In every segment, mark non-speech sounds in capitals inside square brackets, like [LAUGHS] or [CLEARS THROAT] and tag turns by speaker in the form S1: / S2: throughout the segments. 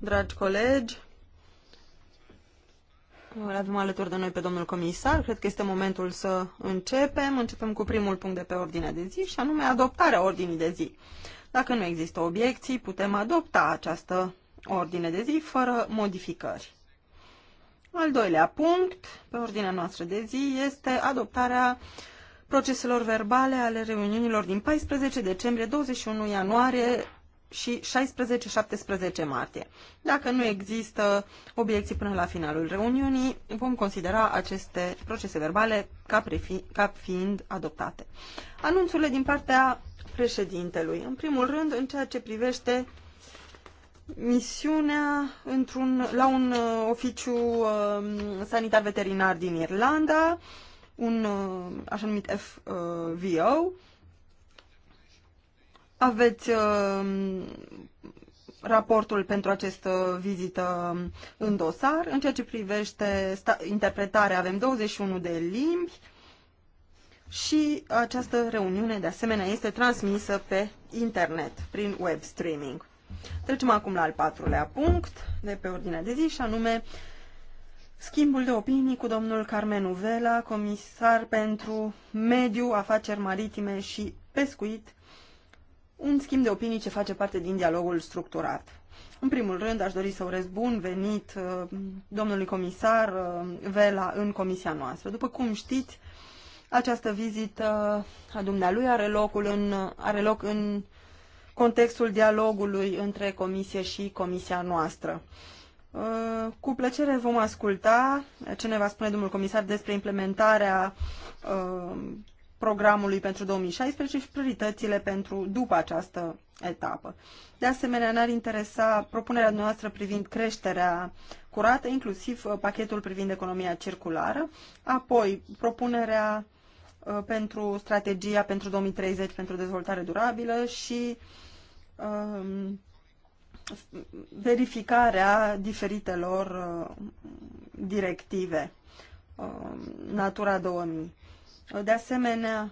S1: Dragi colegi, îl avem alături de noi pe domnul comisar. Cred că este momentul să începem. Începem cu primul punct de pe ordinea de zi și anume adoptarea ordinii de zi. Dacă nu există obiecții, putem adopta această ordine de zi fără modificări. Al doilea punct pe ordinea noastră de zi este adoptarea uh, proceselor verbale ale reuniunilor din 14 decembrie, 21 ianuarie și 16-17 martie. Dacă nu există obiecții până la finalul reuniunii, vom considera aceste procese verbale ca, prefi, ca fiind adoptate. Anunțurile din partea președintelui. În primul rând, în ceea ce privește misiunea într-un, la un uh, oficiu uh, sanitar veterinar din Irlanda, uh, un uh, așa numit FVO. Aveți uh, raportul pentru această vizită în dosar. În ceea ce privește interpretarea, avem 21 de limbi și această reuniune, de asemenea, este transmisă pe internet, prin web streaming. Trecem acum la al patrulea punct de pe ordinea de zi și anume Schimbul de opinii cu domnul Carmen Vela, comisar pentru mediu, afaceri maritime și pescuit, un schimb de opinii ce face parte din dialogul structurat. În primul rând, aș dori să urez bun venit uh, domnului comisar uh, Vela în comisia noastră. După cum știți, această vizită a dumnealui are, locul în, are loc în contextul dialogului între comisie și comisia noastră. Uh, cu plăcere vom asculta ce ne va spune domnul comisar despre implementarea uh, programului pentru 2016 și prioritățile pentru după această etapă. De asemenea, ne-ar interesa propunerea noastră privind creșterea curată, inclusiv uh, pachetul privind economia circulară, apoi propunerea pentru strategia pentru 2030 pentru dezvoltare durabilă și um, verificarea diferitelor uh, directive uh, Natura 2000. De asemenea,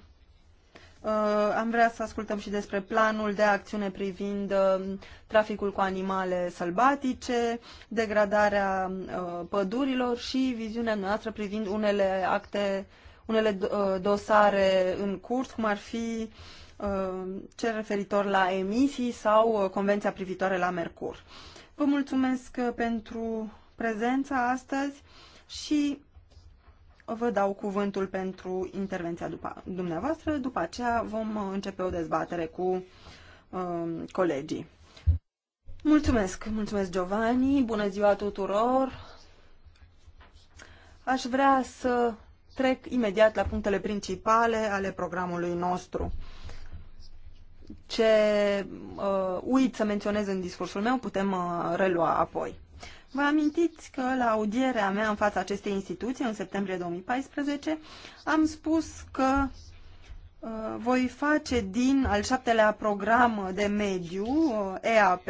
S1: uh, am vrea să ascultăm și despre planul de acțiune privind traficul cu animale sălbatice, degradarea pădurilor și viziunea noastră privind unele acte, unele dosare în curs, cum ar fi uh, Uh, cel referitor la emisii sau uh, convenția privitoare la Mercur. Vă mulțumesc uh, pentru prezența astăzi și vă dau cuvântul pentru intervenția după, dumneavoastră. După aceea vom începe o dezbatere cu colegii. Mulțumesc, mulțumesc Giovanni, bună ziua tuturor. Aș vrea să trec imediat la punctele principale ale programului nostru ce uh, uit să menționez în discursul meu putem uh, relua apoi. Vă amintiți că la audierea mea în fața acestei instituții, în septembrie 2014, am spus că uh, voi face din al șaptelea program de mediu, uh, EAP,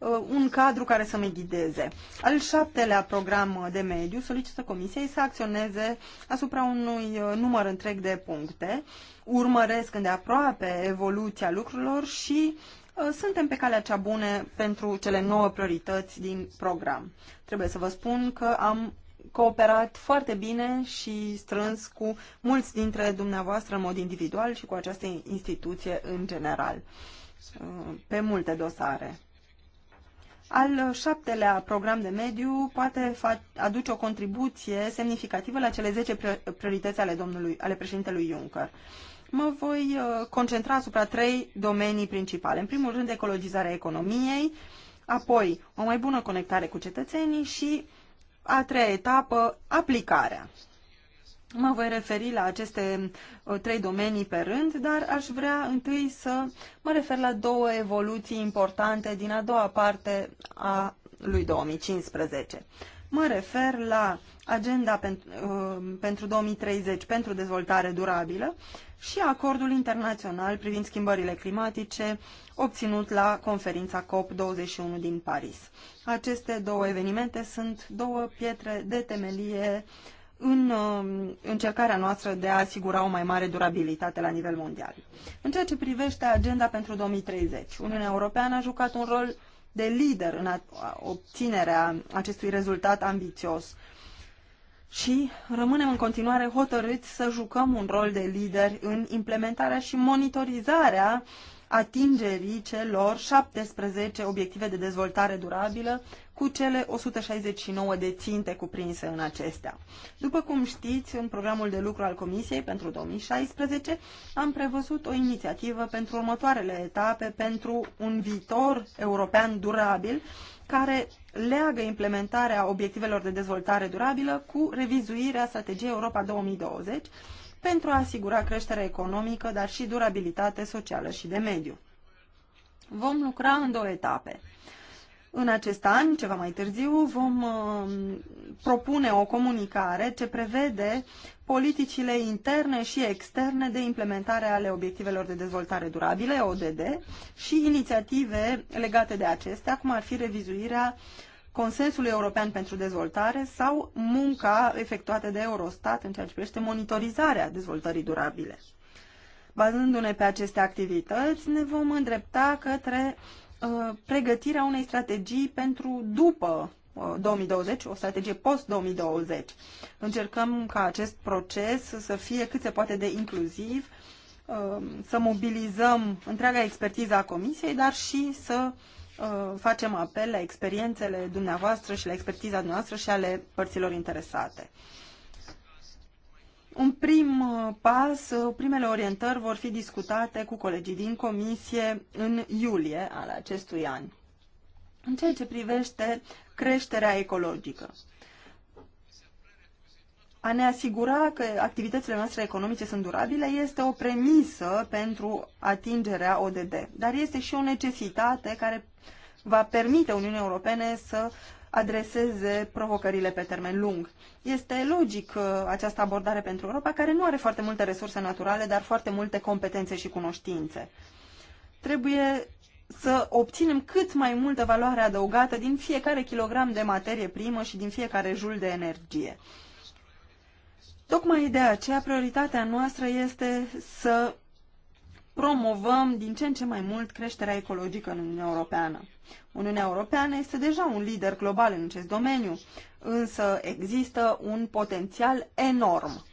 S1: Uh, un cadru care să mă ghideze. Al șaptelea program de mediu solicită Comisiei să acționeze asupra unui uh, număr întreg de puncte, urmăresc îndeaproape evoluția lucrurilor și uh, suntem pe calea cea bună pentru cele nouă priorități din program. Trebuie să vă spun că am cooperat foarte bine și strâns cu mulți dintre dumneavoastră în mod individual și cu această instituție în general pe multe dosare. Al șaptelea program de mediu poate aduce o contribuție semnificativă la cele 10 priorități ale, domnului, ale președintelui Juncker. Mă voi uh, concentra asupra trei domenii principale. În primul rând, ecologizarea economiei, apoi o mai bună conectare cu cetățenii și a treia etapă, aplicarea. Mă voi referi la aceste uh, trei domenii pe rând, dar aș vrea întâi să mă refer la două evoluții importante din a doua parte a lui 2015. Mă refer la agenda uh, pentru, 2030 pentru dezvoltare durabilă și acordul internațional privind schimbările climatice obținut la conferința COP21 din Paris. Aceste două evenimente sunt două pietre de temelie uh, în um, încercarea noastră de a asigura o mai mare durabilitate la nivel mondial. În ceea ce privește agenda pentru 2030, Uniunea Europeană a jucat un rol de lider în obținerea acestui rezultat ambițios și rămânem în continuare hotărâți să jucăm un rol de lider în implementarea și monitorizarea atingerii celor 17 obiective de dezvoltare durabilă cu cele 169 de ținte cuprinse în acestea. După cum știți, în programul de lucru al Comisiei pentru 2016 am prevăzut o inițiativă pentru următoarele etape pentru un viitor european durabil care leagă implementarea obiectivelor de dezvoltare durabilă cu revizuirea strategiei Europa 2020 pentru a asigura creștere economică, dar și durabilitate socială și de mediu. Vom lucra în două etape. În acest an, ceva mai târziu, vom uh, propune o comunicare ce prevede politicile interne și externe de implementare ale obiectivelor de dezvoltare durabile, ODD, și inițiative legate de acestea, cum ar fi revizuirea Consensului European pentru Dezvoltare sau munca efectuată de Eurostat în ceea ce privește monitorizarea dezvoltării durabile. Bazându-ne pe aceste activități, ne vom îndrepta către Uh, pregătirea unei strategii pentru după 2020, uh, o strategie post-2020. Încercăm ca acest proces să fie cât se poate de inclusiv, uh, să mobilizăm întreaga expertiză a Comisiei, dar și să facem apel la experiențele dumneavoastră și la expertiza noastră și ale părților interesate. Un prim uh, pas, uh, primele orientări vor fi discutate cu colegii din comisie în iulie al acestui an. În ceea ce privește creșterea ecologică, a ne asigura că activitățile noastre economice sunt durabile este o premisă pentru atingerea ODD, dar este și o necesitate care va permite Uniunii Europene să adreseze provocările pe termen lung. Este logic uh, această abordare pentru Europa, care nu are foarte multe resurse naturale, dar foarte multe competențe și cunoștințe. Trebuie să obținem cât mai multă valoare adăugată din fiecare kilogram de materie primă și din fiecare jul de energie. Tocmai de aceea prioritatea noastră este să promovăm din ce în ce mai mult creșterea ecologică în Uniunea Europeană. Uniunea Europeană este deja un lider global în acest domeniu, însă există un potențial enorm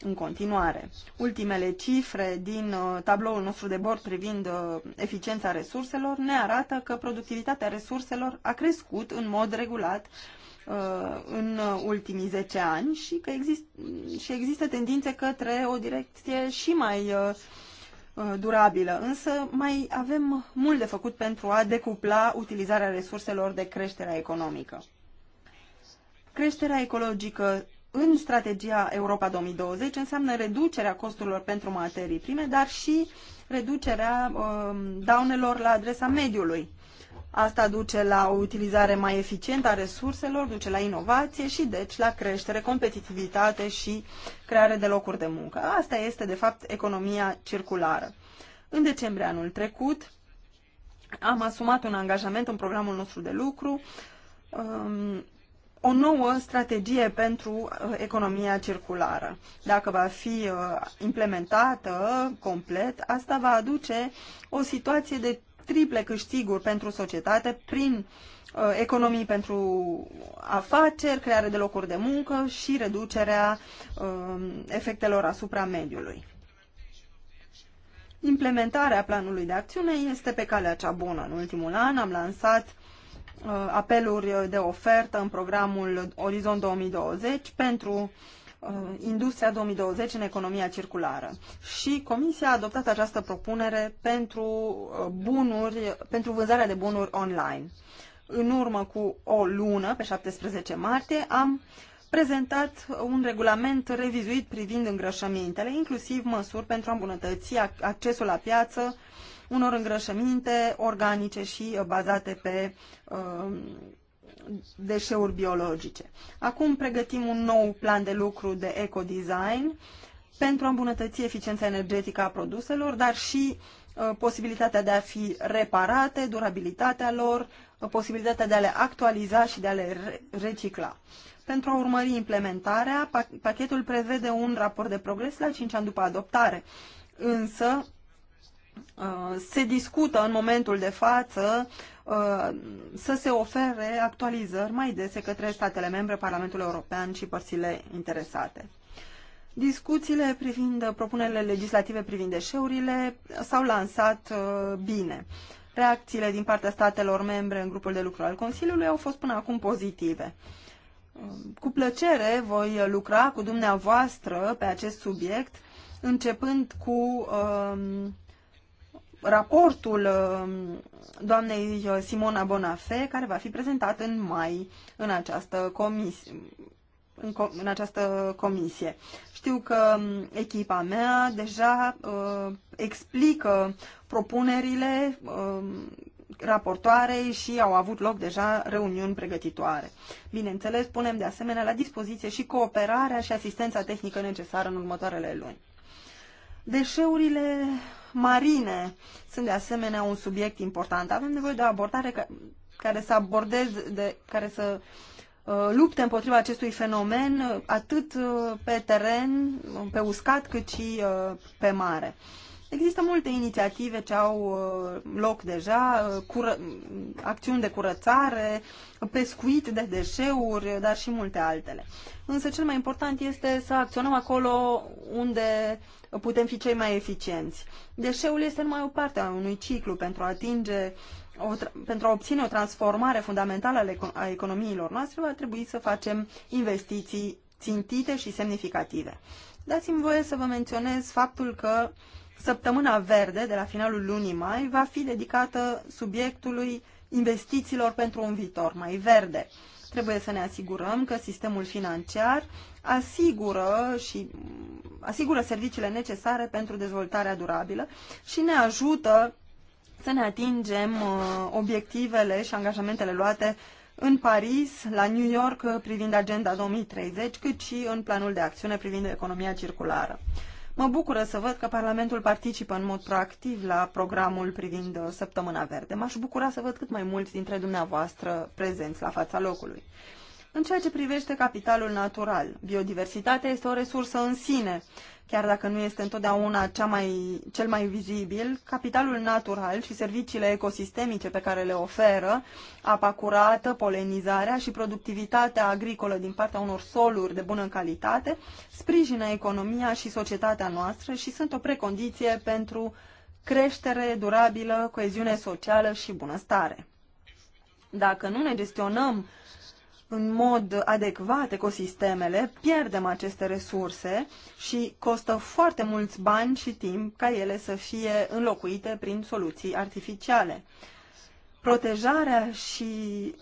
S1: în continuare. Ultimele cifre din uh, tabloul nostru de bord privind uh, eficiența resurselor ne arată că productivitatea resurselor a crescut în mod regulat uh, în ultimii 10 ani și că există, și există tendințe către o direcție și mai Uh, durabilă, însă mai avem mult de făcut pentru a decupla utilizarea resurselor de creșterea economică. Creșterea ecologică în strategia Europa 2020 înseamnă reducerea costurilor pentru materii prime, dar și reducerea uh, daunelor la adresa mediului. Asta duce la o utilizare mai eficientă a resurselor, duce la inovație și deci la creștere, competitivitate și creare de locuri de muncă. Asta este, de fapt, economia circulară. În decembrie anul trecut am asumat un angajament în programul nostru de lucru, um, o nouă strategie pentru uh, economia circulară. Dacă va fi uh, implementată complet, asta va aduce o situație de triple câștiguri pentru societate prin uh, economii pentru afaceri, creare de locuri de muncă și reducerea um, efectelor asupra mediului. Implementarea planului de acțiune este pe calea cea bună. În ultimul an am lansat uh, apeluri de ofertă în programul Orizont 2020 pentru Uh, industria 2020 în economia circulară. Și Comisia a adoptat această propunere pentru, uh, bunuri, pentru vânzarea de bunuri online. În urmă cu o lună, pe 17 martie, am prezentat un regulament revizuit privind îngrășămintele, inclusiv măsuri pentru a îmbunătăți accesul la piață unor îngrășăminte organice și uh, bazate pe uh, deșeuri biologice. Acum pregătim un nou plan de lucru de ecodesign pentru a îmbunătăți eficiența energetică a produselor, dar și uh, posibilitatea de a fi reparate, durabilitatea lor, uh, posibilitatea de a le actualiza și de a le recicla. Pentru a urmări implementarea, pachetul prevede un raport de progres la 5 ani după adoptare, însă uh, se discută în momentul de față să se ofere actualizări mai dese către statele membre, Parlamentul European și părțile interesate. Discuțiile privind propunerile legislative privind deșeurile s-au lansat uh, bine. Reacțiile din partea statelor membre în grupul de lucru al Consiliului au fost până acum pozitive. Um, cu plăcere voi lucra cu dumneavoastră pe acest subiect, începând cu uh, raportul uh, doamnei uh, Simona Bonafé, care va fi prezentat în mai în această comisie. În, co- în această comisie. Știu că um, echipa mea deja uh, explică propunerile uh, raportoarei și au avut loc deja reuniuni pregătitoare. Bineînțeles, punem de asemenea la dispoziție și cooperarea și asistența tehnică necesară în următoarele luni. Deșeurile marine sunt de asemenea un subiect important. Avem nevoie de o abordare ca, care să abordeze, de, care să uh, lupte împotriva acestui fenomen uh, atât uh, pe teren, pe uscat, cât și pe mare. Există multe inițiative ce au uh, loc deja, uh, cură, acțiuni de curățare, pescuit de deșeuri, dar și multe altele. Însă cel mai important este să acționăm acolo unde putem fi cei mai eficienți. Deșeul este numai o parte a unui ciclu pentru a atinge o, pentru a obține o transformare fundamentală a economiilor noastre, va trebui să facem investiții țintite și semnificative. Dați-mi voie să vă menționez faptul că uh, Săptămâna verde de la finalul lunii mai va fi dedicată subiectului investițiilor pentru un viitor mai verde. Trebuie să ne asigurăm că sistemul financiar asigură și asigură serviciile necesare pentru dezvoltarea durabilă și ne ajută să ne atingem uh, obiectivele și angajamentele luate în Paris, la New York privind agenda 2030, cât și în planul de acțiune privind economia circulară. Mă bucură să văd că Parlamentul participă în mod proactiv la programul privind uh, Săptămâna Verde. M-aș bucura să văd cât mai mulți dintre dumneavoastră prezenți la fața locului. În ceea ce privește capitalul natural, biodiversitatea este o resursă în sine chiar dacă nu este întotdeauna cea mai, cel mai vizibil, capitalul natural și serviciile ecosistemice pe care le oferă, apa curată, polenizarea și productivitatea agricolă din partea unor soluri de bună calitate, sprijină economia și societatea noastră și sunt o precondiție pentru creștere durabilă, coeziune socială și bunăstare. Dacă nu ne gestionăm în mod adecvat ecosistemele, pierdem aceste resurse și costă foarte mulți bani și timp ca ele să fie înlocuite prin soluții artificiale. Protejarea și uh,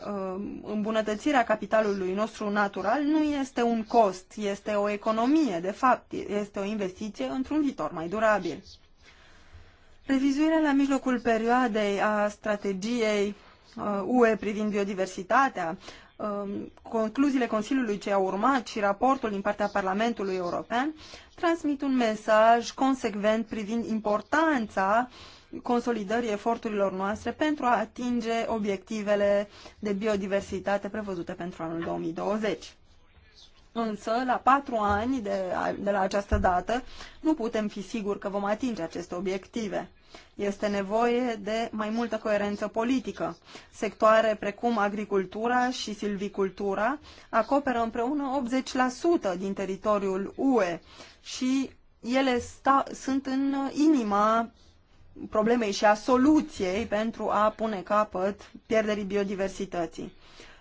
S1: îmbunătățirea capitalului nostru natural nu este un cost, este o economie, de fapt, este o investiție într-un viitor mai durabil. Revizuirea la mijlocul perioadei a strategiei uh, UE privind biodiversitatea, Um, concluziile Consiliului ce au urmat și raportul din partea Parlamentului European transmit un mesaj consecvent privind importanța consolidării eforturilor noastre pentru a atinge obiectivele de biodiversitate prevăzute pentru anul 2020. Însă, la patru ani de, de la această dată, nu putem fi siguri că vom atinge aceste obiective. Este nevoie de mai multă coerență politică. Sectoare precum agricultura și silvicultura acoperă împreună 80% din teritoriul UE și ele sta, sunt în inima problemei și a soluției pentru a pune capăt pierderii biodiversității.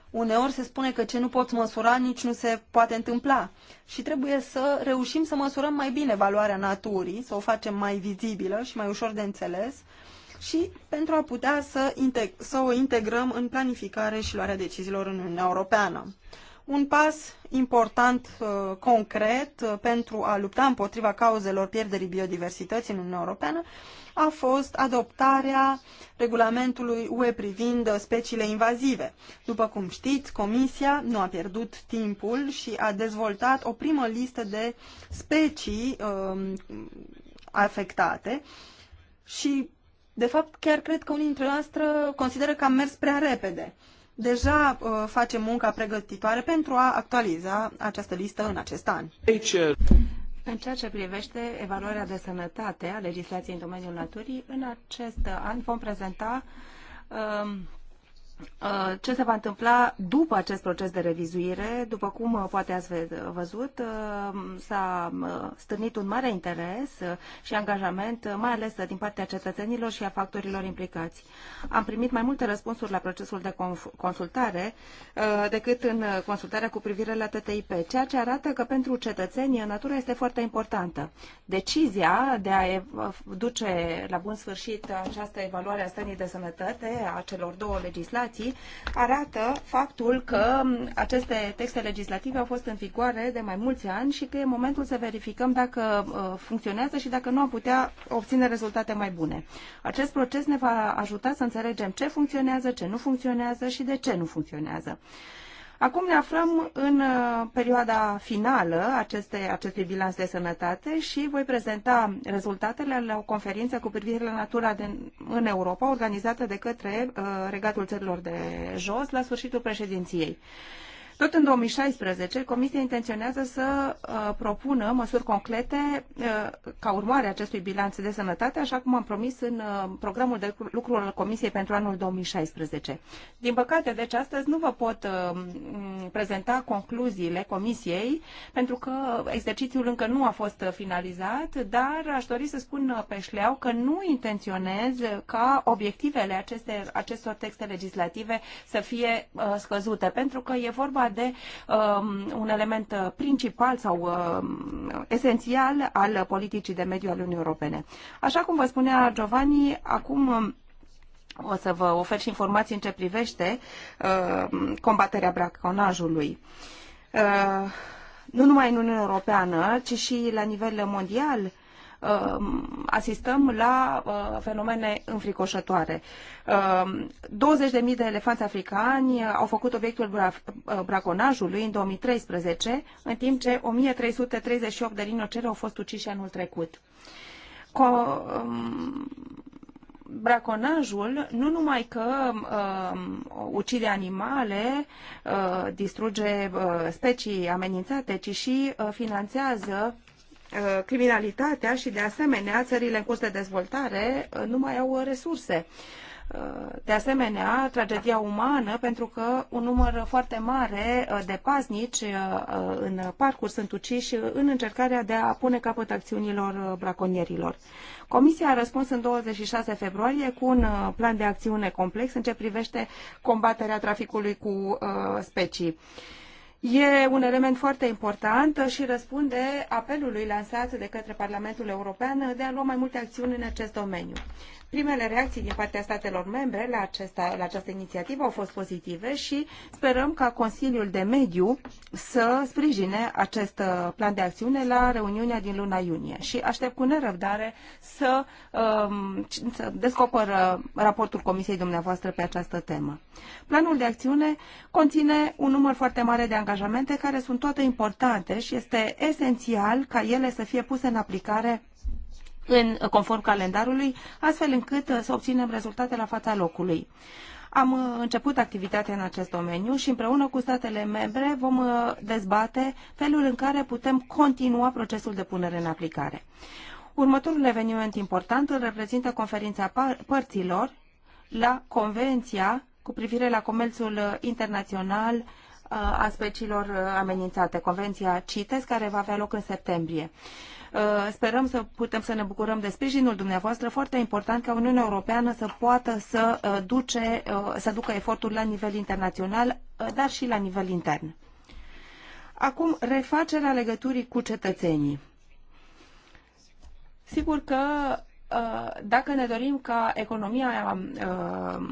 S1: Uneori se spune că ce nu poți măsura nici nu se poate întâmpla și trebuie să reușim să măsurăm mai bine valoarea naturii, să o facem mai vizibilă și mai ușor de înțeles și pentru a putea să, să o integrăm în planificare și luarea deciziilor în Uniunea Europeană un pas important, uh, concret, uh, pentru a lupta împotriva cauzelor pierderii biodiversității în Uniunea Europeană a fost adoptarea regulamentului UE privind speciile invazive. După cum știți, Comisia nu a pierdut timpul și a dezvoltat o primă listă de specii um, afectate și, de fapt, chiar cred că unii dintre noastre consideră că am mers prea repede. Uh, deja uh, face munca pregătitoare pentru a actualiza această listă în acest an. În ceea ce privește evaluarea de sănătate
S2: a legislației în domeniul naturii, în acest an vom prezenta um, Uh, ce se va întâmpla după acest proces de revizuire. După cum uh, poate ați uh, văzut, s-a stârnit un mare interes și angajament, mai ales din partea cetățenilor și a factorilor implicați. Am primit mai multe răspunsuri la procesul de consultare decât în consultarea cu privire la TTIP, ceea ce arată că pentru cetățeni natura este foarte importantă. Decizia de a duce la bun sfârșit această evaluare a stării de sănătate a celor două legislații observații arată faptul că aceste texte legislative au fost în vigoare de mai mulți ani și că e momentul să verificăm dacă uh, funcționează și dacă nu am putea obține rezultate mai bune. Acest proces ne va ajuta să înțelegem ce funcționează, ce nu funcționează și de ce nu funcționează. Acum ne aflăm în uh, perioada finală acestei, acestui bilanț de sănătate și voi prezenta rezultatele la o conferință cu privire la natura de, în Europa organizată de către uh, Regatul Țărilor de Jos la sfârșitul președinției. Uh, tot în 2016, Comisia intenționează să uh, propună măsuri concrete uh, ca urmare a acestui bilanț de sănătate, așa cum am promis în uh, programul de lucru al Comisiei pentru anul 2016. Din păcate, deci astăzi nu vă pot uh, prezenta concluziile Comisiei, pentru că exercițiul încă nu a fost finalizat, dar aș dori să spun uh, pe șleau că nu intenționez ca obiectivele aceste, acestor texte legislative să fie uh, scăzute, pentru că e vorba de um, un element principal sau um, esențial al politicii de mediu al Uniunii Europene. Așa cum vă spunea Giovanni, acum um, o să vă ofer și informații în ce privește uh, combaterea braconajului. Uh, nu numai în Uniunea Europeană, ci și la nivel mondial Um, asistăm la uh, fenomene înfricoșătoare. 20.000 um, de elefanți africani au făcut obiectul uh, braconajului în 2013, în timp ce 1338 de rinocere au fost uciși anul trecut. Co- um, braconajul nu numai că uh, ucide animale, uh, distruge uh, specii amenințate, ci și uh, finanțează Uh, criminalitatea și, de asemenea, țările în curs de dezvoltare uh, nu mai au uh, resurse. De asemenea, tragedia umană, pentru că un număr foarte mare de paznici în parcuri sunt uciși în încercarea de a pune capăt acțiunilor braconierilor. Comisia a răspuns în 26 februarie cu un plan de acțiune complex în ce privește combaterea traficului cu specii. E un element foarte important și răspunde apelului lansat de către Parlamentul European de a lua mai multe acțiuni în acest domeniu. Primele reacții din partea statelor membre la, acesta, la această inițiativă au fost pozitive și sperăm ca Consiliul de Mediu să sprijine acest uh, plan de acțiune la reuniunea din luna iunie și aștept cu nerăbdare să, um, să descoperă uh, raportul Comisiei dumneavoastră pe această temă. Planul de acțiune conține un număr foarte mare de angajamente care sunt toate importante și este esențial ca ele să fie puse în aplicare în conform calendarului, astfel încât uh, să obținem rezultate la fața locului. Am uh, început activitatea în acest domeniu și împreună cu statele membre vom uh, dezbate felul în care putem continua procesul de punere în aplicare. Următorul eveniment important îl reprezintă conferința părților la Convenția cu privire la comerțul internațional a speciilor amenințate, Convenția CITES, care va avea loc în septembrie. Uh, sperăm să putem să ne bucurăm de sprijinul dumneavoastră. Foarte important ca Uniunea Europeană să poată să, uh, duce, uh, să ducă eforturi la nivel internațional, dar și la nivel intern. Acum, refacerea legăturii cu cetățenii. Sigur că Uh, dacă ne dorim ca economia, uh,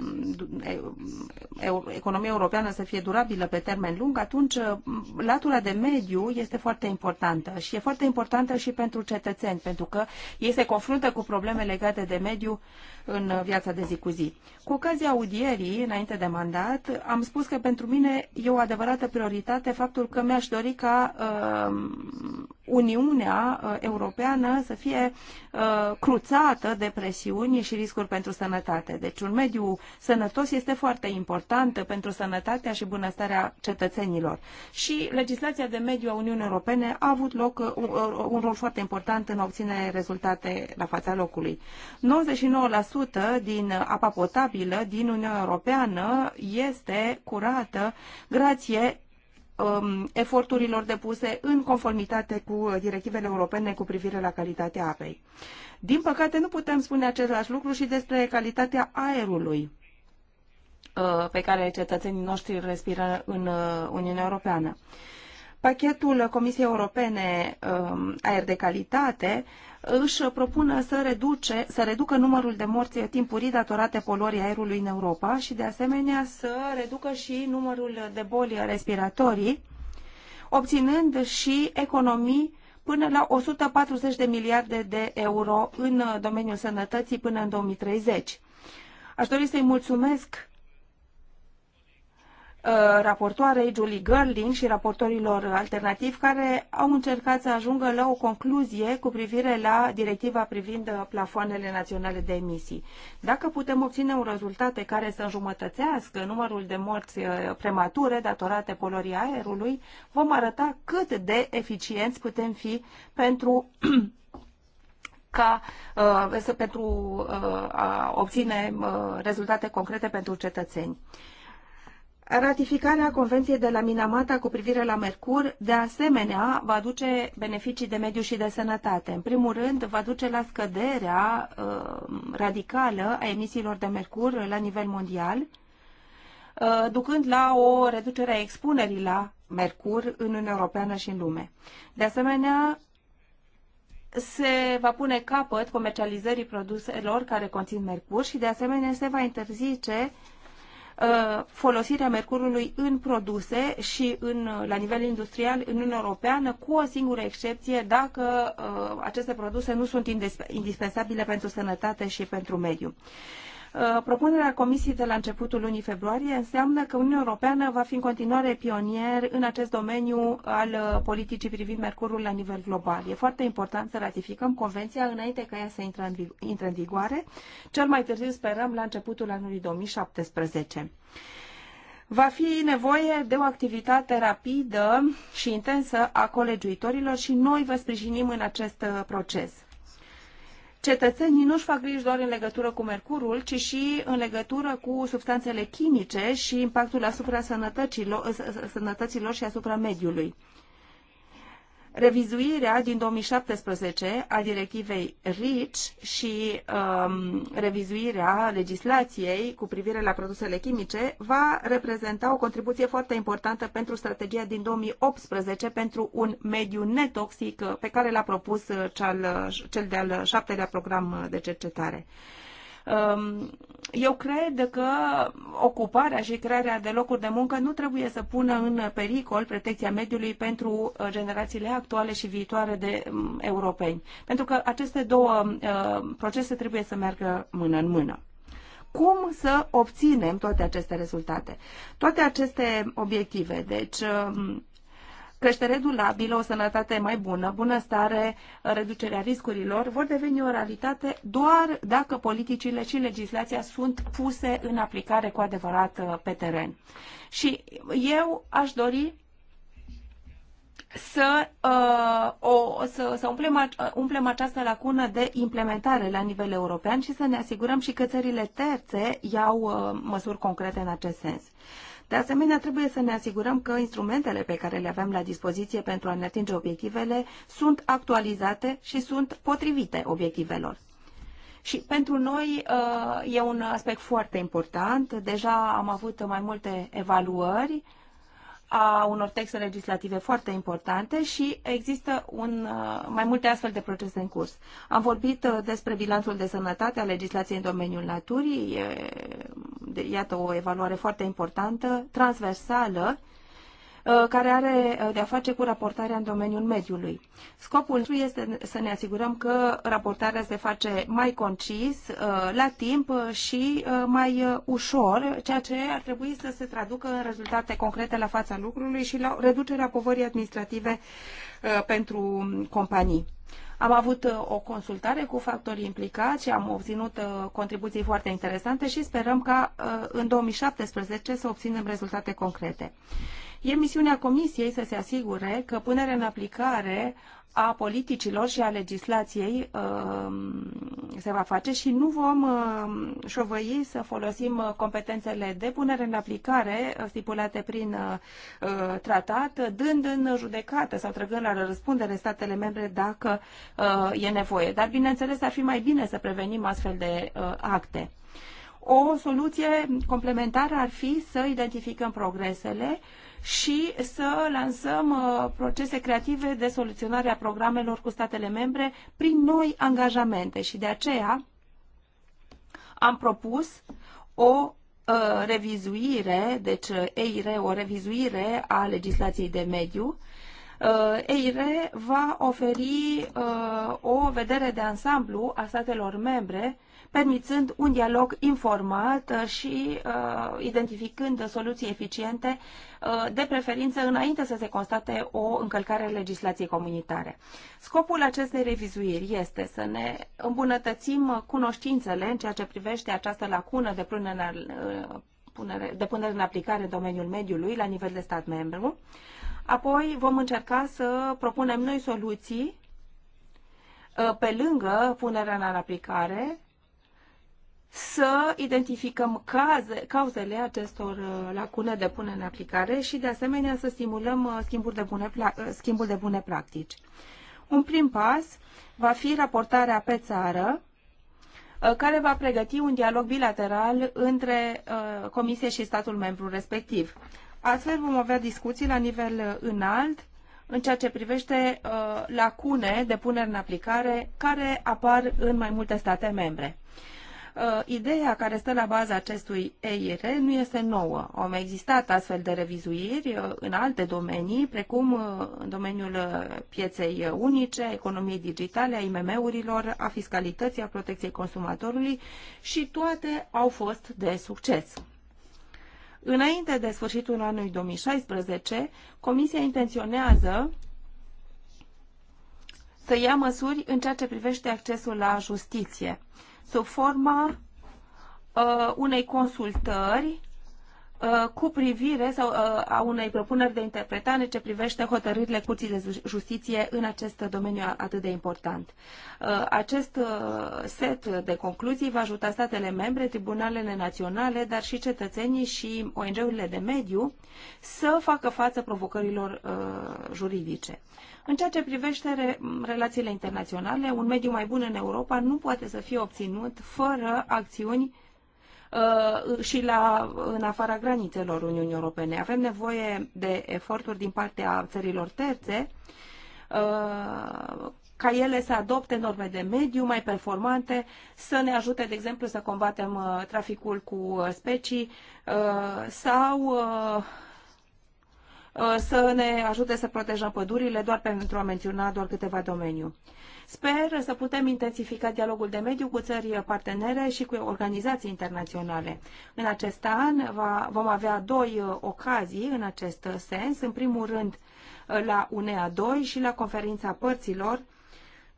S2: economia europeană să fie durabilă pe termen lung, atunci uh, latura de mediu este foarte importantă și e foarte importantă și pentru cetățeni, pentru că ei se confruntă cu probleme legate de mediu în viața de zi cu zi. Cu ocazia audierii, înainte de mandat, am spus că pentru mine e o adevărată prioritate faptul că mi-aș dori ca Uniunea uh, Europeană să fie uh, cruțată de presiuni și riscuri pentru sănătate. Deci un mediu sănătos este foarte important pentru sănătatea și bunăstarea cetățenilor. Și legislația de mediu a Uniunii Europene a avut loc uh, un rol foarte important în obținerea obține rezultate la fața locului. 99% din apa potabilă din Uniunea Europeană este curată grație um, eforturilor depuse în conformitate cu uh, directivele europene cu privire la calitatea apei. Din păcate, nu putem spune același lucru și despre calitatea aerului uh, pe care cetățenii noștri respiră în uh, Uniunea Europeană. Pachetul Comisiei Europene um, Aer de Calitate își propună să, reduce, să reducă numărul de morți timpurii datorate poluării aerului în Europa și de asemenea să reducă și numărul de boli respiratorii, obținând și economii până la 140 de miliarde de euro în domeniul sănătății până în 2030. Aș dori să-i mulțumesc Uh, raportoarei Julie Gerling și raportorilor alternativi care au încercat să ajungă la o concluzie cu privire la directiva privind uh, plafoanele naționale de emisii. Dacă putem obține un rezultat pe care să înjumătățească numărul de morți uh, premature datorate polorii aerului, vom arăta cât de eficienți putem fi pentru [CLEARS THROAT] ca uh, pentru uh, a obține uh, rezultate concrete pentru cetățeni. Uh, Ratificarea Convenției de la Minamata cu privire la mercur, de asemenea, va aduce beneficii de mediu și de sănătate. În primul rând, va duce la scăderea uh, radicală a emisiilor de mercur la nivel mondial, uh, ducând la o reducere a expunerii la mercur în Uniunea Europeană și în lume. De asemenea, se va pune capăt comercializării produselor care conțin mercur și, de asemenea, se va interzice uh, Uh, folosirea mercurului în produse și în, uh, la nivel industrial în Uniunea Europeană, cu o singură excepție, dacă uh, aceste produse nu sunt indispensabile pentru sănătate și pentru mediu. Uh, propunerea Comisiei de la începutul lunii februarie înseamnă că Uniunea Europeană va fi în continuare pionier în acest domeniu al uh, politicii privind mercurul la nivel global. E foarte important să ratificăm convenția înainte ca ea să intre în vigoare. Cel mai târziu sperăm la începutul anului 2017. Va fi nevoie de o activitate rapidă și intensă a colegiuitorilor și noi vă sprijinim în acest uh, proces cetățenii nu-și fac griji doar în legătură cu mercurul, ci și în legătură cu substanțele chimice și impactul asupra sănătății lor și asupra mediului revizuirea din 2017 a directivei RICH și um, revizuirea legislației cu privire la produsele chimice va reprezenta o contribuție foarte importantă pentru strategia din 2018 pentru un mediu netoxic uh, pe care l-a propus uh, cel, uh, cel de-al șaptelea program de cercetare. Um, eu cred că ocuparea și crearea de locuri de muncă nu trebuie să pună în pericol protecția mediului pentru uh, generațiile actuale și viitoare de um, europeni. Pentru că aceste două uh, procese trebuie să meargă mână în mână cum să obținem toate aceste rezultate, toate aceste obiective. Deci, um, creștere durabilă, o sănătate mai bună, bunăstare, reducerea riscurilor vor deveni o realitate doar dacă politicile și legislația sunt puse în aplicare cu adevărat uh, pe teren. Și eu aș dori să, uh, o, să, să umplem, umplem această lacună de implementare la nivel european și să ne asigurăm și că țările terțe iau uh, măsuri concrete în acest sens. Uh, de asemenea, trebuie să ne asigurăm că instrumentele pe care le avem la dispoziție pentru a ne atinge obiectivele sunt actualizate și sunt potrivite obiectivelor. Și pentru noi uh, e un aspect foarte important. Deja am avut mai multe evaluări a unor texte legislative foarte importante și există un, uh, mai multe astfel de procese în curs. Am vorbit uh, despre bilanțul de sănătate a legislației în domeniul naturii, e, iată o evaluare foarte importantă, transversală, Uh, care are uh, de-a face cu raportarea în domeniul mediului. Scopul este să ne asigurăm că raportarea se face mai concis, uh, la timp și mai ușor, ceea ce ar trebui să se traducă în rezultate concrete la fața lucrului și la reducerea povării administrative pentru companii. Am avut o consultare cu factorii implicați și am obținut contribuții foarte interesante și sperăm ca în 2017 să obținem rezultate concrete. E misiunea Comisiei să se asigure că punerea în aplicare a politicilor și a legislației um, se va face și nu vom um, șovăi să folosim uh, competențele de punere în aplicare uh, stipulate prin uh, tratat, dând în judecată sau trăgând la răspundere statele membre dacă e nevoie. Dar, bineînțeles, ar fi mai bine să prevenim astfel de acte. O soluție complementară ar fi să identificăm progresele uh, și să lansăm uh, procese creative de soluționare a programelor cu statele membre prin noi angajamente și de aceea am propus o uh, revizuire, deci EIRE, uh, o revizuire a legislației de mediu. EIRE va oferi o vedere de ansamblu a statelor membre permițând un dialog informat uh, și uh, identificând soluții eficiente, uh, de preferință înainte să se constate o încălcare a legislației comunitare. Scopul acestei revizuiri este să ne îmbunătățim cunoștințele în ceea ce privește această lacună de până în, uh, punere, de punere în aplicare în domeniul mediului la nivel de stat membru. Apoi vom încerca să propunem noi soluții uh, pe lângă punerea în aplicare să identificăm caze, cauzele acestor uh, lacune de pune în aplicare și, de asemenea, să stimulăm uh, schimbul de bune, uh, schimbul de bune practici. Un prim pas va fi raportarea pe țară, care va pregăti un dialog bilateral între Comisie și statul membru respectiv. Astfel vom avea discuții la nivel înalt în ceea ce privește lacune de punere în aplicare care apar în mai multe state membre. Uh, ideea care stă la baza acestui EIR nu este nouă. Au mai existat astfel de revizuiri uh, în alte domenii, precum uh, în domeniul pieței unice, a economiei digitale, a IMM-urilor, a fiscalității, a protecției consumatorului și toate au fost de succes. Înainte de sfârșitul anului 2016, Comisia intenționează să ia măsuri în ceea ce privește accesul la justiție sub forma uh, unei consultări Uh, cu privire sau uh, a unei propuneri de interpretare ce privește hotărârile Curții de Justiție în acest domeniu atât de important. Uh, acest set de concluzii va ajuta statele membre, tribunalele naționale, dar și cetățenii și ONG-urile de mediu să facă față provocărilor juridice. În ceea ce privește relațiile internaționale, un mediu mai bun în Europa nu poate să fie obținut fără acțiuni Uh, și la, în afara granițelor Uniunii Europene. Avem nevoie de eforturi din partea țărilor terțe uh, ca ele să adopte norme de mediu mai performante, să ne ajute, de exemplu, să combatem uh, traficul cu specii sau să ne ajute să protejăm pădurile, doar pentru a menționa doar câteva domeniu. Sper să putem intensifica dialogul de mediu cu țări partenere și cu organizații internaționale. În acest an va, vom avea doi uh, ocazii în acest sens. În primul rând uh, la UNEA 2 și la conferința părților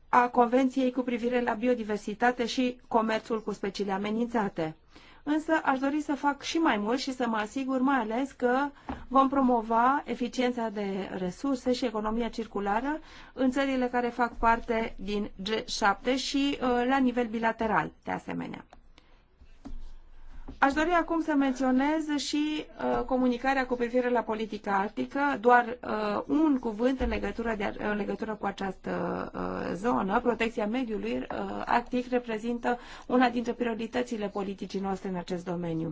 S2: a Convenției cu privire la biodiversitate și comerțul cu speciile amenințate însă aș dori să fac și mai mult și să mă asigur mai ales că vom promova eficiența de resurse și economia circulară în țările care fac parte din G7 și uh, la nivel bilateral, de asemenea. Aș dori acum să menționez și uh, comunicarea cu privire la politica arctică, doar uh, un cuvânt în legătură, de, în legătură cu această uh, zonă. Protecția mediului uh, arctic reprezintă una dintre prioritățile politicii noastre în acest domeniu.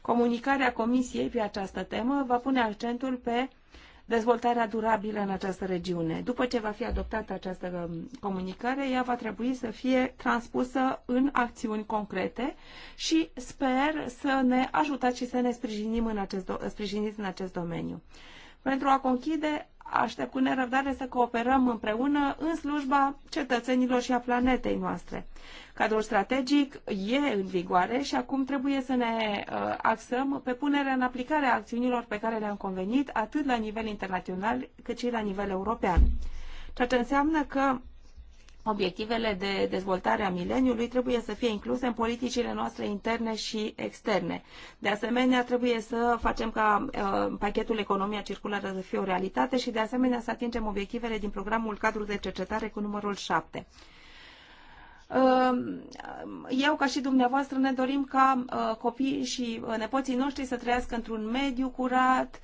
S2: Comunicarea Comisiei pe această temă va pune accentul pe uh, dezvoltarea durabilă în această regiune. După ce va fi adoptată această um, comunicare, ea va trebui să fie transpusă în acțiuni concrete și sper să ne ajutați și să ne sprijinim în acest, sprijiniți în acest domeniu. Pentru a conchide, aștept cu nerăbdare să cooperăm împreună în slujba cetățenilor și a planetei noastre. Cadrul strategic e în vigoare și acum trebuie să ne uh, axăm pe punerea în aplicare a acțiunilor pe care le-am convenit, atât la nivel internațional cât și la nivel european. Ceea ce înseamnă că Obiectivele de dezvoltare a mileniului trebuie să fie incluse în politicile noastre interne și externe. De asemenea, trebuie să facem ca uh, pachetul economia circulară să fie o realitate și, de asemenea, să atingem obiectivele din programul cadru de cercetare cu numărul 7. Uh, eu, ca și dumneavoastră, ne dorim ca uh, copiii și uh, nepoții noștri să trăiască într-un mediu curat,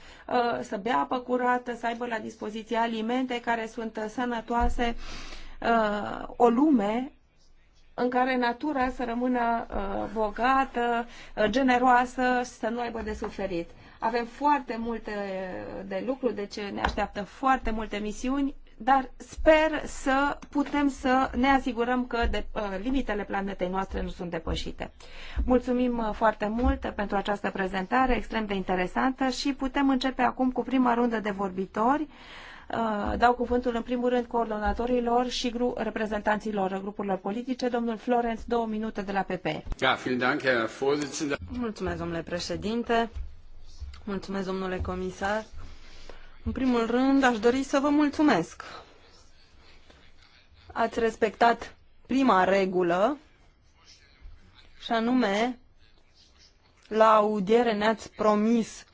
S2: să bea apă curată, să aibă la dispoziție alimente care sunt sănătoase, uh, o lume în care natura să rămână uh, bogată, uh, generoasă și să nu aibă de suferit. Avem foarte multe de lucru, deci ne așteaptă foarte multe misiuni, dar sper să putem să ne asigurăm că de, uh, limitele planetei noastre nu sunt depășite. Mulțumim uh, foarte mult pentru această prezentare extrem de interesantă și putem începe acum cu prima rundă de vorbitori. Uh, Uh, dau cuvântul în primul rând coordonatorilor și gru- reprezentanților grupurilor politice. Domnul Florenț,
S1: două minute de la PP.
S3: Ja, Dank,
S1: Mulțumesc, domnule președinte. Mulțumesc, domnule comisar. În primul rând, aș dori să vă mulțumesc. Ați respectat prima regulă, și anume, la audiere ne-ați promis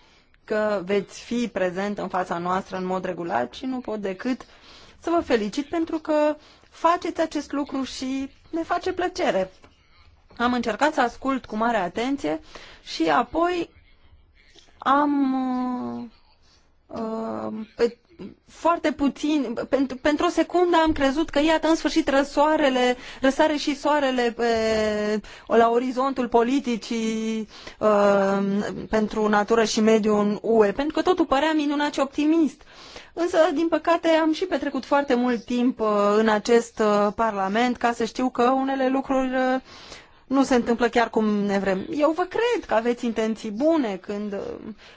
S1: că veți fi prezent în fața noastră în mod regulat și nu pot decât să vă felicit pentru că faceți acest lucru și ne face plăcere. Am încercat să ascult cu mare atenție și apoi am uh, uh, pe, foarte puțin, pentru, pentru o secundă am crezut că iată în sfârșit răsoarele, răsare și soarele pe, la orizontul politicii uh, pentru natură și mediu în UE, pentru că totul părea minunat și optimist. Însă, din păcate, am și petrecut foarte mult timp uh, în acest uh, parlament ca să știu că unele lucruri uh, nu se întâmplă chiar cum ne vrem. Eu vă cred că aveți intenții bune când,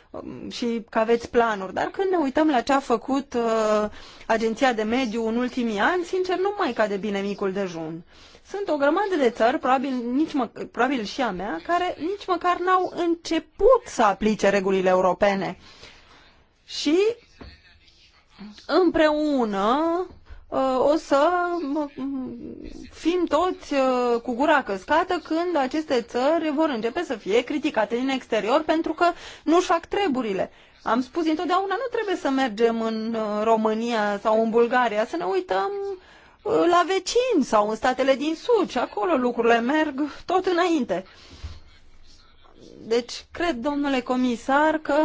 S1: um, și că aveți planuri, dar când ne uităm la ce a făcut uh, Agenția de Mediu în ultimii ani, sincer, nu mai cade bine micul dejun. Sunt o grămadă de țări, probabil, nici mă, probabil și a mea, care nici măcar n-au început să aplice regulile europene. Și împreună Uh, o să fim toți uh, cu gura căscată când aceste țări vor începe să fie criticate din exterior pentru că nu-și fac treburile. Am spus întotdeauna, nu trebuie să mergem în uh, România sau în Bulgaria, să ne uităm la vecini sau în statele din Sud și acolo lucrurile merg tot înainte. Deci, cred, domnule comisar, că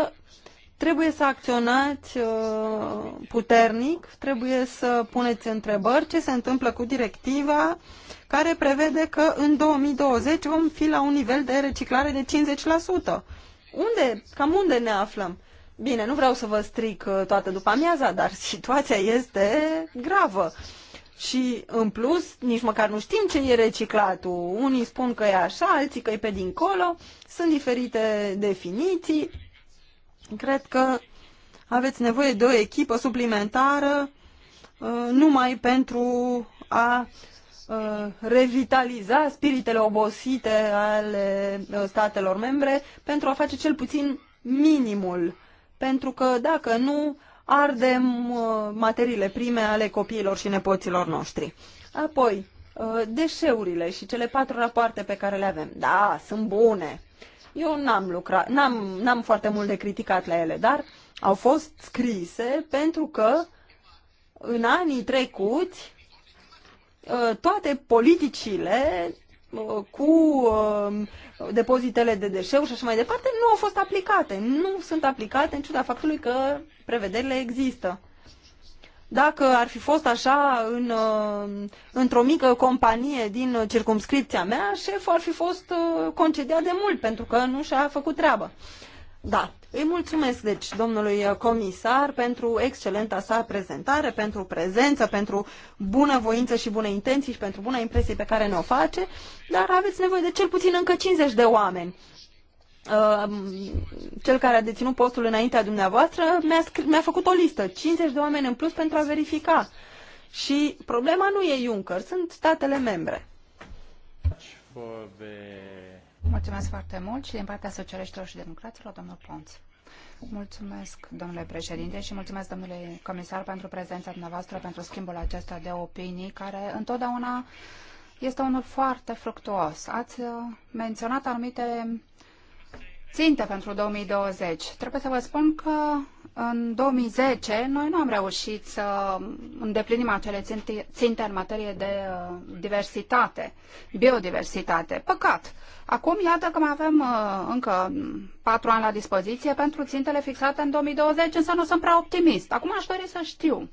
S1: Trebuie să acționați uh, puternic, trebuie să puneți întrebări ce se întâmplă cu directiva care prevede că în 2020 vom fi la un nivel de reciclare de 50%. Unde, cam unde ne aflăm? Bine, nu vreau să vă stric uh, toată după amiaza, dar [LAUGHS] situația este gravă. Și în plus, nici măcar nu știm ce e reciclatul. Unii spun că e așa, alții că e pe dincolo. Sunt diferite definiții Cred că aveți nevoie de o echipă suplimentară uh, numai pentru a uh, revitaliza spiritele obosite ale uh, statelor membre pentru a face cel puțin minimul. Pentru că dacă nu, ardem materiile prime ale copiilor și nepoților noștri. Apoi, deșeurile și cele patru rapoarte pe care le avem. Da, sunt bune. Eu n-am lucrat, n-am, n-am foarte mult de criticat la ele, dar au fost scrise pentru că în anii trecuți ă, toate politicile ă, cu ă, depozitele de deșeuri și așa mai departe nu au fost aplicate. Nu sunt aplicate în ciuda faptului că prevederile există. Dacă ar fi fost așa în, uh, într-o mică companie din circumscripția mea, șeful ar fi fost uh, concediat de mult pentru că nu și-a făcut treaba. Da, îi mulțumesc, deci, domnului comisar pentru excelenta sa prezentare, pentru prezență, pentru bună voință și bune intenții și pentru bună impresie pe care ne-o face, dar aveți nevoie de cel puțin încă 50 de oameni. Uh, cel care a deținut postul înaintea dumneavoastră mi-a, mi făcut o listă, 50 de oameni în plus pentru a verifica. Și problema nu e Juncker, sunt statele membre.
S3: Mulțumesc foarte mult și din partea socialiștilor și democraților, domnul Ponț. Mulțumesc, domnule președinte, și mulțumesc, domnule comisar, pentru prezența dumneavoastră, pentru schimbul acesta de opinii, care întotdeauna este unul foarte fructuos. Ați uh, menționat anumite Ținte pentru 2020. Trebuie să vă spun că în 2010 noi nu am reușit să îndeplinim acele ținte, ținte în materie de uh, diversitate, biodiversitate. Păcat! Acum iată că mai avem uh, încă patru ani la dispoziție pentru țintele fixate în 2020, însă nu sunt prea optimist. Acum aș dori să știu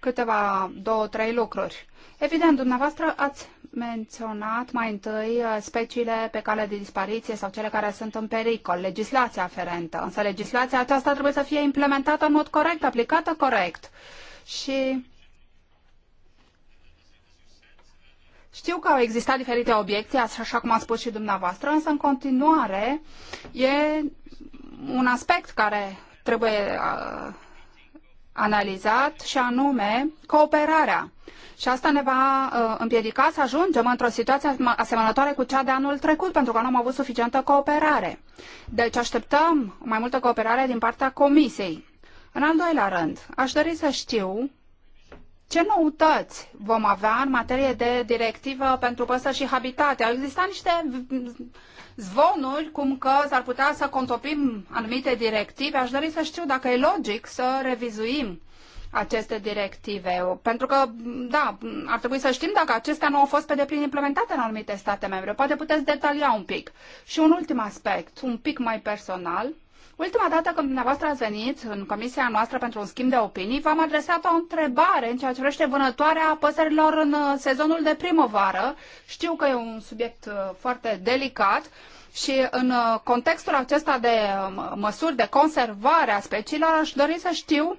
S3: câteva, două, trei lucruri. Evident, dumneavoastră ați menționat mai întâi uh, speciile pe cale de dispariție sau cele care sunt în pericol, legislația aferentă. Însă legislația aceasta trebuie să fie implementată în mod corect, aplicată corect. Și Știu că au existat diferite obiecții, așa cum a spus și dumneavoastră, însă în continuare e un aspect care trebuie uh, analizat și anume cooperarea. Și asta ne va uh, împiedica să ajungem într-o situație asemănătoare cu cea de anul trecut, pentru că nu am avut suficientă cooperare. Deci așteptăm mai multă cooperare din partea Comisiei. În al doilea rând, aș dori să știu ce noutăți vom avea în materie de directivă pentru păsări și habitate? Au existat niște zvonuri cum că s-ar putea să contopim anumite directive. Aș dori să știu dacă e logic să revizuim aceste directive. Pentru că, da, ar trebui să știm dacă acestea nu au fost pe deplin implementate în anumite state membre. Poate puteți detalia un pic. Și un ultim aspect, un pic mai personal. Ultima dată când dumneavoastră ați venit în comisia noastră pentru un schimb de opinii, v-am adresat o întrebare în ceea ce privește vânătoarea păsărilor în uh, sezonul de primăvară. Știu că e un subiect uh, foarte delicat, și în uh, contextul acesta de măsuri de conservare a speciilor, aș dori să știu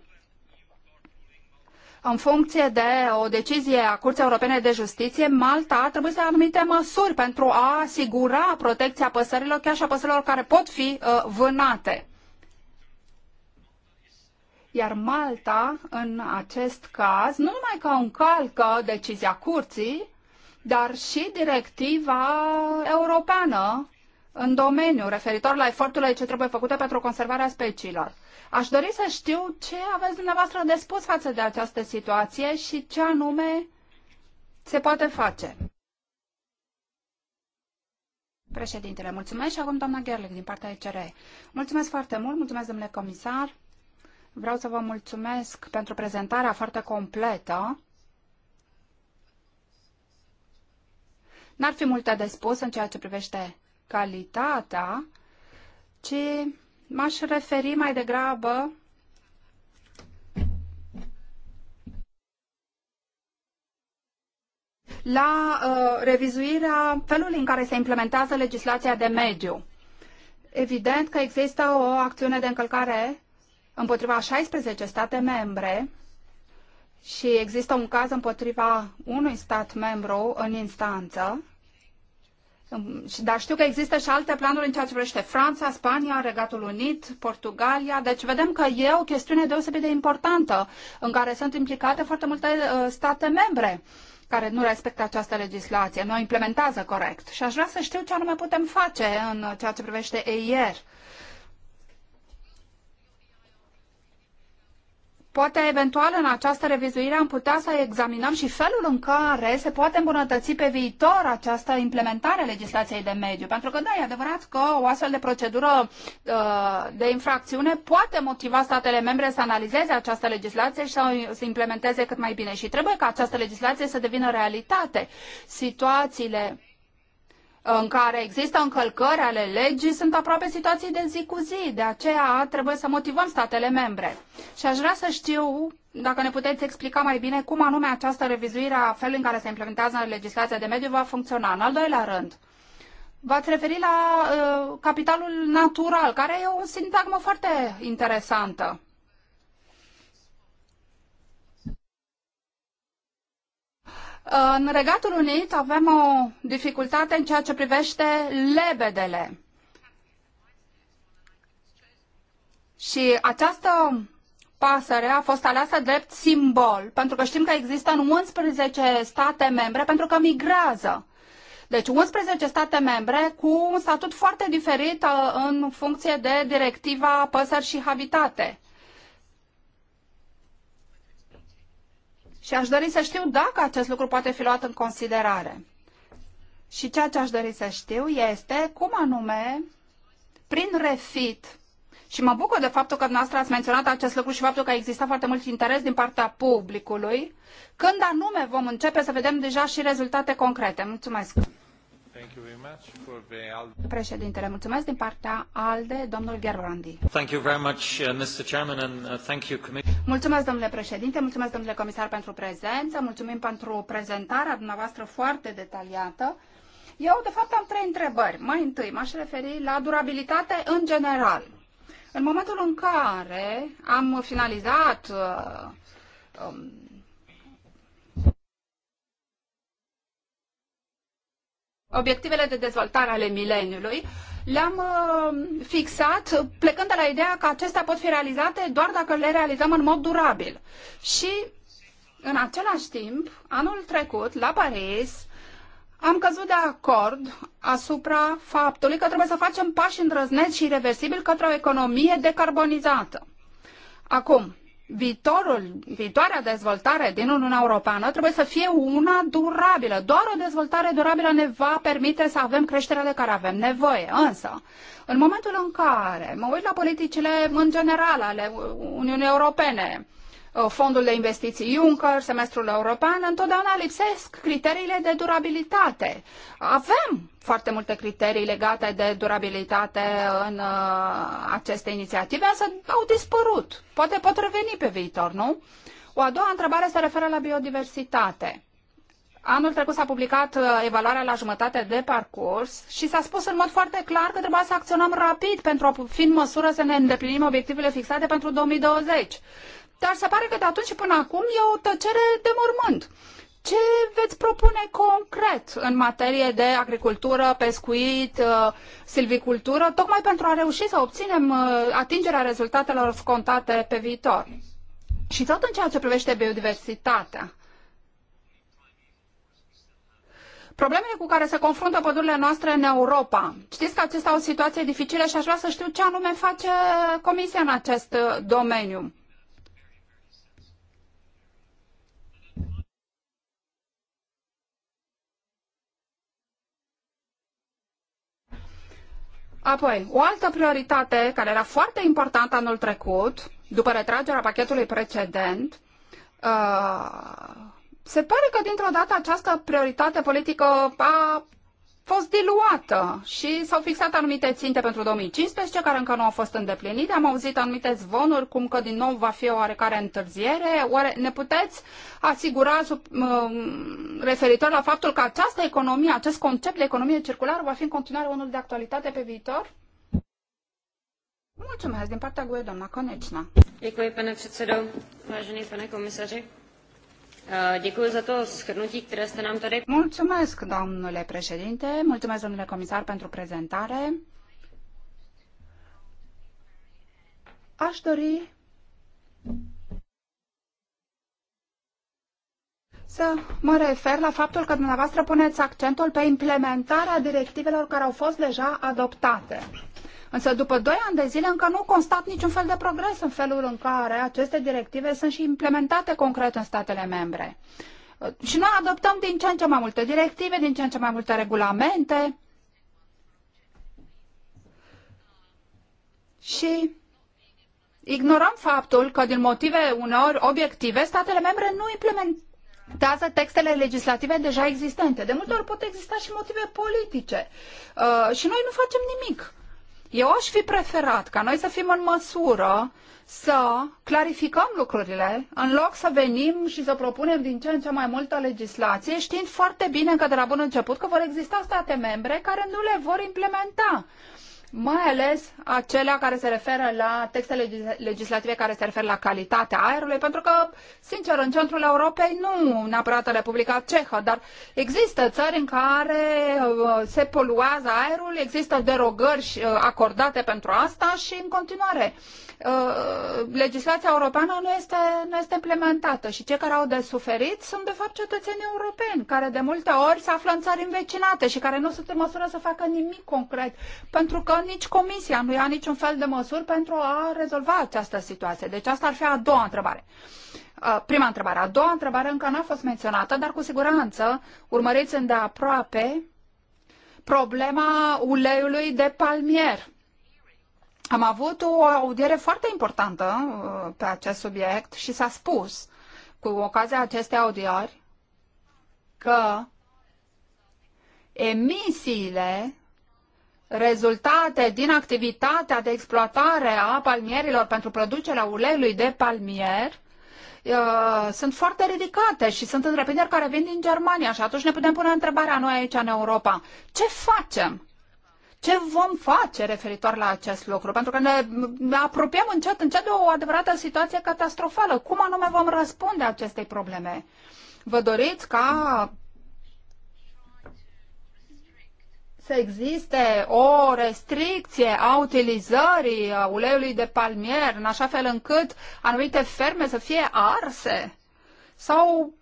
S3: în funcție de o decizie a Curții Europene de Justiție, Malta ar trebui să ia anumite măsuri pentru a asigura protecția păsărilor, chiar și a păsărilor care pot fi uh, vânate. Iar Malta, în acest caz, nu numai că încalcă decizia Curții, dar și directiva europeană în domeniu, referitor la eforturile ce trebuie făcute pentru conservarea speciilor. Aș dori să știu ce aveți dumneavoastră de spus față de această situație și ce anume se poate face. Președintele, mulțumesc și acum doamna Gerling din partea ECR. Mulțumesc foarte mult, mulțumesc domnule comisar. Vreau să vă mulțumesc pentru prezentarea foarte completă. N-ar fi multe de spus în ceea ce privește calitatea, ci m-aș referi mai degrabă la uh, revizuirea felului în care se implementează legislația de mediu. Evident că există o acțiune de încălcare împotriva 16 state membre și există un caz împotriva unui stat membru în instanță dar știu că există și alte planuri în ceea ce privește Franța, Spania, Regatul Unit, Portugalia. Deci vedem că e o chestiune deosebit de importantă în care sunt implicate foarte multe uh, state membre care nu respectă această legislație, nu o implementează corect. Și aș vrea să știu ce anume putem face în uh, ceea ce privește EIR Poate eventual în această revizuire am putea să examinăm și felul în care se poate îmbunătăți pe viitor această implementare a legislației de mediu. Pentru că, da, e adevărat că o astfel de procedură uh, de infracțiune poate motiva statele membre să analizeze această legislație și să implementeze cât mai bine. Și trebuie ca această legislație să devină realitate. Situațiile în care există încălcări ale legii sunt aproape situații de zi cu zi. De aceea trebuie să motivăm statele membre. Și aș vrea să știu dacă ne puteți explica mai bine cum anume această revizuire a felului în care se implementează legislația de mediu va funcționa. În al doilea rând, v-ați referit la uh, capitalul natural, care e o sintagmă foarte interesantă. În Regatul Unit avem o dificultate în ceea ce privește lebedele. Și această pasăre a fost aleasă drept simbol, pentru că știm că există în 11 state membre, pentru că migrează. Deci 11 state membre cu un statut foarte diferit uh, în funcție de directiva păsări și habitate. Și aș dori să știu dacă acest lucru poate fi luat în considerare. Și ceea ce aș dori să știu este cum anume, prin refit, și mă bucur de faptul că dumneavoastră ați menționat acest lucru și faptul că a existat foarte mult interes din partea publicului, când anume vom începe să vedem deja și rezultate concrete. Mulțumesc! Președintele, mulțumesc din partea ALDE, domnul Gerbrandi.
S1: Thank you very much, uh, Mr. Chairman, and uh, thank you,
S3: Mulțumesc, domnule președinte, mulțumesc, domnule comisar, pentru prezență, mulțumim pentru prezentarea dumneavoastră foarte detaliată. Eu, de fapt, am trei întrebări. Mai întâi, m-aș referi la durabilitate în general. În momentul în care am finalizat uh, um, obiectivele de dezvoltare ale mileniului, le-am uh, fixat plecând de la ideea că acestea pot fi realizate doar dacă le realizăm în mod durabil. Și în același timp, anul trecut, la Paris, am căzut de acord asupra faptului că trebuie să facem pași îndrăzneți și irreversibili către o economie decarbonizată. Acum, viitorul, viitoarea dezvoltare din Uniunea Europeană trebuie să fie una durabilă. Doar o dezvoltare durabilă ne va permite să avem creșterea de care avem nevoie. Însă, în momentul în care mă uit la politicile în general ale Uniunii Europene, Uh, fondul de investiții Juncker, semestrul european, întotdeauna lipsesc criteriile de durabilitate. Avem foarte multe criterii legate de durabilitate în uh, aceste inițiative, însă au dispărut. Poate pot reveni pe viitor, nu? O a doua întrebare se referă la biodiversitate. Anul trecut s-a publicat uh, evaluarea la jumătate de parcurs și s-a spus în mod foarte clar că trebuia să acționăm rapid pentru a fi în măsură să ne îndeplinim obiectivele fixate pentru 2020 dar se pare că de atunci până acum e o tăcere de mormânt. Ce veți propune concret în materie de agricultură, pescuit, uh, silvicultură, tocmai pentru a reuși să obținem uh, atingerea rezultatelor scontate pe viitor? Și tot în ceea ce privește biodiversitatea. Problemele cu care se confruntă pădurile noastre în Europa. Știți că acesta o situație dificilă și aș vrea să știu ce anume face Comisia în acest uh, domeniu. Apoi, o altă prioritate care era foarte importantă anul trecut, după retragerea pachetului precedent, uh, se pare că dintr-o dată această prioritate politică a fost diluată și s-au fixat anumite ținte pentru 2015 care încă nu au fost îndeplinite. Am auzit anumite zvonuri cum că din nou va fi o oarecare întârziere. Oare ne puteți asigura sub, um, referitor la faptul că această economie, acest concept de economie circulară va fi în continuare unul de actualitate pe viitor? Mulțumesc din partea GUE, doamna Conecina.
S1: Děkuji, pane předsedo, vážený pane komisaři. Uh, děkuji za to schrnutí, které jste nám tady... Mulțumesc,
S3: domnule președinte, mulțumesc, domnule comisar, pentru prezentare. Aș dori să mă refer la faptul că dumneavoastră puneți accentul pe implementarea directivelor care au fost deja adoptate. Însă după 2 ani de zile încă nu constat niciun fel de progres în felul în care aceste directive sunt și implementate concret în statele membre. Uh, și noi adoptăm din ce în ce mai multe directive, din ce în ce mai multe regulamente. Și ignorăm faptul că din motive uneori obiective, statele membre nu implementează textele legislative deja existente. De multe ori pot exista și motive politice. Uh, și noi nu facem nimic. Eu aș fi preferat ca noi să fim în măsură să clarificăm lucrurile în loc să venim și să propunem din ce în ce mai multă legislație, știind foarte bine că de la bun început că vor exista state membre care nu le vor implementa mai ales acelea care se referă la textele legislative care se referă la calitatea aerului, pentru că, sincer, în centrul Europei, nu neapărat Republica Cehă, dar există țări în care uh, se poluează aerul, există derogări uh, acordate pentru asta și, în continuare, uh, legislația europeană nu este, nu este implementată și cei care au de suferit sunt, de fapt, cetățenii europeni, care de multe ori se află în țări învecinate și care nu sunt în măsură să facă nimic concret, pentru că nici comisia nu ia niciun fel de măsuri pentru a rezolva această situație. Deci asta ar fi a doua întrebare. Prima întrebare. A doua întrebare încă n-a fost menționată, dar cu siguranță urmăriți îndeaproape problema uleiului de palmier. Am avut o audiere foarte importantă uh, pe acest subiect și s-a spus cu ocazia acestei audieri că emisiile rezultate din activitatea de exploatare a palmierilor pentru producerea uleiului de palmier uh, sunt foarte ridicate și sunt întreprinderi care vin din Germania și atunci ne putem pune întrebarea noi aici în Europa. Ce facem? Ce vom face referitor la acest lucru? Pentru că ne apropiem încet, încet de o adevărată situație catastrofală. Cum anume vom răspunde acestei probleme? Vă doriți ca să existe o restricție a utilizării uleiului de palmier, în așa fel încât anumite ferme să fie arse? Sau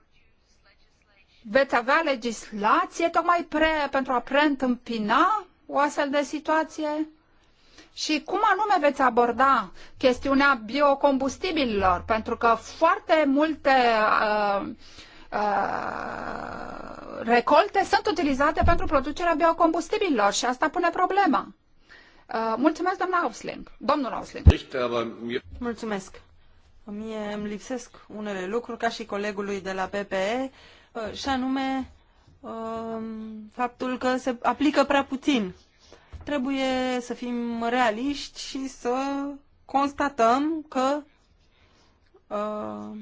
S3: veți avea legislație tocmai pre, pentru a preîntâmpina o astfel de situație? Și cum anume veți aborda chestiunea biocombustibililor? Pentru că foarte multe uh, Uh, recolte sunt utilizate pentru producerea biocombustibililor și asta pune problema. Uh, mulțumesc, doamna Ausling. Domnul
S1: Ausling. Mulțumesc. Mie îmi lipsesc unele lucruri, ca și colegului de la PPE, uh, și anume uh, faptul că se aplică prea puțin. Trebuie să fim realiști și să constatăm că uh,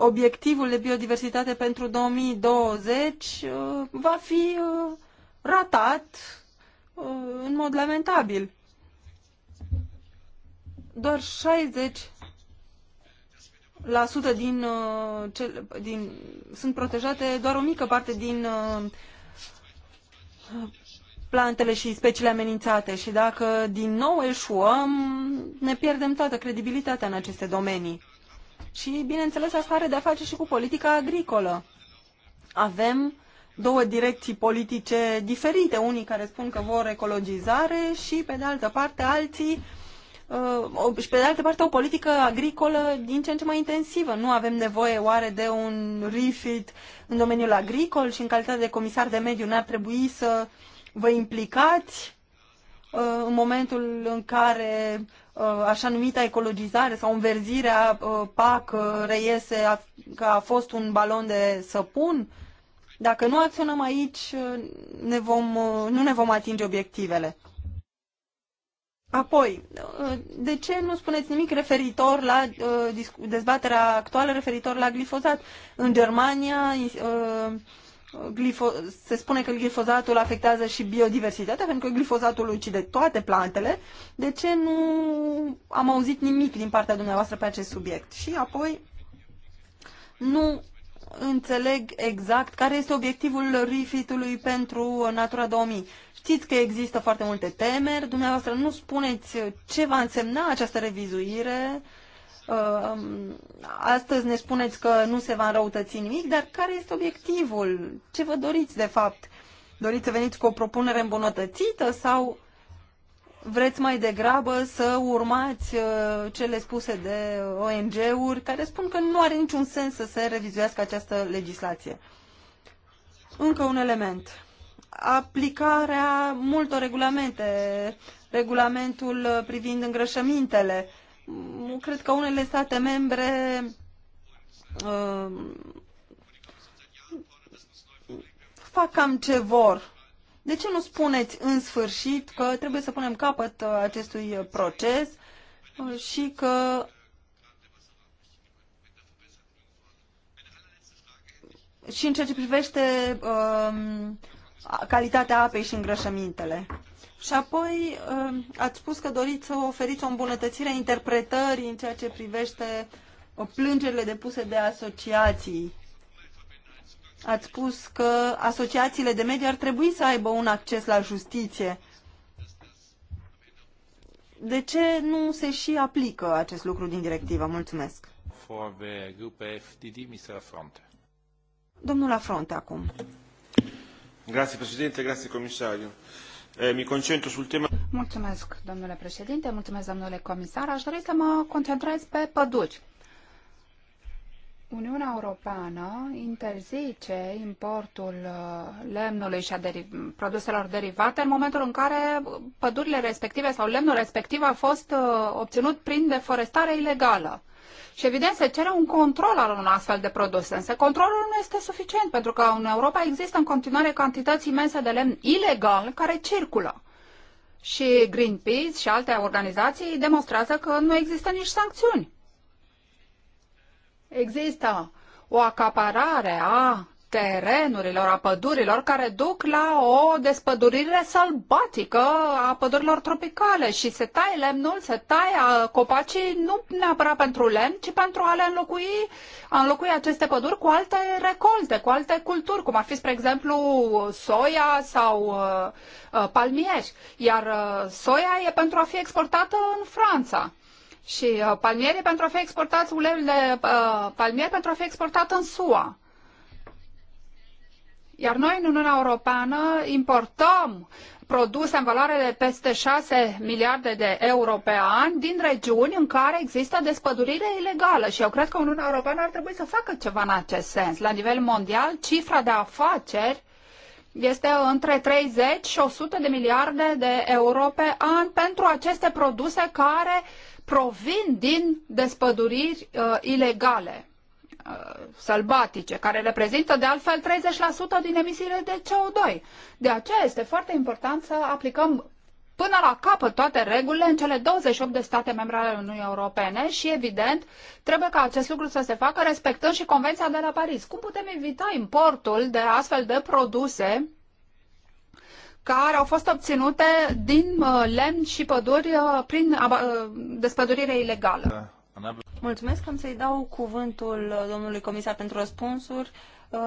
S1: obiectivul de biodiversitate pentru 2020 uh, va fi uh, ratat uh, în mod lamentabil. Doar 60 la sută din, din sunt protejate doar o mică parte din plantele și speciile amenințate și dacă din nou eșuăm, ne pierdem toată credibilitatea în aceste domenii. Și, bineînțeles, asta are de-a face și cu politica agricolă. Avem două direcții politice diferite, unii care spun că vor ecologizare și, pe de altă parte, alții uh, și pe de altă parte o politică agricolă din ce în ce mai intensivă. Nu avem nevoie oare de un refit în domeniul agricol și în calitate de comisar de mediu n-ar trebui să vă implicați uh, în momentul în care Uh, așa numita ecologizare sau înverzirea uh, PAC uh, reiese că a fost un balon de săpun, dacă nu acționăm aici, ne vom, nu ne vom atinge obiectivele. Apoi, de ce nu spuneți nimic referitor la dezbaterea actuală referitor la glifozat? În Germania, glifo- se spune că glifozatul afectează și biodiversitatea, pentru că glifozatul ucide toate plantele. De ce nu am auzit nimic din partea dumneavoastră pe acest subiect? Și apoi nu înțeleg exact care este obiectivul refitului pentru Natura 2000. Știți că există foarte multe temeri, dumneavoastră nu spuneți ce va însemna această revizuire, uh, Uh, um, astăzi ne spuneți că nu se va înrăutăți nimic, dar care este obiectivul? Ce vă doriți de fapt? Doriți să veniți cu o propunere îmbunătățită sau vreți mai degrabă să urmați uh, cele spuse de ONG-uri care spun că nu are niciun sens să se revizuiască această legislație? Încă un element. Aplicarea multor regulamente, regulamentul uh, privind îngrășămintele, cred că unele state membre uh, fac cam ce vor. De ce nu spuneți în sfârșit că trebuie să punem capăt uh, acestui proces uh, și că și în ceea ce privește uh, calitatea apei și îngrășămintele? Și apoi um, ați spus că doriți să oferiți o îmbunătățire a interpretării în ceea ce privește uh, plângerile depuse de asociații. Ați spus că asociațiile de mediu ar trebui să aibă un acces la justiție. De ce nu se și aplică acest lucru din directivă? Mulțumesc. Domnul Afronte, acum. Grazie, președinte, grazie, comisariu. Uh, Eh, mi concentro sul tema...
S3: Mulțumesc, domnule președinte, mulțumesc, domnule comisar. Aș dori să mă concentrez pe păduri. Uniunea Europeană interzice importul eh, lemnului și a deriv- produselor derivate în momentul în care pădurile respective sau lemnul respectiv a fost eh, obținut prin deforestare ilegală. Și evident se cere un control al unor astfel de produs, însă controlul nu este suficient, pentru că în Europa există în continuare cantități imense de lemn ilegal care circulă. Și Greenpeace și alte organizații demonstrează că nu există nici sancțiuni. Există o acaparare a terenurilor, a pădurilor, care duc la o despădurire sălbatică a pădurilor tropicale și se taie lemnul, se taie copacii nu neapărat pentru lemn, ci pentru a le înlocui, a înlocui aceste păduri cu alte recolte, cu alte culturi, cum ar fi, spre exemplu, soia sau uh, palmieri. Iar uh, soia e pentru a fi exportată în Franța. Și uh, palmierii pentru a fi exportați, uleiul de uh, palmier pentru a fi exportat în SUA. Iar noi în Uniunea Europeană importăm produse în valoare de peste 6 miliarde de euro pe an din regiuni în care există despădurire ilegală și eu cred că Uniunea Europeană ar trebui să facă ceva în acest sens. La nivel mondial, cifra de afaceri este între 30 și 100 de miliarde de euro pe an pentru aceste produse care provin din despăduriri uh, ilegale. Uh, sălbatice, care reprezintă de altfel 30% din emisiile de CO2. De aceea este foarte important să aplicăm până la capăt toate regulile în cele 28 de state membre ale Uniunii Europene și, evident, trebuie ca acest lucru să se facă respectând și Convenția de la Paris. Cum putem evita importul de astfel de produse care au fost obținute din uh, lemn și păduri uh, prin
S1: despădurire ilegală? Da. Mulțumesc, am să-i dau cuvântul domnului comisar pentru răspunsuri. Uh,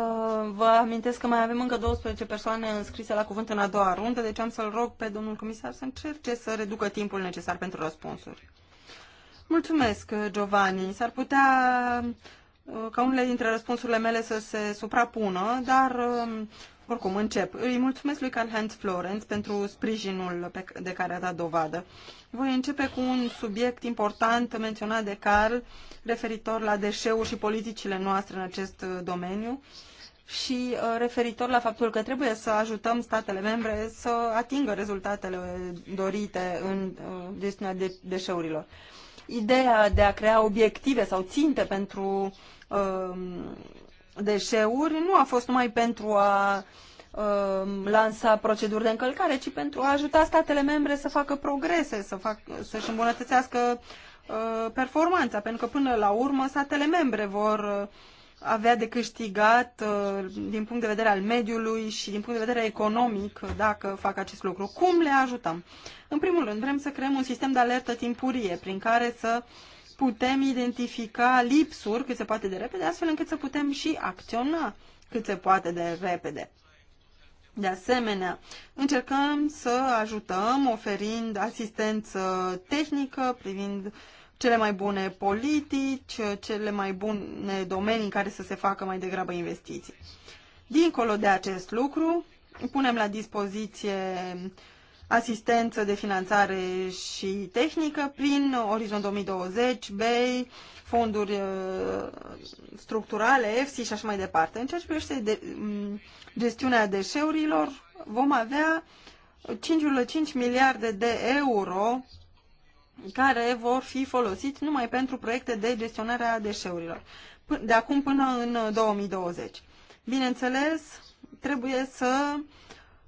S1: vă amintesc că mai avem încă 12 persoane înscrise la cuvânt în a doua rundă, deci am să-l rog pe domnul comisar să încerce să reducă timpul necesar pentru răspunsuri. Mulțumesc, Giovanni. S-ar putea uh, ca unele dintre răspunsurile mele să se suprapună, dar um, oricum, încep. Îi mulțumesc lui Karl-Heinz Florenz pentru sprijinul pe, de care a dat dovadă. Voi începe cu un subiect important menționat de Carl, referitor la deșeuri și politicile noastre în acest uh, domeniu și uh, referitor la faptul că trebuie să ajutăm statele membre să atingă rezultatele dorite în uh, gestiunea de deșeurilor. Ideea de a crea obiective sau ținte pentru deșeuri nu a fost numai pentru a um, lansa proceduri de încălcare, ci pentru a ajuta statele membre să facă progrese, să fac, să-și îmbunătățească uh, performanța, pentru că până la urmă statele membre vor uh, avea de câștigat uh, din punct de vedere al mediului și din punct de vedere economic dacă fac acest lucru. Cum le ajutăm? În primul rând, vrem să creăm un sistem de alertă timpurie prin care să uh, putem identifica lipsuri cât se poate de repede, astfel încât să putem și acționa cât se poate de repede. De asemenea, încercăm să ajutăm oferind asistență tehnică privind cele mai bune politici, cele mai bune domenii în care să se facă mai degrabă investiții. Dincolo de acest lucru, punem la dispoziție asistență de finanțare și tehnică prin Orizont 2020, BEI, fonduri uh, structurale, EFSI și așa mai departe. În ceea ce privește de, mm, gestiunea deșeurilor, vom avea 5,5 miliarde de euro care vor fi folosiți numai pentru proiecte de gestionare a deșeurilor, de acum până în 2020. Bineînțeles, trebuie să uh,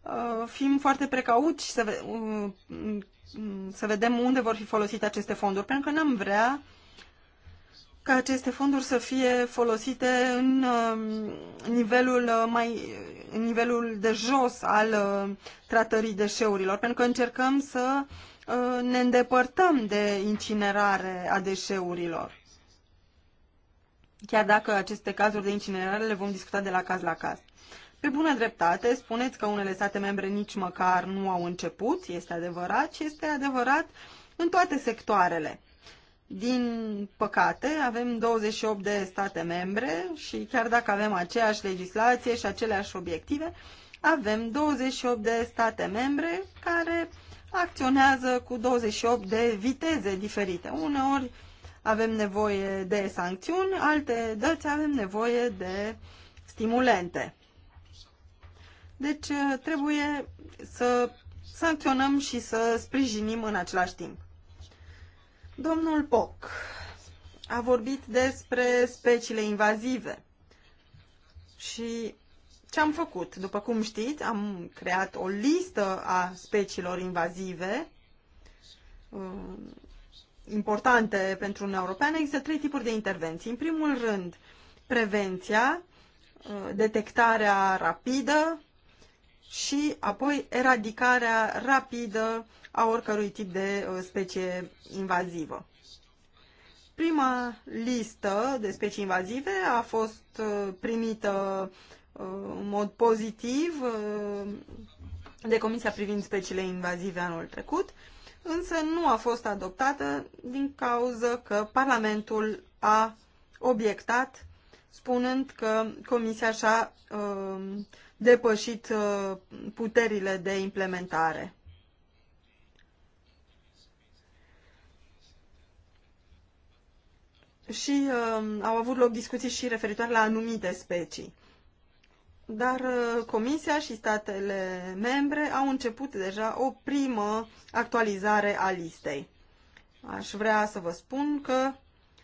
S1: Uh, fim foarte precauți să, ve uh, să vedem unde vor fi folosite aceste fonduri, pentru că n-am vrea ca aceste fonduri să fie folosite în uh, nivelul, mai, în nivelul de jos al tratării deșeurilor, pentru că încercăm să ne îndepărtăm de incinerare a deșeurilor. Chiar dacă aceste cazuri de incinerare le vom discuta de la caz la caz. Pe bună dreptate, spuneți că unele state membre nici măcar nu au început, este adevărat și este adevărat în toate sectoarele. Din păcate, avem 28 de state membre și chiar dacă avem aceeași legislație și aceleași obiective, avem 28 de state membre care acționează cu 28 de viteze diferite. Uneori avem nevoie de sancțiuni, alte dăți avem nevoie de stimulente. Deci uh, trebuie să sancționăm și să sprijinim în același timp. Domnul Poc a vorbit despre speciile invazive și ce am făcut? După cum știți, am creat o listă a speciilor invazive uh, importante pentru Uniunea Europeană. Există trei tipuri de intervenții. În primul rând, prevenția, uh, detectarea rapidă și apoi eradicarea rapidă a oricărui tip de uh, specie invazivă. Prima listă de specii invazive a fost uh, primită uh, în mod pozitiv de Comisia privind speciile invazive anul trecut, însă nu a fost adoptată din cauză că Parlamentul a obiectat spunând că Comisia și-a uh, depășit uh, puterile de implementare. Și uh, au avut loc discuții și referitoare la anumite specii. Dar uh, Comisia și statele membre au început deja o primă actualizare a listei. Aș vrea să vă spun că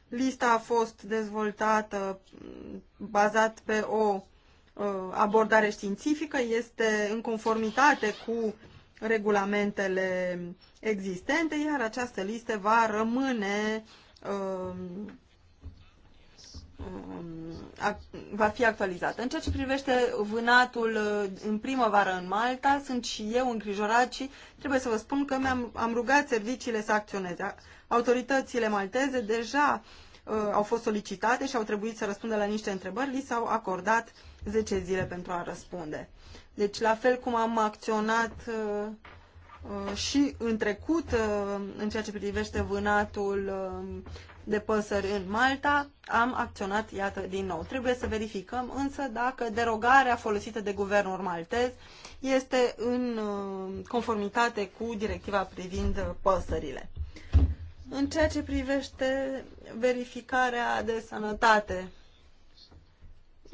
S1: lista a fost dezvoltată mm, bazat pe o Uh, abordare științifică, este în conformitate cu regulamentele existente, iar această listă va rămâne um, um, va fi actualizată. În ceea ce privește vânatul uh, în primăvară în Malta, sunt și eu îngrijorat și trebuie să vă spun că am am rugat serviciile să acționeze. Autoritățile malteze deja uh, au fost solicitate și au trebuit să răspundă la niște întrebări, li s-au acordat uh, 10 zile pentru a răspunde. Deci, la fel cum am acționat uh, uh, și în trecut uh, în ceea ce privește vânatul de păsări în Malta, am acționat, iată, din nou. Trebuie să verificăm însă dacă derogarea folosită de guvernul maltez este în conformitate cu directiva privind păsările. În ceea ce privește verificarea de sănătate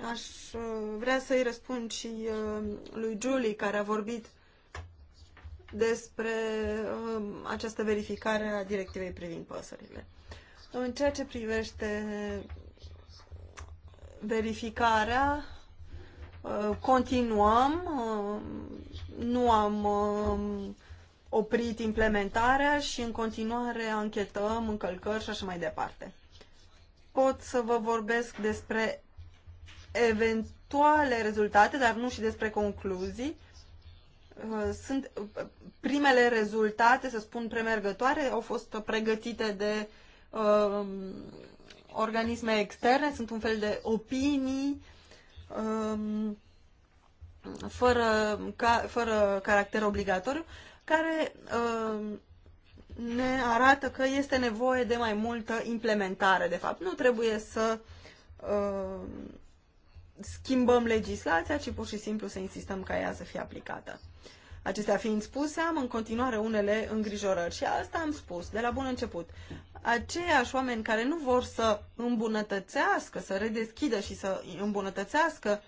S1: Aș uh, vrea să-i răspund și uh, lui Julie, care a vorbit despre uh, această verificare a directivei privind păsările. În ceea ce privește verificarea, continuăm, nu am um, oprit implementarea și în continuare anchetăm încălcări și așa mai departe. Pot să vă vorbesc despre eventuale rezultate, dar nu și despre concluzii. Uh, sunt uh, primele rezultate, să spun, premergătoare, au fost pregătite de um, organisme externe, sunt un fel de opinii um, fără, ca, fără caracter obligatoriu, care um, ne arată că este nevoie de mai multă implementare, de fapt. Nu trebuie să um, schimbăm legislația, ci pur și simplu să insistăm ca ea să fie aplicată. Acestea fiind spuse, am în continuare unele îngrijorări și asta am spus de la bun început. Aceiași oameni care nu vor să îmbunătățească, să redeschidă și să îmbunătățească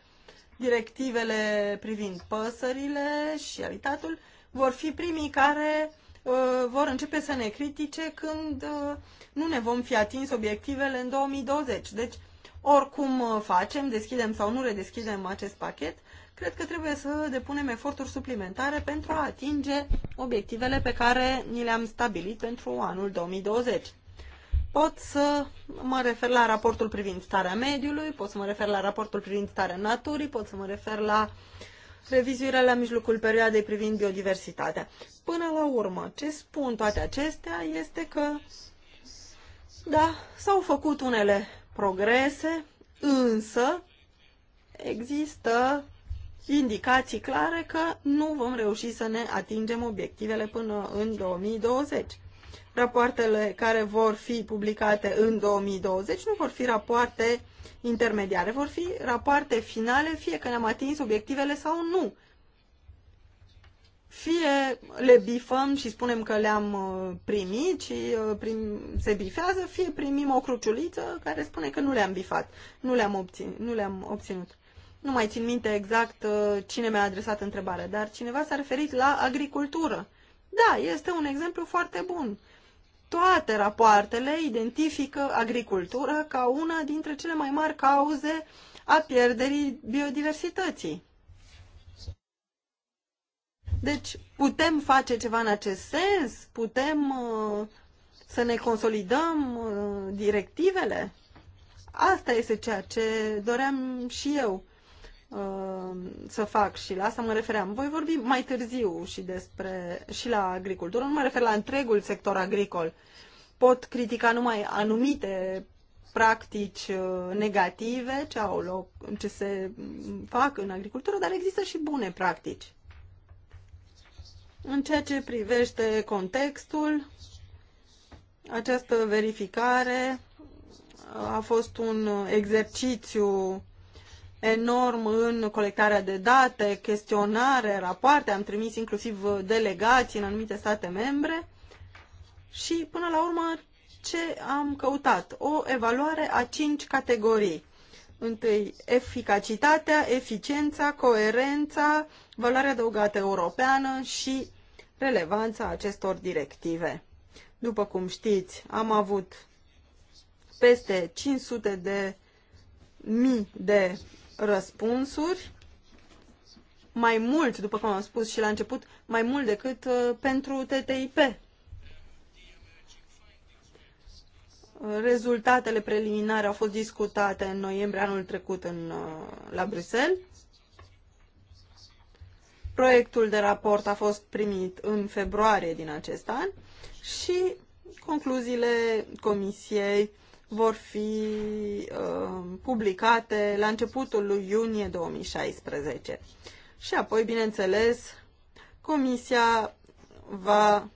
S1: directivele privind păsările și habitatul, vor fi primii care uh, vor începe să ne critique când uh, nu ne vom fi atins obiectivele în 2020. Deci oricum uh, facem, deschidem sau nu redeschidem acest pachet, cred că trebuie să depunem eforturi suplimentare pentru a atinge obiectivele pe care ni le-am stabilit pentru anul 2020. Pot să mă refer la raportul privind starea mediului, pot să mă refer la raportul privind starea naturii, pot să mă refer la revizuirea la mijlocul perioadei privind biodiversitatea. Până la urmă, ce spun toate acestea este că, da, s-au făcut unele progrese, însă există indicații clare că nu vom reuși să ne atingem obiectivele până în 2020. Rapoartele care vor fi publicate în 2020 nu vor fi rapoarte intermediare, vor fi rapoarte finale, fie că ne-am atins obiectivele sau nu fie le bifăm și spunem că le-am uh, primit și uh, prim, se bifează, fie primim o cruciuliță care spune că nu le-am bifat, nu le-am, obțin, nu le-am obținut. Nu mai țin minte exact uh, cine mi-a adresat întrebarea, dar cineva s-a referit la agricultură. Da, este un exemplu foarte bun. Toate rapoartele identifică agricultura ca una dintre cele mai mari cauze a pierderii biodiversității. Deci putem face ceva în acest sens? Putem uh, să ne consolidăm uh, directivele? Asta este ceea ce doream și eu uh, să fac și la asta mă refeream. Voi vorbi mai târziu și despre și la agricultură, nu mă refer la întregul sector agricol. Pot critica numai anumite practici negative ce, au loc, ce se fac în agricultură, dar există și bune practici. În ceea ce privește contextul, această verificare a fost un exercițiu enorm în colectarea de date, chestionare, rapoarte, am trimis inclusiv delegații în anumite state membre și până la urmă ce am căutat? O evaluare a cinci categorii. Întâi, eficacitatea, eficiența, coerența, valoarea adăugată europeană și relevanța acestor directive. După cum știți, am avut peste 500 de mii de răspunsuri, mai mult, după cum am spus și la început, mai mult decât uh, pentru TTIP. Rezultatele preliminare au fost discutate în noiembrie anul trecut în, uh, la Bruxelles. Proiectul de raport a fost primit în februarie din acest an și concluziile comisiei vor fi uh, publicate la începutul lui iunie 2016. Și apoi, bineînțeles, comisia va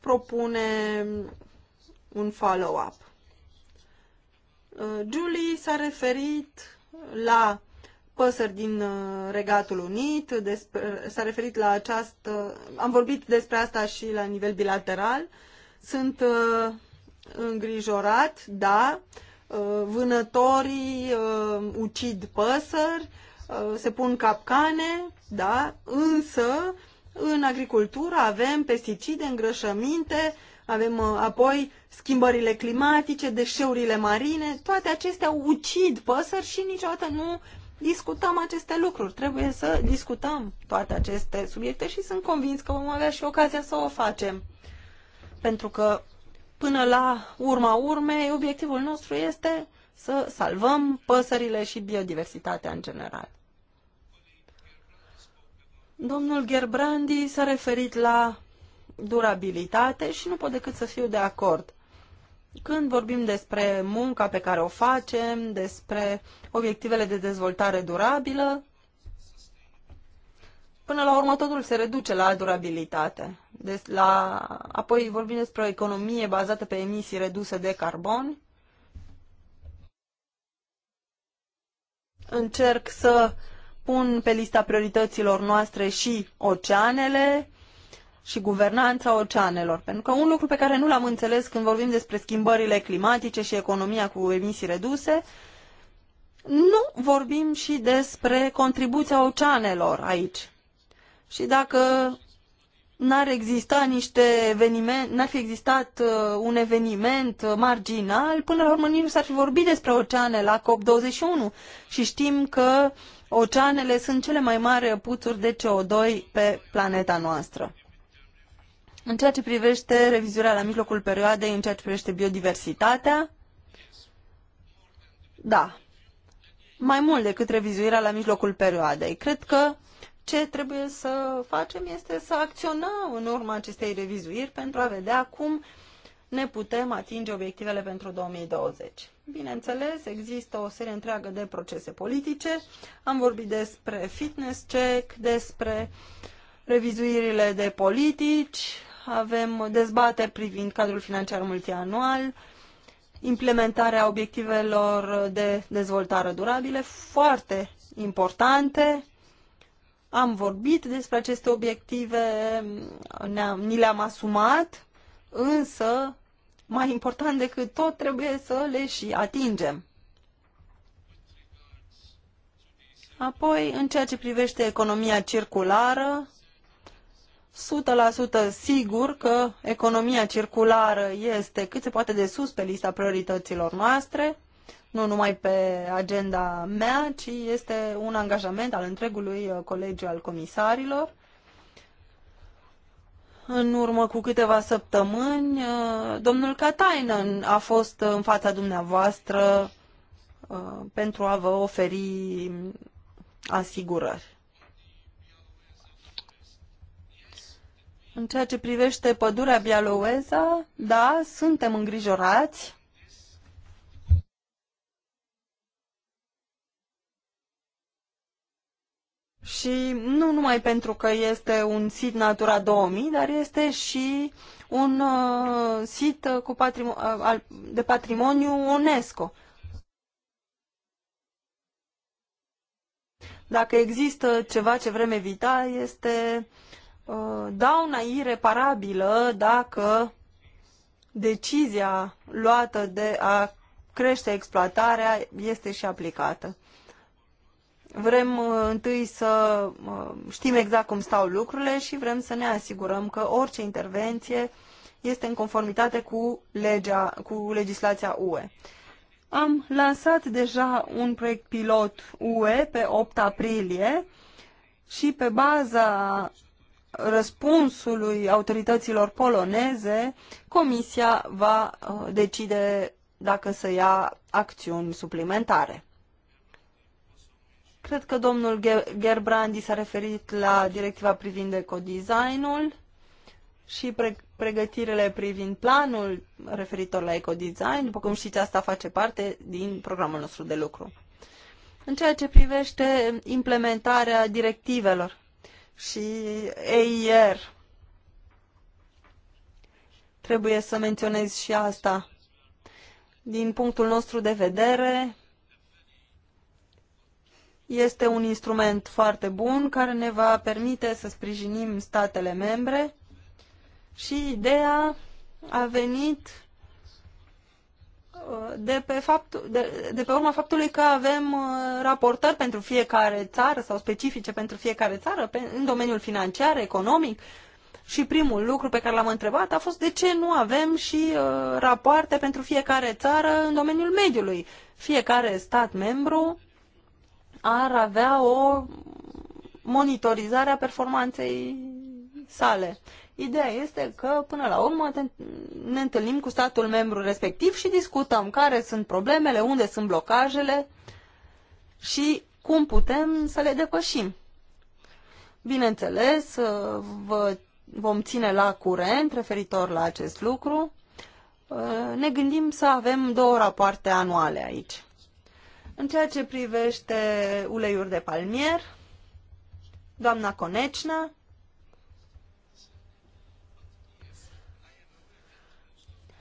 S1: propune un follow-up. Uh, Julie s-a referit la păsări din uh, Regatul Unit, s-a referit la această... Am vorbit despre asta și la nivel bilateral. Sunt uh, îngrijorat, da, vânătorii ucid păsări, se pun capcane, da, însă în agricultură avem pesticide, îngrășăminte, avem uh, apoi schimbările climatice, deșeurile marine, toate acestea ucid păsări și niciodată nu discutăm aceste lucruri. Trebuie să discutăm toate aceste subiecte și sunt convins că vom avea și ocazia să o facem. Pentru că până la urma urmei, obiectivul nostru este să salvăm păsările și biodiversitatea în general. Domnul Gerbrandi s-a referit la durabilitate și nu pot decât să fiu de acord. Când vorbim despre munca pe care o facem, despre obiectivele de dezvoltare durabilă, până la urmă totul se reduce la durabilitate. Des, la, apoi vorbim despre o economie bazată pe emisii reduse de carbon. Încerc să pun pe lista priorităților noastre și oceanele, și guvernanța oceanelor. Pentru că un lucru pe care nu l-am înțeles când vorbim despre schimbările climatice și economia cu emisii reduse, nu vorbim și despre contribuția oceanelor aici. Și dacă n-ar exista niște eveniment, n-ar fi existat uh, un eveniment marginal, până la urmă nici nu s-ar fi vorbit despre oceane la COP21 și știm că oceanele sunt cele mai mari puturi de CO2 pe planeta noastră. În ceea ce privește revizuirea la mijlocul perioadei, în ceea ce privește biodiversitatea, da, mai mult decât revizuirea la mijlocul perioadei. Cred că ce trebuie să facem este să acționăm în urma acestei revizuiri pentru a vedea cum ne putem atinge obiectivele pentru 2020. Bineînțeles, există o serie întreagă de procese politice. Am vorbit despre fitness check, despre revizuirile de politici, avem dezbateri privind cadrul financiar multianual, implementarea obiectivelor de dezvoltare durabile, foarte importante. Am vorbit despre aceste obiective, ne ni le-am asumat, însă, mai important decât tot, trebuie să le și atingem. Apoi, în ceea ce privește economia circulară, 100% sigur că economia circulară este cât se poate de sus pe lista priorităților noastre, nu numai pe agenda mea, ci este un angajament al întregului uh, colegiu al comisarilor. În urmă cu câteva săptămâni, uh, domnul Katainen a fost în fața dumneavoastră uh, pentru a vă oferi asigurări. În ceea ce privește pădurea Bialoueza, da, suntem îngrijorați. Și nu numai pentru că este un sit Natura 2000, dar este și un uh, sit cu patrimo uh, de patrimoniu UNESCO. Dacă există ceva ce vrem evita, este uh, Uh, dauna ireparabilă dacă decizia luată de a crește exploatarea este și aplicată. Vrem uh, întâi să uh, știm exact cum stau lucrurile și vrem să ne asigurăm că orice intervenție este în conformitate cu, legea, cu legislația UE. Am lansat deja un proiect pilot UE pe 8 aprilie și pe baza răspunsului autorităților poloneze, Comisia va uh, decide dacă să ia acțiuni suplimentare. Cred că domnul Gerbrandi s-a referit la directiva privind ecodesignul și pre- pregătirile privind planul referitor la ecodesign. După cum știți, asta face parte din programul nostru de lucru. În ceea ce privește implementarea directivelor, și EIR. Trebuie să menționez și asta. Din punctul nostru de vedere, este un instrument foarte bun care ne va permite să sprijinim statele membre și ideea a venit de pe, fapt, de, de pe urma faptului că avem uh, raportări pentru fiecare țară sau specifice pentru fiecare țară pe, în domeniul financiar, economic. Și primul lucru pe care l-am întrebat a fost de ce nu avem și uh, rapoarte pentru fiecare țară în domeniul mediului. Fiecare stat membru ar avea o monitorizare a performanței sale. Ideea este că, până la urmă, ne întâlnim cu statul membru respectiv și discutăm care sunt problemele, unde sunt blocajele și cum putem să le depășim. Bineînțeles, vă vom ține la curent referitor la acest lucru. Ne gândim să avem două rapoarte anuale aici. În ceea ce privește uleiuri de palmier, doamna Conecna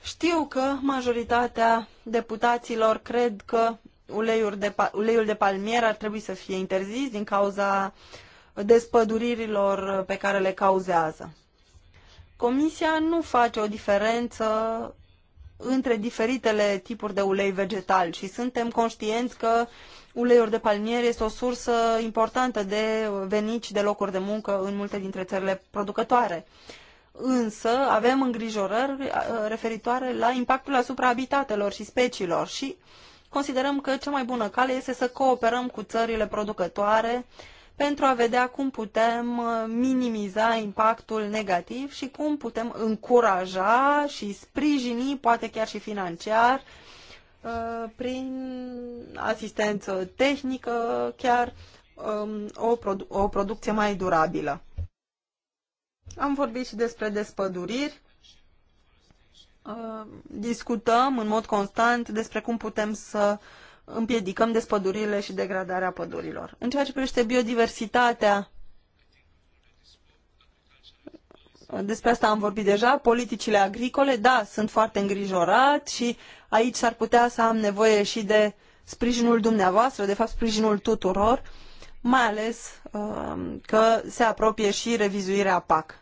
S1: Știu că majoritatea deputaților cred că uleiul de, uleiul de palmier ar trebui să fie interzis din cauza despăduririlor pe care le cauzează. Comisia nu face o diferență între diferitele tipuri de ulei vegetal și suntem conștienți că uleiul de palmier este o sursă importantă de venici de locuri de muncă în multe dintre țările producătoare însă avem îngrijorări uh, referitoare la impactul asupra habitatelor și speciilor și considerăm că cea mai bună cale este să cooperăm cu țările producătoare pentru a vedea cum putem uh, minimiza impactul negativ și cum putem încuraja și sprijini, poate chiar și financiar, uh, prin asistență tehnică, chiar um, o, produ- o producție mai durabilă. Am vorbit și despre despăduriri. Uh, discutăm în mod constant despre cum putem să împiedicăm despădurile și degradarea pădurilor. În ceea ce privește biodiversitatea, uh, despre asta am vorbit deja, politicile agricole, da, sunt foarte îngrijorat și aici s-ar putea să am nevoie și de sprijinul dumneavoastră, de fapt sprijinul tuturor, mai ales um, că se apropie și revizuirea PAC.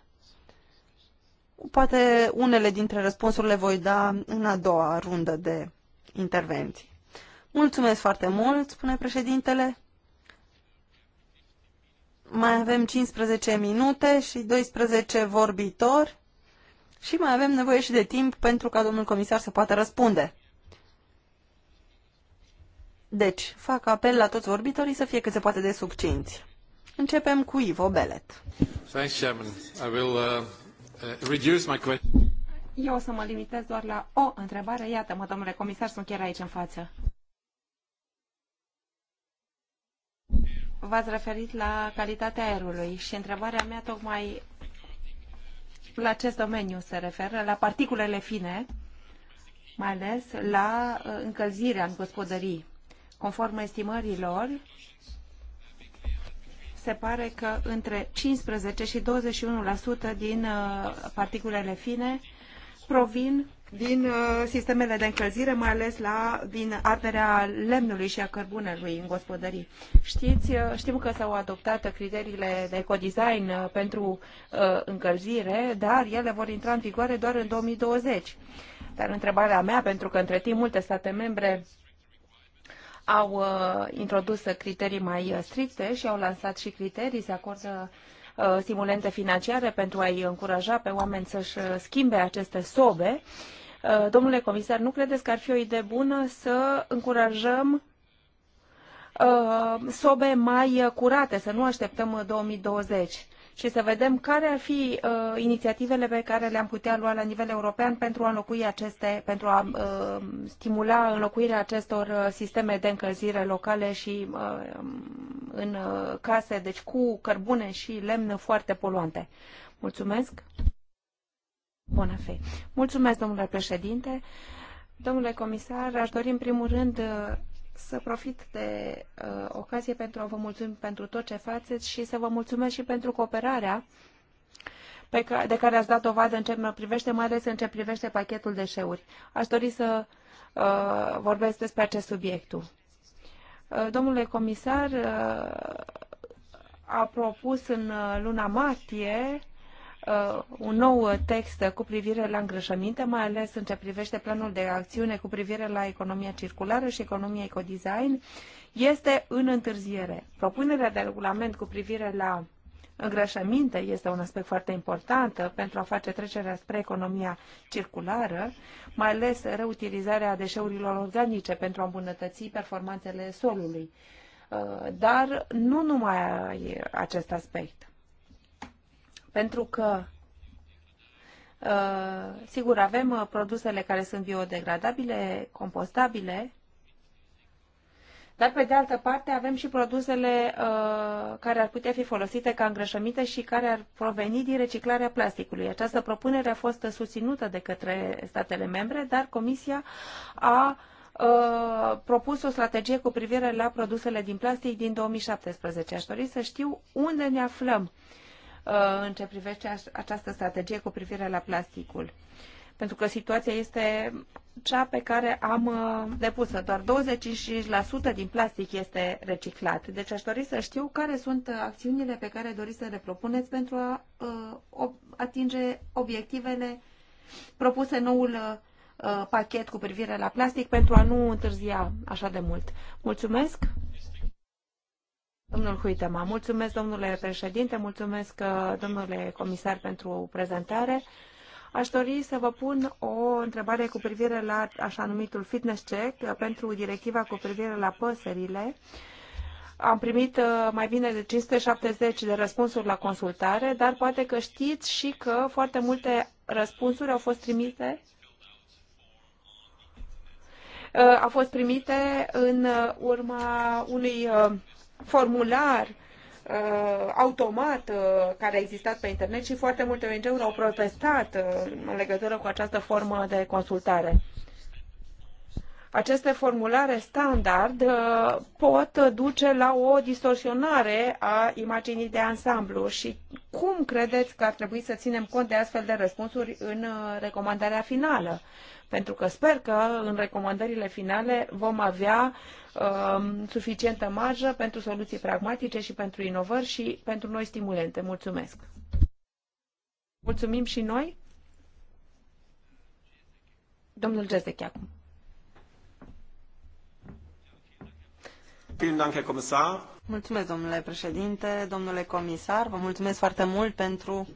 S1: Poate unele dintre răspunsuri le voi da în a doua rundă de intervenții. Mulțumesc foarte mult, spune președintele. Mai avem 15 minute și 12 vorbitori și mai avem nevoie și de timp pentru ca domnul comisar să poată răspunde. Deci, fac apel la toți vorbitorii să fie cât se poate de succinți. Începem cu Ivo Belet.
S3: Thanks, Chairman. I will
S1: uh, uh, reduce my question.
S2: Eu o să mă limitez doar la o întrebare. Iată-mă, domnule comisar, sunt chiar aici în față. V-ați referit la calitatea aerului și întrebarea mea tocmai la acest domeniu se referă, la particulele fine, mai ales la uh, încălzirea în gospodării. Conform estimărilor, se pare că între 15 și 21% din uh, particulele fine provin din uh, sistemele de încălzire, mai ales la, din arderea lemnului și a cărbunelui în gospodării. Știți, uh, știm că s-au adoptat criteriile de ecodesign pentru încălzire, dar ele vor intra în vigoare doar în 2020. Dar întrebarea mea, pentru că între timp multe state membre au uh, introdus criterii mai uh, stricte și au lansat și criterii, se acordă uh, simulente financiare pentru a-i încuraja pe oameni să-și uh, schimbe aceste sobe. Uh, domnule comisar, nu credeți că ar fi o idee bună să încurajăm uh, sobe mai curate, să nu așteptăm 2020? și să vedem care ar fi uh, inițiativele pe care le-am putea lua la nivel european pentru a înlocui aceste, pentru a uh, stimula înlocuirea acestor uh, sisteme de încălzire locale și uh, în uh, case, deci cu cărbune și lemn foarte poluante. Mulțumesc. Bună fi. Mulțumesc, domnule președinte. Domnule comisar, aș dori în primul rând uh, să profit de uh, ocazie pentru a vă mulțumi pentru tot ce faceți și să vă mulțumesc și pentru cooperarea pe de care ați dat dovadă în ce mă privește, mai ales în ce privește pachetul deșeuri. Aș dori să uh, vorbesc despre acest subiect. Uh, domnule comisar uh, a propus în uh, luna martie Uh, un nou text cu privire la îngrășăminte, mai ales în ce privește planul de acțiune cu privire la economia circulară și economia ecodesign, este în întârziere. Propunerea de regulament cu privire la îngrășăminte este un aspect foarte important pentru a face trecerea spre economia circulară, mai ales reutilizarea deșeurilor organice pentru a îmbunătăți performanțele solului. Uh, dar nu numai acest aspect. Pentru că uh, sigur, avem uh, produsele care sunt biodegradabile, compostabile, dar pe de altă parte avem și produsele uh, care ar putea fi folosite ca îngrășăminte și care ar proveni din reciclarea plasticului. Această propunere a fost susținută de către statele membre, dar Comisia a propus o strategie cu privire la produsele din plastic din 2017. Aș dori să știu unde ne aflăm uh, Uh, în ce privește această strategie cu privire la plasticul. Pentru că situația este cea pe care am uh, depusă. Doar 25% din plastic este reciclat. Deci aș dori să știu care sunt acțiunile pe care doriți să le propuneți pentru a uh, atinge obiectivele propuse noul pachet cu privire la plastic pentru a nu întârzia așa de mult. Mulțumesc! Domnul Huitema, mulțumesc domnule președinte, mulțumesc uh, domnule comisar pentru prezentare. Aș dori să vă pun o întrebare cu privire la așa numitul fitness check uh, pentru directiva cu privire la păsările. Am primit uh, mai bine de 570 de răspunsuri la consultare, dar poate că știți și că foarte multe răspunsuri au fost trimise au fost primite în urma unui formular uh, automat uh, care a existat pe internet și foarte multe ONG-uri au protestat uh, în legătură cu această formă de consultare. Aceste formulare standard uh, pot duce la o distorsionare a imaginii de ansamblu și cum credeți că ar trebui să ținem cont de astfel de răspunsuri în uh, recomandarea finală? Pentru că sper că în recomandările finale vom avea um, suficientă marjă pentru soluții pragmatice și pentru inovări și pentru noi stimulente. Mulțumesc! Mulțumim și noi! Domnul Gezdechi acum.
S1: Mulțumesc, domnule președinte, domnule comisar. Vă mulțumesc foarte mult pentru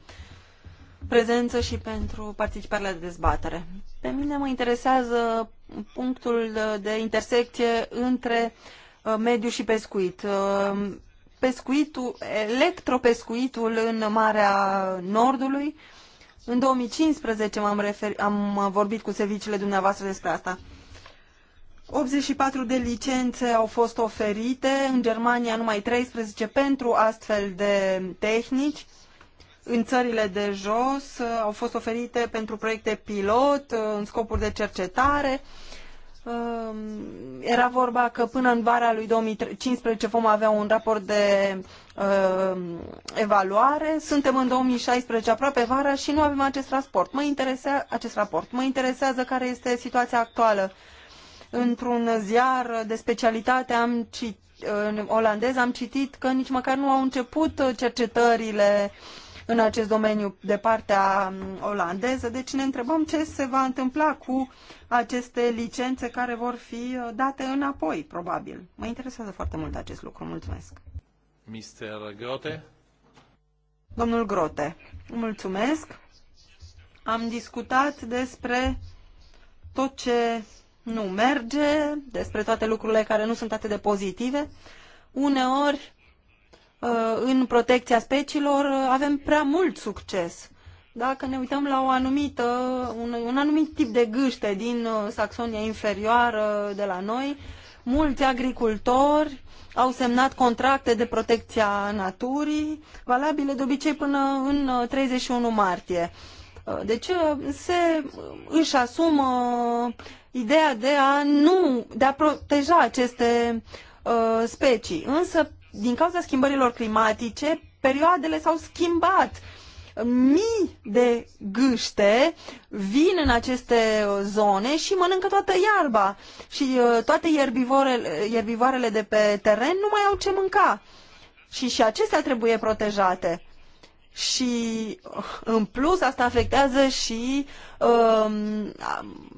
S1: prezență și pentru participarea la dezbatere. Pe mine mă interesează punctul de intersecție între uh, mediu și pescuit. Uh, pescuitul, electropescuitul în Marea Nordului. În 2015 am, refer, am vorbit cu serviciile dumneavoastră despre asta. 84 de licențe au fost oferite, în Germania numai 13 pentru astfel de tehnici. În țările de jos uh, au fost oferite pentru proiecte pilot, uh, în scopuri de cercetare. Um, era vorba că până în vara lui 2015 vom avea un raport de um, evaluare. Suntem în 2016, aproape vara, și nu avem acest raport. Mă, interesează acest raport. mă interesează care este situația actuală într-un ziar de specialitate am cit, olandez am citit că nici măcar nu au început cercetările în acest domeniu de partea um, olandeză, deci ne întrebăm ce se va întâmpla cu aceste licențe care vor fi uh, date înapoi, probabil. Mă interesează foarte mult acest lucru. Mulțumesc. Mr. Grote? Domnul Grote, mulțumesc. Am discutat despre tot ce nu merge, despre toate lucrurile care nu sunt atât de pozitive. Uneori, uh, în protecția speciilor, uh, avem prea mult succes. Dacă ne uităm la o anumită, un, un anumit tip de gâște din uh, Saxonia inferioară de la noi, mulți agricultori au semnat contracte de protecție a naturii, valabile de obicei până în 31 martie. Deci se, își asumă ideea de a nu, de a proteja aceste uh, specii. Însă, din cauza schimbărilor climatice, perioadele s-au schimbat. Mii de gâște vin în aceste uh, zone și mănâncă toată iarba. Și uh, toate ierbivorele, ierbivoarele de pe teren nu mai au ce mânca. Și și acestea trebuie protejate și în plus asta afectează și uh,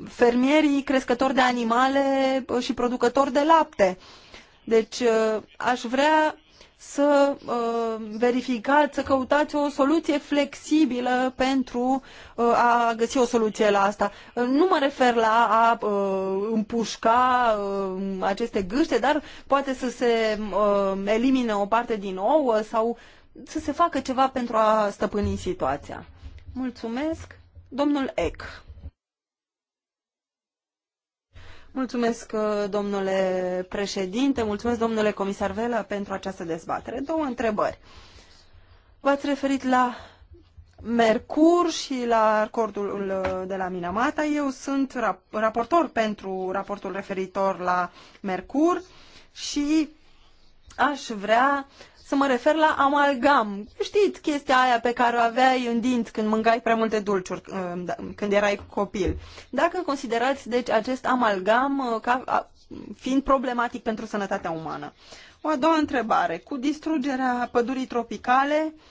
S1: fermierii crescători de animale uh, și producători de lapte. Deci uh, aș vrea să uh, verificați, să căutați o soluție flexibilă pentru uh, a găsi o soluție la asta. Uh, nu mă refer la a uh, împușca uh, aceste gâște, dar poate să se uh, elimine o parte din ouă sau uh, să se facă ceva pentru a stăpâni situația. Mulțumesc, domnul Eck. Mulțumesc, uh, domnule președinte, mulțumesc, domnule comisar Vela, pentru această dezbatere. Două întrebări. V-ați referit la Mercur și la acordul uh, de la Minamata. Eu sunt raportor pentru raportul referitor la Mercur și aș vrea să mă refer la amalgam. Știți chestia aia pe care o aveai în dint, când mâncai prea multe dulciuri uh, da, când erai copil. Dacă considerați deci acest amalgam uh, ca fiind problematic pentru sănătatea umană. O a doua întrebare. Cu distrugerea pădurii tropicale, uh,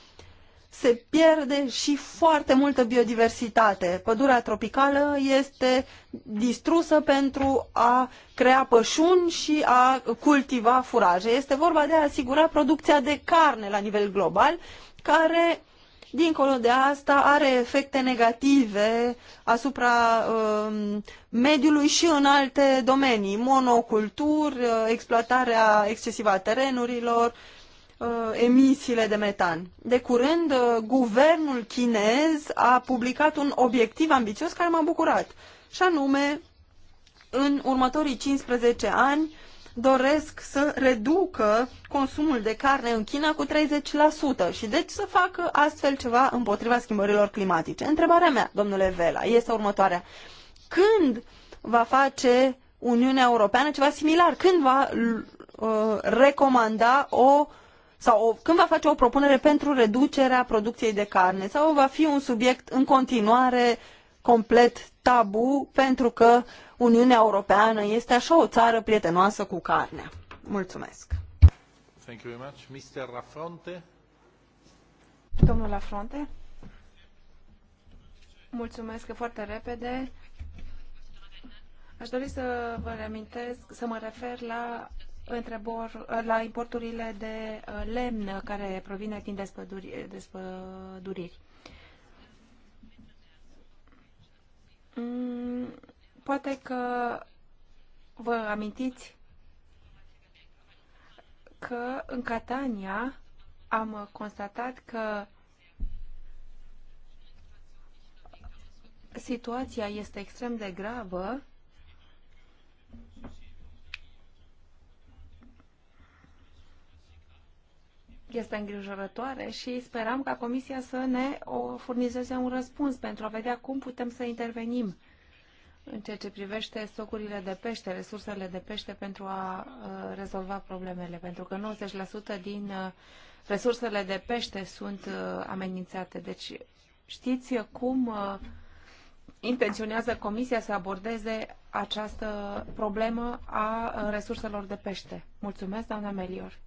S1: se pierde și foarte multă biodiversitate. Pădurea tropicală este distrusă pentru a crea pășuni și a cultiva furaje. Este vorba de a asigura producția de carne la nivel global, care, dincolo de asta, are efecte negative asupra um, mediului și în alte domenii, monoculturi, uh, exploatarea excesivă a terenurilor, uh, Uh, emisiile de metan. De curând, uh, guvernul chinez a publicat un obiectiv ambițios care m-a bucurat, și anume, în următorii 15 ani, doresc să reducă consumul de carne în China cu 30% și deci să facă astfel ceva împotriva schimbărilor climatice. Întrebarea mea, domnule Vela, este următoarea. Când va face Uniunea Europeană ceva similar? Când va uh, recomanda o sau o, când va face o propunere pentru reducerea producției de carne sau va fi un subiect în continuare complet tabu pentru că Uniunea Europeană este așa o țară prietenoasă cu carnea. Mulțumesc. Thank you very much. Mr. Lafronte. Domnul Lafronte.
S2: Mulțumesc foarte repede. Aș dori să vă reamintesc, să mă refer la întrebor, la importurile de uh, lemn care provine din despăduriri. Mm, poate că vă amintiți că în Catania am constatat că situația este extrem de gravă este îngrijorătoare și sperăm ca Comisia să ne o furnizeze un răspuns pentru a vedea cum putem să intervenim în ceea ce privește stocurile de pește, resursele de pește pentru a uh, rezolva problemele, pentru că 90% din uh, resursele de pește sunt uh, amenințate. Deci știți cum uh, intenționează Comisia să abordeze această problemă a uh, resurselor de pește. Mulțumesc, doamna Melior.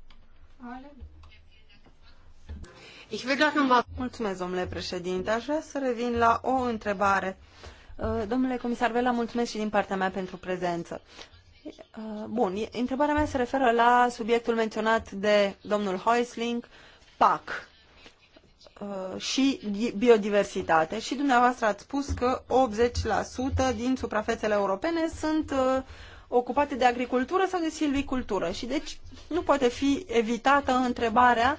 S1: Ale. Mulțumesc, domnule președinte. Aș vrea să revin la o întrebare. Uh, domnule comisar Vela, mulțumesc și din partea mea pentru prezență. Uh, bun, întrebarea mea se referă la subiectul menționat de domnul Heusling, PAC uh, și biodiversitate. Și dumneavoastră ați spus că 80% din suprafețele europene sunt ocupate de agricultură sau de silvicultură. Și deci nu poate fi evitată întrebarea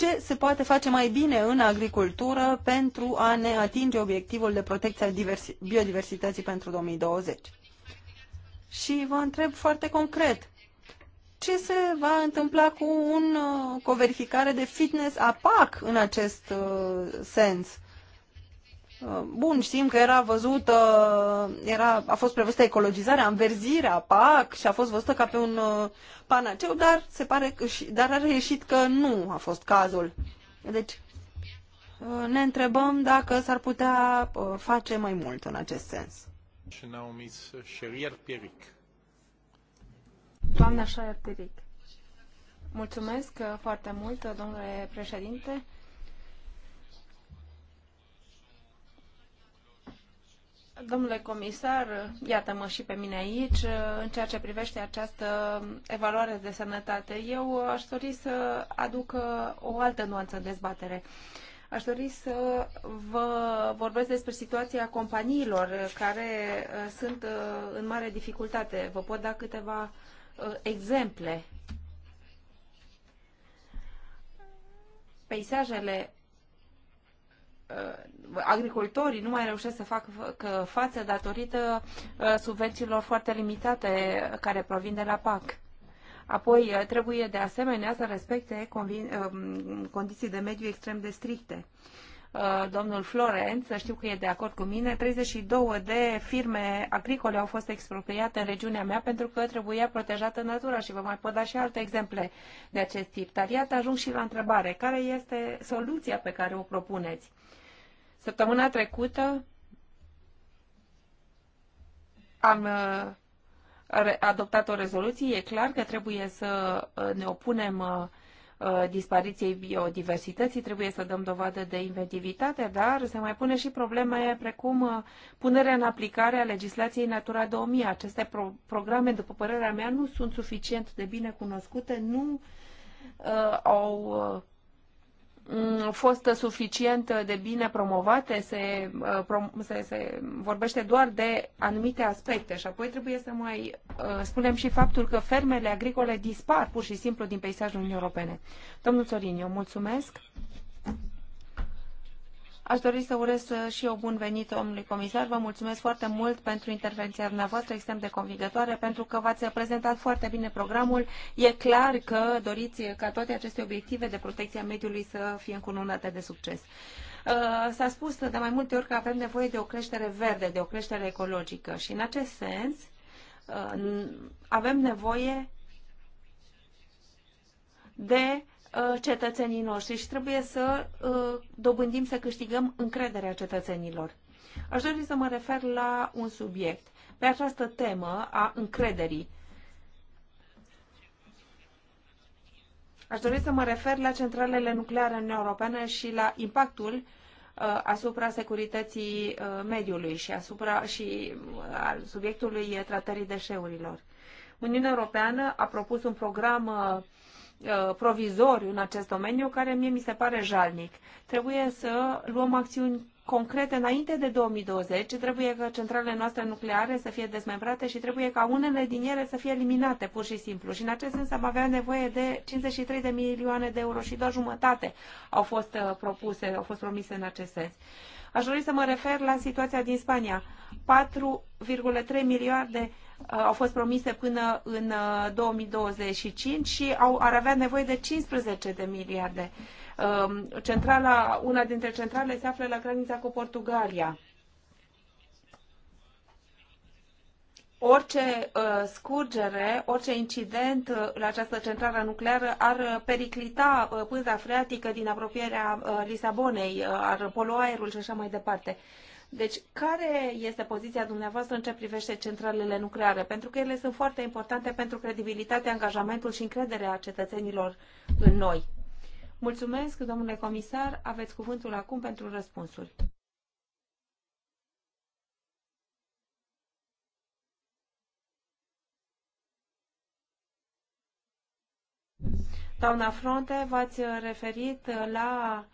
S1: ce se poate face mai bine în agricultură pentru a ne atinge obiectivul de protecție a biodiversității pentru 2020. Și vă întreb foarte concret, ce se va întâmpla cu, un, cu o verificare de fitness a PAC în acest uh, sens? Bun, știm că era văzută, era, a fost prevăzută ecologizarea, înverzirea PAC și a fost văzută ca pe un uh, panaceu, dar se pare că și, dar a reieșit că nu a fost cazul. Deci uh, ne întrebăm dacă s-ar putea uh, face mai mult în acest sens.
S2: Doamna Șaier Peric. Mulțumesc foarte mult, domnule președinte. Domnule comisar, iată-mă și pe mine aici, în ceea ce privește această evaluare de sănătate, eu aș dori să aduc uh, o altă nuanță în dezbatere. Aș dori să vă vorbesc despre situația companiilor care uh, sunt uh, în mare dificultate. Vă pot da câteva exemple. Peisajele Uh, agricultorii nu mai reușesc să facă față datorită uh, subvențiilor foarte limitate care provin de la PAC. Apoi uh, trebuie de asemenea să respecte um, condiții de mediu extrem de stricte. Domnul Florent, să știu că e de acord cu mine, 32 de firme agricole au fost expropriate în regiunea mea pentru că trebuia protejată natura și vă mai pot da și alte exemple de acest tip. Dar iată, ajung și la întrebare. Care este soluția pe care o propuneți? Săptămâna trecută am uh, adoptat o rezoluție. E clar că trebuie să uh, ne opunem uh, dispariției biodiversității, trebuie să dăm dovadă de inventivitate, dar se mai pune și probleme precum punerea în aplicare a legislației Natura 2000. Aceste pro- programe, după părerea mea, nu sunt suficient de bine cunoscute, nu uh, au Mm, fost suficient de bine promovate, se, uh, se, se vorbește doar de anumite aspecte și apoi trebuie să mai uh, spunem și faptul că fermele agricole dispar pur și simplu din peisajul Uniunii Europene. Domnul Sorin, eu mulțumesc. Aș dori să urez uh, și eu bun venit, domnului comisar. Vă mulțumesc foarte mult pentru intervenția dumneavoastră extrem de convingătoare, pentru că v-ați prezentat foarte bine programul. E clar că doriți ca toate aceste obiective de protecție a mediului să fie încununate de succes. Uh, s-a spus de mai multe ori că avem nevoie de o creștere verde, de o creștere ecologică și în acest sens uh, avem nevoie de Uh, cetățenii noștri și trebuie să uh, dobândim, să câștigăm încrederea cetățenilor. Aș dori să mă refer la un subiect, pe această temă a încrederii. Aș dori să mă refer la centralele nucleare în Europeană și la impactul uh, asupra securității mediului și asupra și al subiectului tratării deșeurilor. Uniunea Europeană a propus un program Uh, provizoriu în acest domeniu, care mie mi se pare jalnic. Trebuie să luăm acțiuni concrete înainte de 2020, trebuie ca centralele noastre nucleare să fie dezmembrate și trebuie ca unele din ele să fie eliminate, pur și simplu. Și în acest sens am avea nevoie de 53 de milioane de euro și doar jumătate au fost uh, propuse, au fost promise în acest sens. Aș dori să mă refer la situația din Spania. 4,3 miliarde Uh, au fost promise până în 2025 uh, și au, ar avea nevoie de 15 de miliarde. Um, centrala, una dintre centrale se află la granița cu Portugalia. Orice uh, scurgere, orice incident uh, la această centrală nucleară ar uh, periclita uh, pânza freatică din apropierea uh, Lisabonei, uh, ar polua aerul și așa mai departe. Uh, deci, care este poziția dumneavoastră în ce privește centralele nucleare? Pentru că ele sunt foarte importante pentru credibilitatea, angajamentul și încrederea cetățenilor în noi. Mulțumesc, domnule comisar. Aveți cuvântul acum pentru răspunsuri. Doamna Fronte, v-ați referit la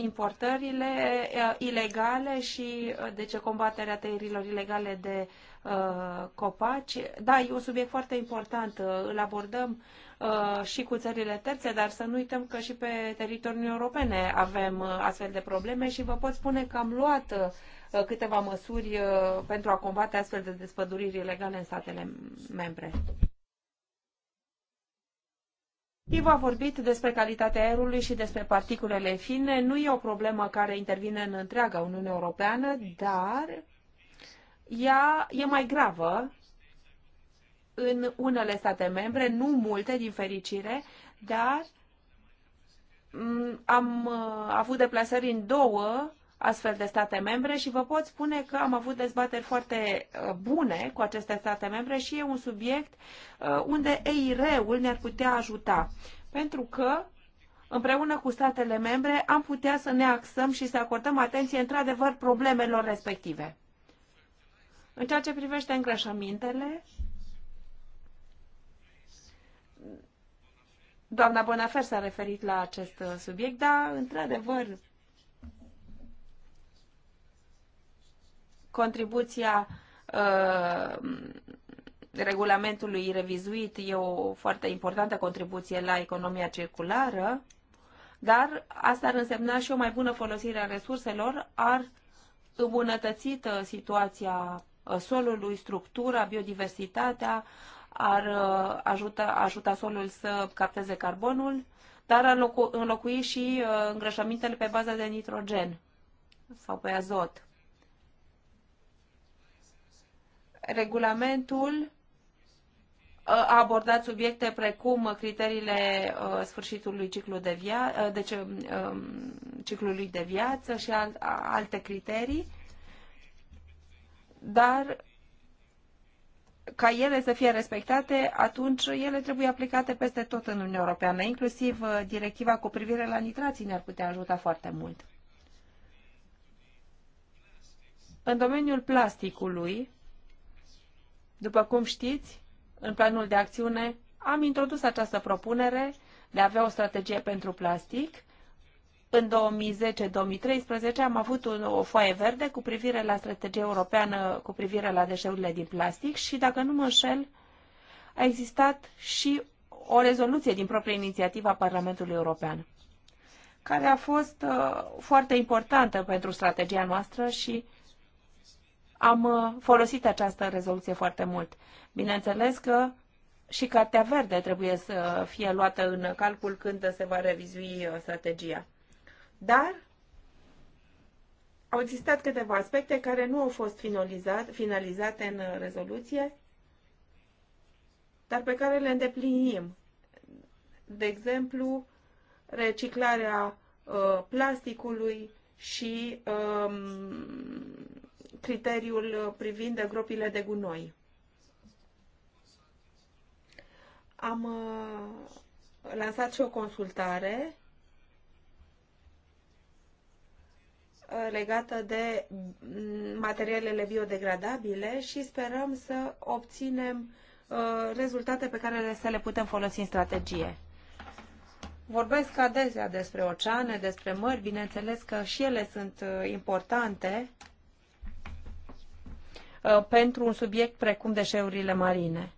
S2: importările ilegale și de ce combaterea tăierilor ilegale de copaci. Da, e un subiect foarte important. Îl abordăm și cu țările terțe, dar să nu uităm că și pe teritoriul europene avem astfel de probleme și vă pot spune că am luat câteva măsuri pentru a combate astfel de despăduriri ilegale în statele membre. Ivo a vorbit despre calitatea aerului și despre particulele fine. Nu e o problemă care intervine în întreaga Uniune Europeană, dar ea e mai gravă în unele state membre, nu multe, din fericire, dar mm, am uh, avut deplasări în două astfel de state membre și vă pot spune că am avut dezbateri foarte uh, bune cu aceste state membre și e un subiect uh, unde EIR-ul ne-ar putea ajuta. Pentru că împreună cu statele membre am putea să ne axăm și să acordăm atenție într-adevăr problemelor respective. În ceea ce privește îngrășămintele, doamna Bonafer s-a referit la acest uh, subiect, dar într-adevăr Contribuția uh, regulamentului revizuit e o foarte importantă contribuție la economia circulară, dar asta ar însemna și o mai bună folosire a resurselor, ar îmbunătăți uh, situația uh, solului, structura, biodiversitatea, ar uh, ajuta, ajuta solul să capteze carbonul, dar ar înlocui și îngrășămintele pe bază de nitrogen sau pe azot. regulamentul uh, a abordat subiecte precum criteriile uh, sfârșitului ciclu de via, uh, ce, deci, um, um, ciclului de viață și alte criterii, dar ca ele să fie respectate, atunci ele trebuie aplicate peste tot în Uniunea Europeană, inclusiv directiva cu privire la nitrații ne-ar putea ajuta foarte mult. În domeniul plasticului, după cum știți, în planul de acțiune am introdus această propunere de a avea o strategie pentru plastic. În 2010-2013 am avut o foaie verde cu privire la strategia europeană cu privire la deșeurile din plastic și, dacă nu mă înșel, a existat și o rezoluție din propria inițiativă a Parlamentului European, care a fost uh, foarte importantă pentru strategia noastră și am uh, folosit această rezoluție foarte mult. Bineînțeles că și cartea verde trebuie să fie luată în calcul când se va revizui uh, strategia. Dar au existat câteva aspecte care nu au fost finalizat, finalizate în uh, rezoluție, dar pe care le îndeplinim. De exemplu, reciclarea uh, plasticului și um, criteriul uh, privind gropile de gunoi. Am uh, lansat și o consultare uh, legată de mm, materialele biodegradabile și sperăm să obținem rezultate pe care să le putem folosi în strategie. Vorbesc adesea despre oceane, despre mări, bineînțeles că și ele sunt importante Uh, pentru un subiect precum deșeurile marine.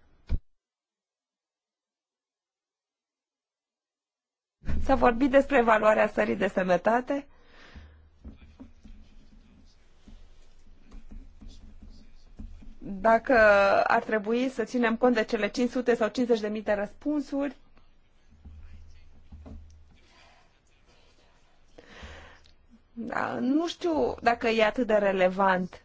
S2: S-a vorbit despre valoarea stării de sănătate. Dacă ar trebui să ținem cont de cele 500 sau 50.000 de răspunsuri, Da, nu știu dacă e atât de relevant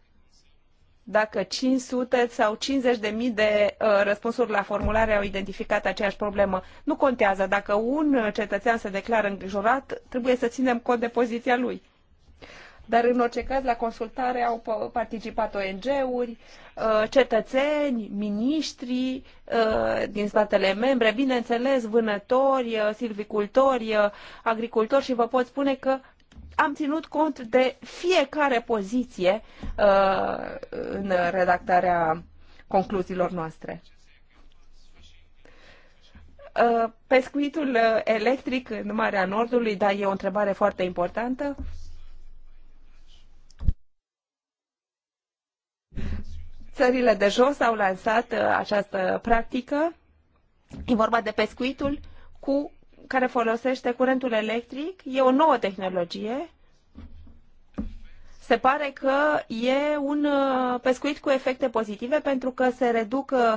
S2: dacă 500 sau 50 de mii de uh, răspunsuri la formulare au identificat aceeași problemă. Nu contează. Dacă un cetățean se declară îngrijorat, trebuie să ținem cont de poziția lui. Dar în orice caz, la consultare au participat ONG-uri, uh, cetățeni, miniștri uh, din statele membre, bineînțeles, vânători, uh, silvicultori, agricultori și vă pot spune că am ținut cont de fiecare poziție uh, în redactarea concluziilor noastre. Uh, pescuitul electric în Marea Nordului, da, e o întrebare foarte importantă. Țările de jos au lansat uh, această practică. E vorba de pescuitul cu care folosește curentul electric. E o nouă tehnologie. Se pare că e un uh, pescuit cu efecte pozitive pentru că se reduc uh,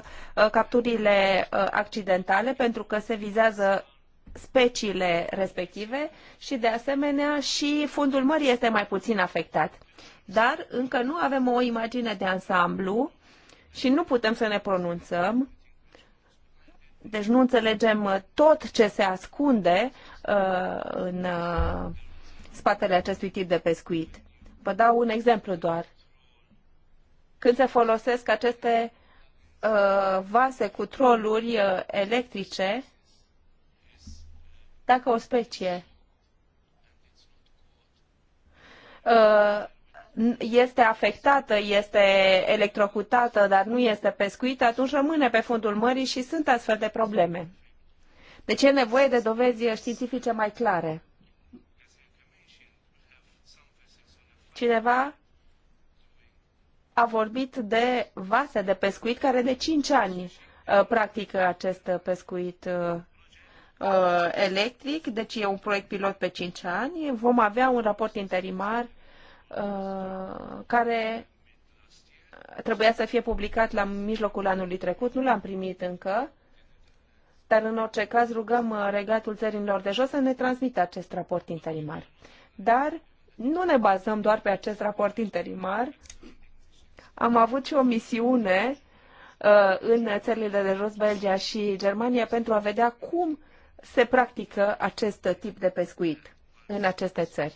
S2: capturile uh, accidentale, pentru că se vizează speciile respective și de asemenea și fundul mării este mai puțin afectat. Dar încă nu avem o imagine de ansamblu și nu putem să ne pronunțăm deci nu înțelegem uh, tot ce se ascunde uh, în uh, spatele acestui tip de pescuit. Vă dau un exemplu doar. Când se folosesc aceste vase cu troluri electrice, dacă o specie este afectată, este electrocutată, dar nu este pescuită, atunci rămâne pe fundul mării și sunt astfel de probleme. Deci e nevoie de dovezi științifice mai clare. Cineva a vorbit de vase de pescuit care de 5 ani uh, practică acest pescuit uh, uh, electric, deci e un proiect pilot pe 5 ani. Vom avea un raport interimar Uh, care trebuia să fie publicat la mijlocul anului trecut, nu l-am primit încă, dar în orice caz rugăm uh, regatul țărilor de jos să ne transmită acest raport interimar. Dar nu ne bazăm doar pe acest raport interimar. Am avut și o misiune uh, în țările de jos, Belgia și Germania, pentru a vedea cum se practică acest tip de pescuit în aceste țări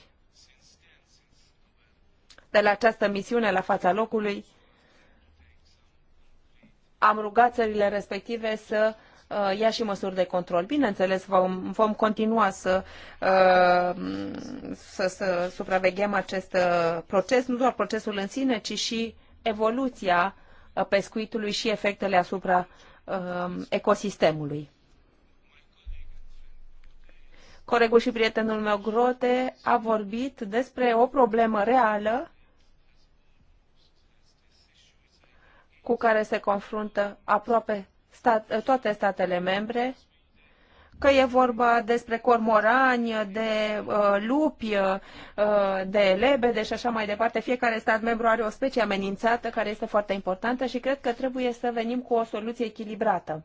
S2: de la această misiune la fața locului, am rugat țările respective să uh, ia și măsuri de control. Bineînțeles, vom, vom continua să, uh, să, să supraveghem acest uh, proces, nu doar procesul în sine, ci și evoluția uh, pescuitului și efectele asupra uh, ecosistemului. Colegul și prietenul meu Grote a vorbit despre o problemă reală cu care se confruntă aproape stat, toate statele membre, că e vorba despre cormorani, de uh, lupi, uh, de lebede și așa mai departe. Fiecare stat membru are o specie amenințată care este foarte importantă și cred că trebuie să venim cu o soluție echilibrată.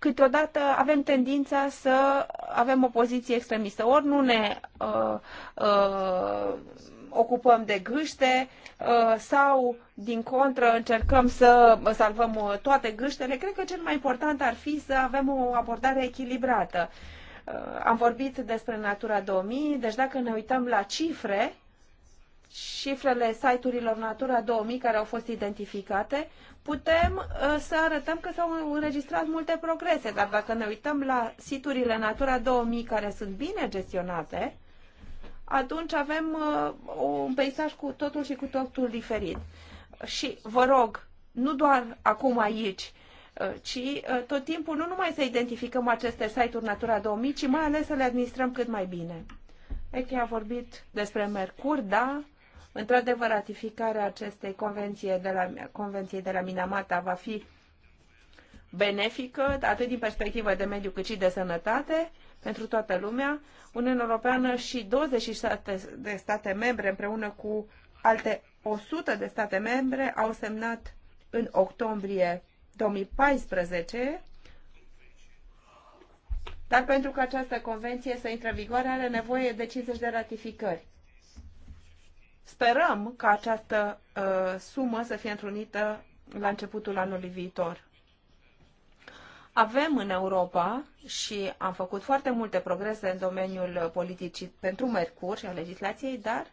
S2: câteodată avem tendința să avem o poziție extremistă. Ori nu ne uh, uh, ocupăm de gâște uh, sau, din contră, încercăm să salvăm uh, toate gâștele. Cred că cel mai important ar fi să avem o abordare echilibrată. Uh, am vorbit despre Natura 2000, deci dacă ne uităm la cifre, cifrele site-urilor Natura 2000 care au fost identificate, putem să arătăm că s-au înregistrat multe progrese, dar dacă ne uităm la siturile Natura 2000 care sunt bine gestionate, atunci avem uh, un peisaj cu totul și cu totul diferit. Și vă rog, nu doar acum aici, uh, ci uh, tot timpul nu numai să identificăm aceste site-uri Natura 2000, ci mai ales să le administrăm cât mai bine. Eche a vorbit despre Mercur, da, într-adevăr ratificarea acestei convenții de la, convenției de la Minamata va fi benefică, atât din perspectivă de mediu cât și de sănătate, pentru toată lumea. Uniunea Europeană și 27 de state membre împreună cu alte 100 de state membre au semnat în octombrie 2014 dar pentru că această convenție să intre în vigoare are nevoie de 50 de ratificări. Sperăm ca această uh, sumă să fie întrunită la începutul anului viitor. Avem în Europa și am făcut foarte multe progrese în domeniul politicii pentru Mercur și a legislației, dar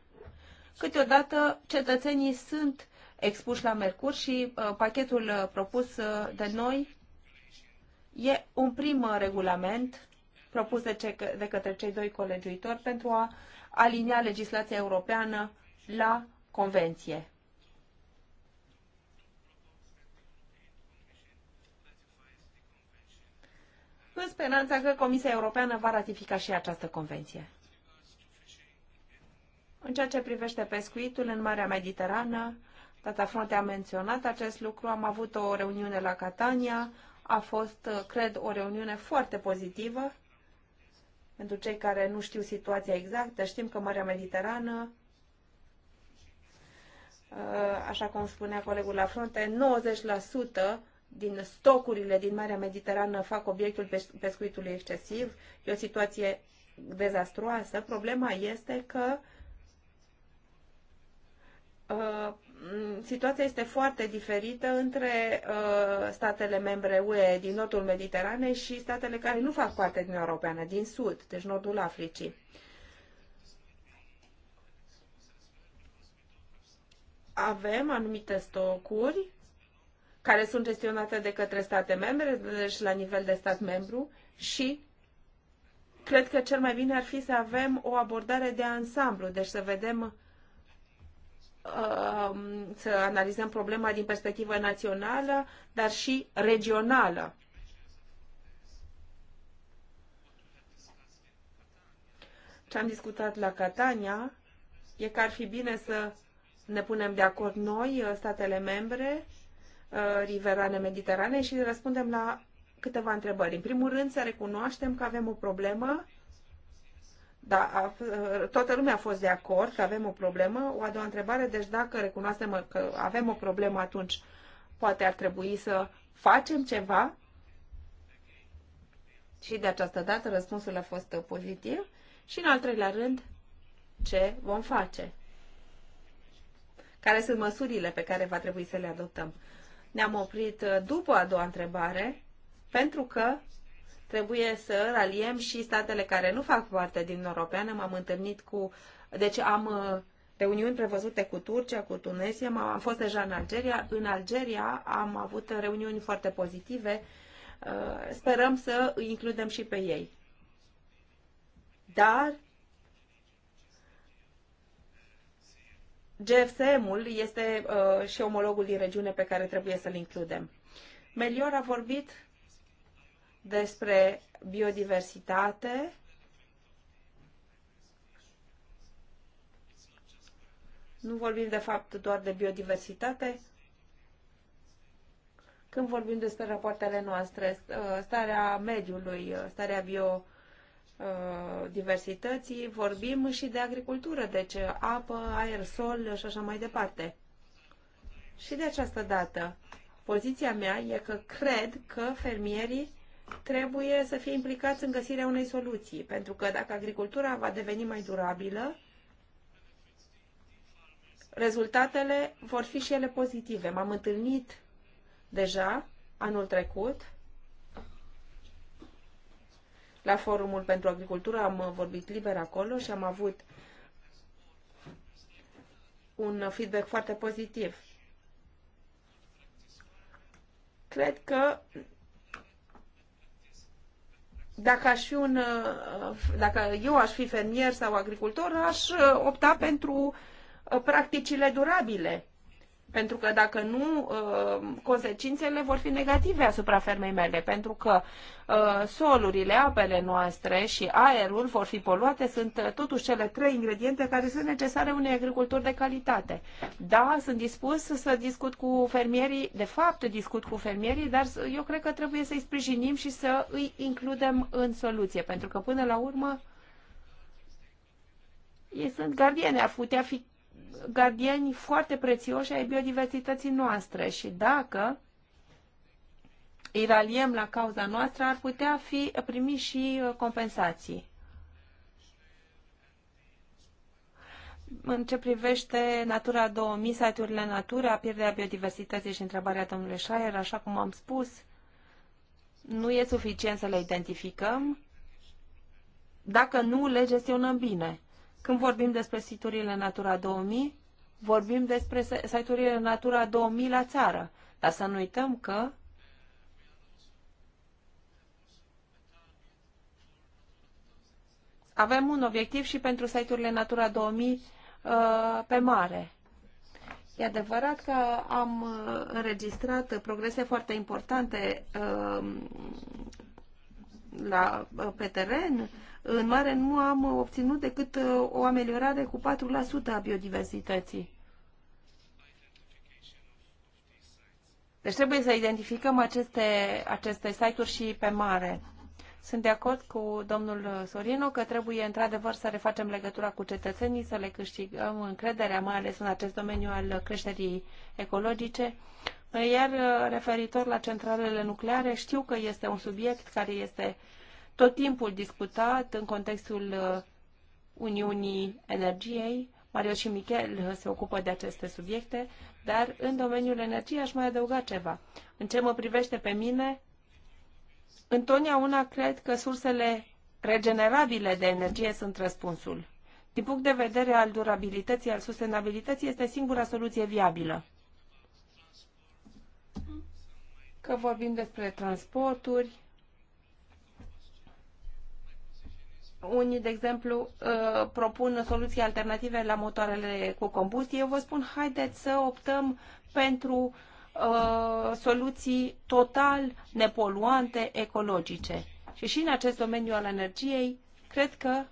S2: câteodată cetățenii sunt expuși la Mercur și uh, pachetul uh, propus uh, de noi e un prim regulament propus de, ce, de către cei doi colegiuitori pentru a alinia legislația europeană la convenție. în speranța că Comisia Europeană va ratifica și această convenție. În ceea ce privește pescuitul în Marea Mediterană, Tata Fronte a menționat acest lucru, am avut o reuniune la Catania, a fost, cred, o reuniune foarte pozitivă. Pentru cei care nu știu situația exactă, știm că Marea Mediterană, ă, așa cum spunea colegul la fronte, 90% din stocurile din Marea Mediterană fac obiectul pescuitului excesiv. E o situație dezastruoasă. Problema este că uh, situația este foarte diferită între uh, statele membre UE din nordul Mediteranei și statele care nu fac parte din Europeană, din sud, deci nordul Africii. Avem anumite stocuri care sunt gestionate de către state membre, deci la nivel de stat membru și cred că cel mai bine ar fi să avem o abordare de ansamblu, deci să vedem um, să analizăm problema din perspectivă națională, dar și regională. Ce am discutat la Catania e că ar fi bine să ne punem de acord noi, statele membre, Uh, riverane mediterane și răspundem la câteva întrebări. În primul rând, să recunoaștem că avem o problemă. Da, a, uh, toată lumea a fost de acord că avem o problemă. O a doua întrebare, deci dacă recunoaștem că avem o problemă, atunci poate ar trebui să facem ceva. Și de această dată răspunsul a fost pozitiv. Și în al treilea rând, ce vom face? Care sunt măsurile pe care va trebui să le adoptăm? Ne-am oprit uh, după a doua întrebare pentru că trebuie să raliem și statele care nu fac parte din Europeană. M-am întâlnit cu... Deci am uh, reuniuni prevăzute cu Turcia, cu Tunisia, am fost deja în Algeria. În Algeria am avut reuniuni foarte pozitive. Uh, sperăm să îi includem și pe ei. Dar GFCM-ul este uh, și omologul din regiune pe care trebuie să-l includem. Melior a vorbit despre biodiversitate, Nu vorbim de fapt doar de biodiversitate. Când vorbim despre rapoartele noastre, uh, starea mediului, uh, starea bio Uh, diversității, vorbim și de agricultură, deci apă, aer, sol și așa mai departe. Și de această dată, poziția mea e că cred că fermierii trebuie să fie implicați în găsirea unei soluții, pentru că dacă agricultura va deveni mai durabilă, rezultatele vor fi și ele pozitive. M-am întâlnit deja anul trecut la Forumul pentru Agricultură am vorbit liber acolo și am avut un feedback foarte pozitiv. Cred că dacă aș fi un, dacă eu aș fi fermier sau agricultor, aș opta pentru practicile durabile pentru că dacă nu, uh, consecințele vor fi negative asupra fermei mele, pentru că uh, solurile, apele noastre și aerul vor fi poluate, sunt uh, totuși cele trei ingrediente care sunt necesare unei agricultor de calitate. Da, sunt dispus să discut cu fermierii, de fapt discut cu fermierii, dar eu cred că trebuie să-i sprijinim și să îi includem în soluție, pentru că până la urmă ei sunt gardiene, ar putea fi gardieni foarte prețioși ai biodiversității noastre și dacă îi raliem la cauza noastră, ar putea fi primi și uh, compensații. În ce privește Natura 2000, site-urile Natura, pierderea biodiversității și întrebarea domnului Șaier, așa cum am spus, nu e suficient să le identificăm dacă nu le gestionăm bine. Când vorbim despre siturile Natura 2000, vorbim despre siturile Natura 2000 la țară. Dar să nu uităm că avem un obiectiv și pentru site-urile Natura 2000 uh, pe mare. E adevărat că am uh, înregistrat progrese foarte importante uh, la, uh, pe teren, în mare nu am obținut decât uh, o ameliorare cu 4% a biodiversității. Deci trebuie să identificăm aceste, aceste site-uri și pe mare. Sunt de acord cu domnul Sorino că trebuie într-adevăr să refacem legătura cu cetățenii, să le câștigăm încrederea, mai ales în acest domeniu al creșterii ecologice. Iar uh, referitor la centralele nucleare, știu că este un subiect care este tot timpul discutat în contextul uh, Uniunii Energiei. Mario și Michel uh, se ocupă de aceste subiecte, dar în domeniul energiei aș mai adăuga ceva. În ce mă privește pe mine, întotdeauna cred că sursele regenerabile de energie sunt răspunsul. Din punct de vedere al durabilității, al sustenabilității, este singura soluție viabilă. că vorbim despre transporturi. Unii, de exemplu, uh, propun soluții alternative la motoarele cu combustie. Eu vă spun, haideți să optăm pentru uh, soluții total nepoluante, ecologice. Și și în acest domeniu al energiei, cred că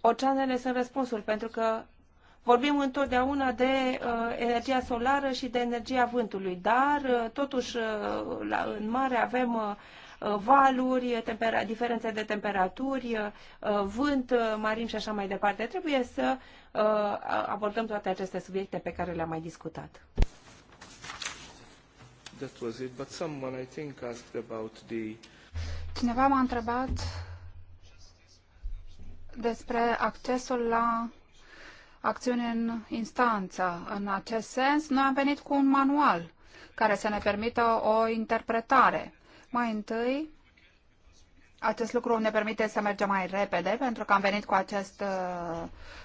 S2: oceanele sunt răspunsul, pentru că Vorbim întotdeauna de uh, energia solară și de energia vântului, dar uh, totuși uh, la, în mare avem uh, uh valuri, tempera- diferențe de temperaturi, uh, vânt uh, marim și așa mai departe. Trebuie să uh, abordăm toate aceste subiecte pe care le-am mai discutat. That was it, but someone I think asked about the... Cineva m-a întrebat
S3: despre accesul la acțiune în instanță. În acest sens, noi am venit cu un manual care să ne permită o interpretare. Mai întâi, acest lucru ne permite să mergem mai repede, pentru că am venit cu acest, uh,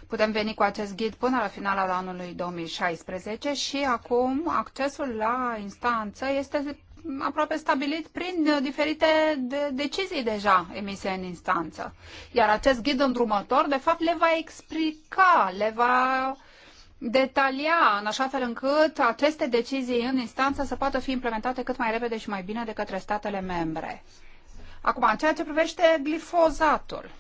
S3: putem veni cu acest ghid până la finala anului 2016 și acum accesul la instanță este aproape stabilit prin uh, diferite de decizii deja emise în instanță. Iar acest ghid îndrumător, de fapt, le va explica, le va detalia în așa fel încât aceste decizii în instanță să poată fi implementate cât mai repede și mai bine de către statele membre. Acum, în ceea ce privește glifozatul,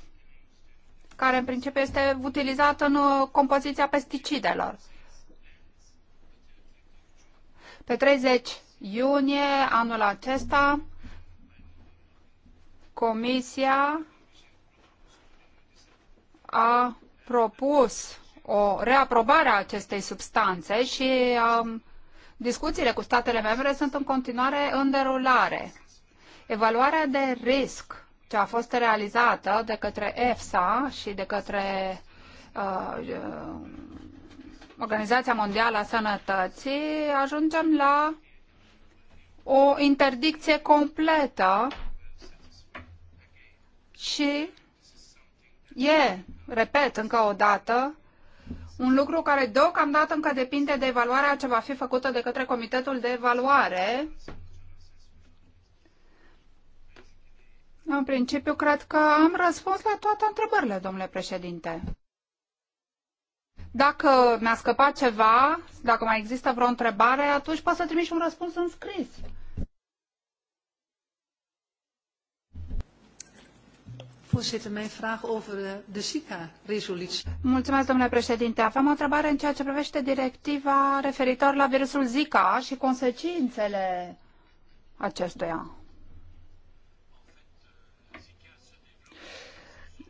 S3: care în principiu este utilizat în uh, compoziția pesticidelor. Pe 30 iunie anul acesta, Comisia a propus o reaprobare a acestei substanțe și um, discuțiile cu statele membre sunt în continuare în derulare. Evaluarea de risc ce a fost realizată de către EFSA și de către uh, uh Organizația Mondială a Sănătății, ajungem la o interdicție completă și e, repet încă o dată, un lucru care deocamdată încă depinde de evaluarea ce va fi făcută de către Comitetul de Evaluare. În principiu, cred că am răspuns la toate întrebările, domnule președinte. Dacă mi-a scăpat ceva, dacă mai există vreo întrebare, atunci poți să trimiți un răspuns în scris. zika eh, Mulțumesc, domnule președinte. Aveam o întrebare în ceea ce privește directiva referitor la virusul Zika și consecințele acestuia.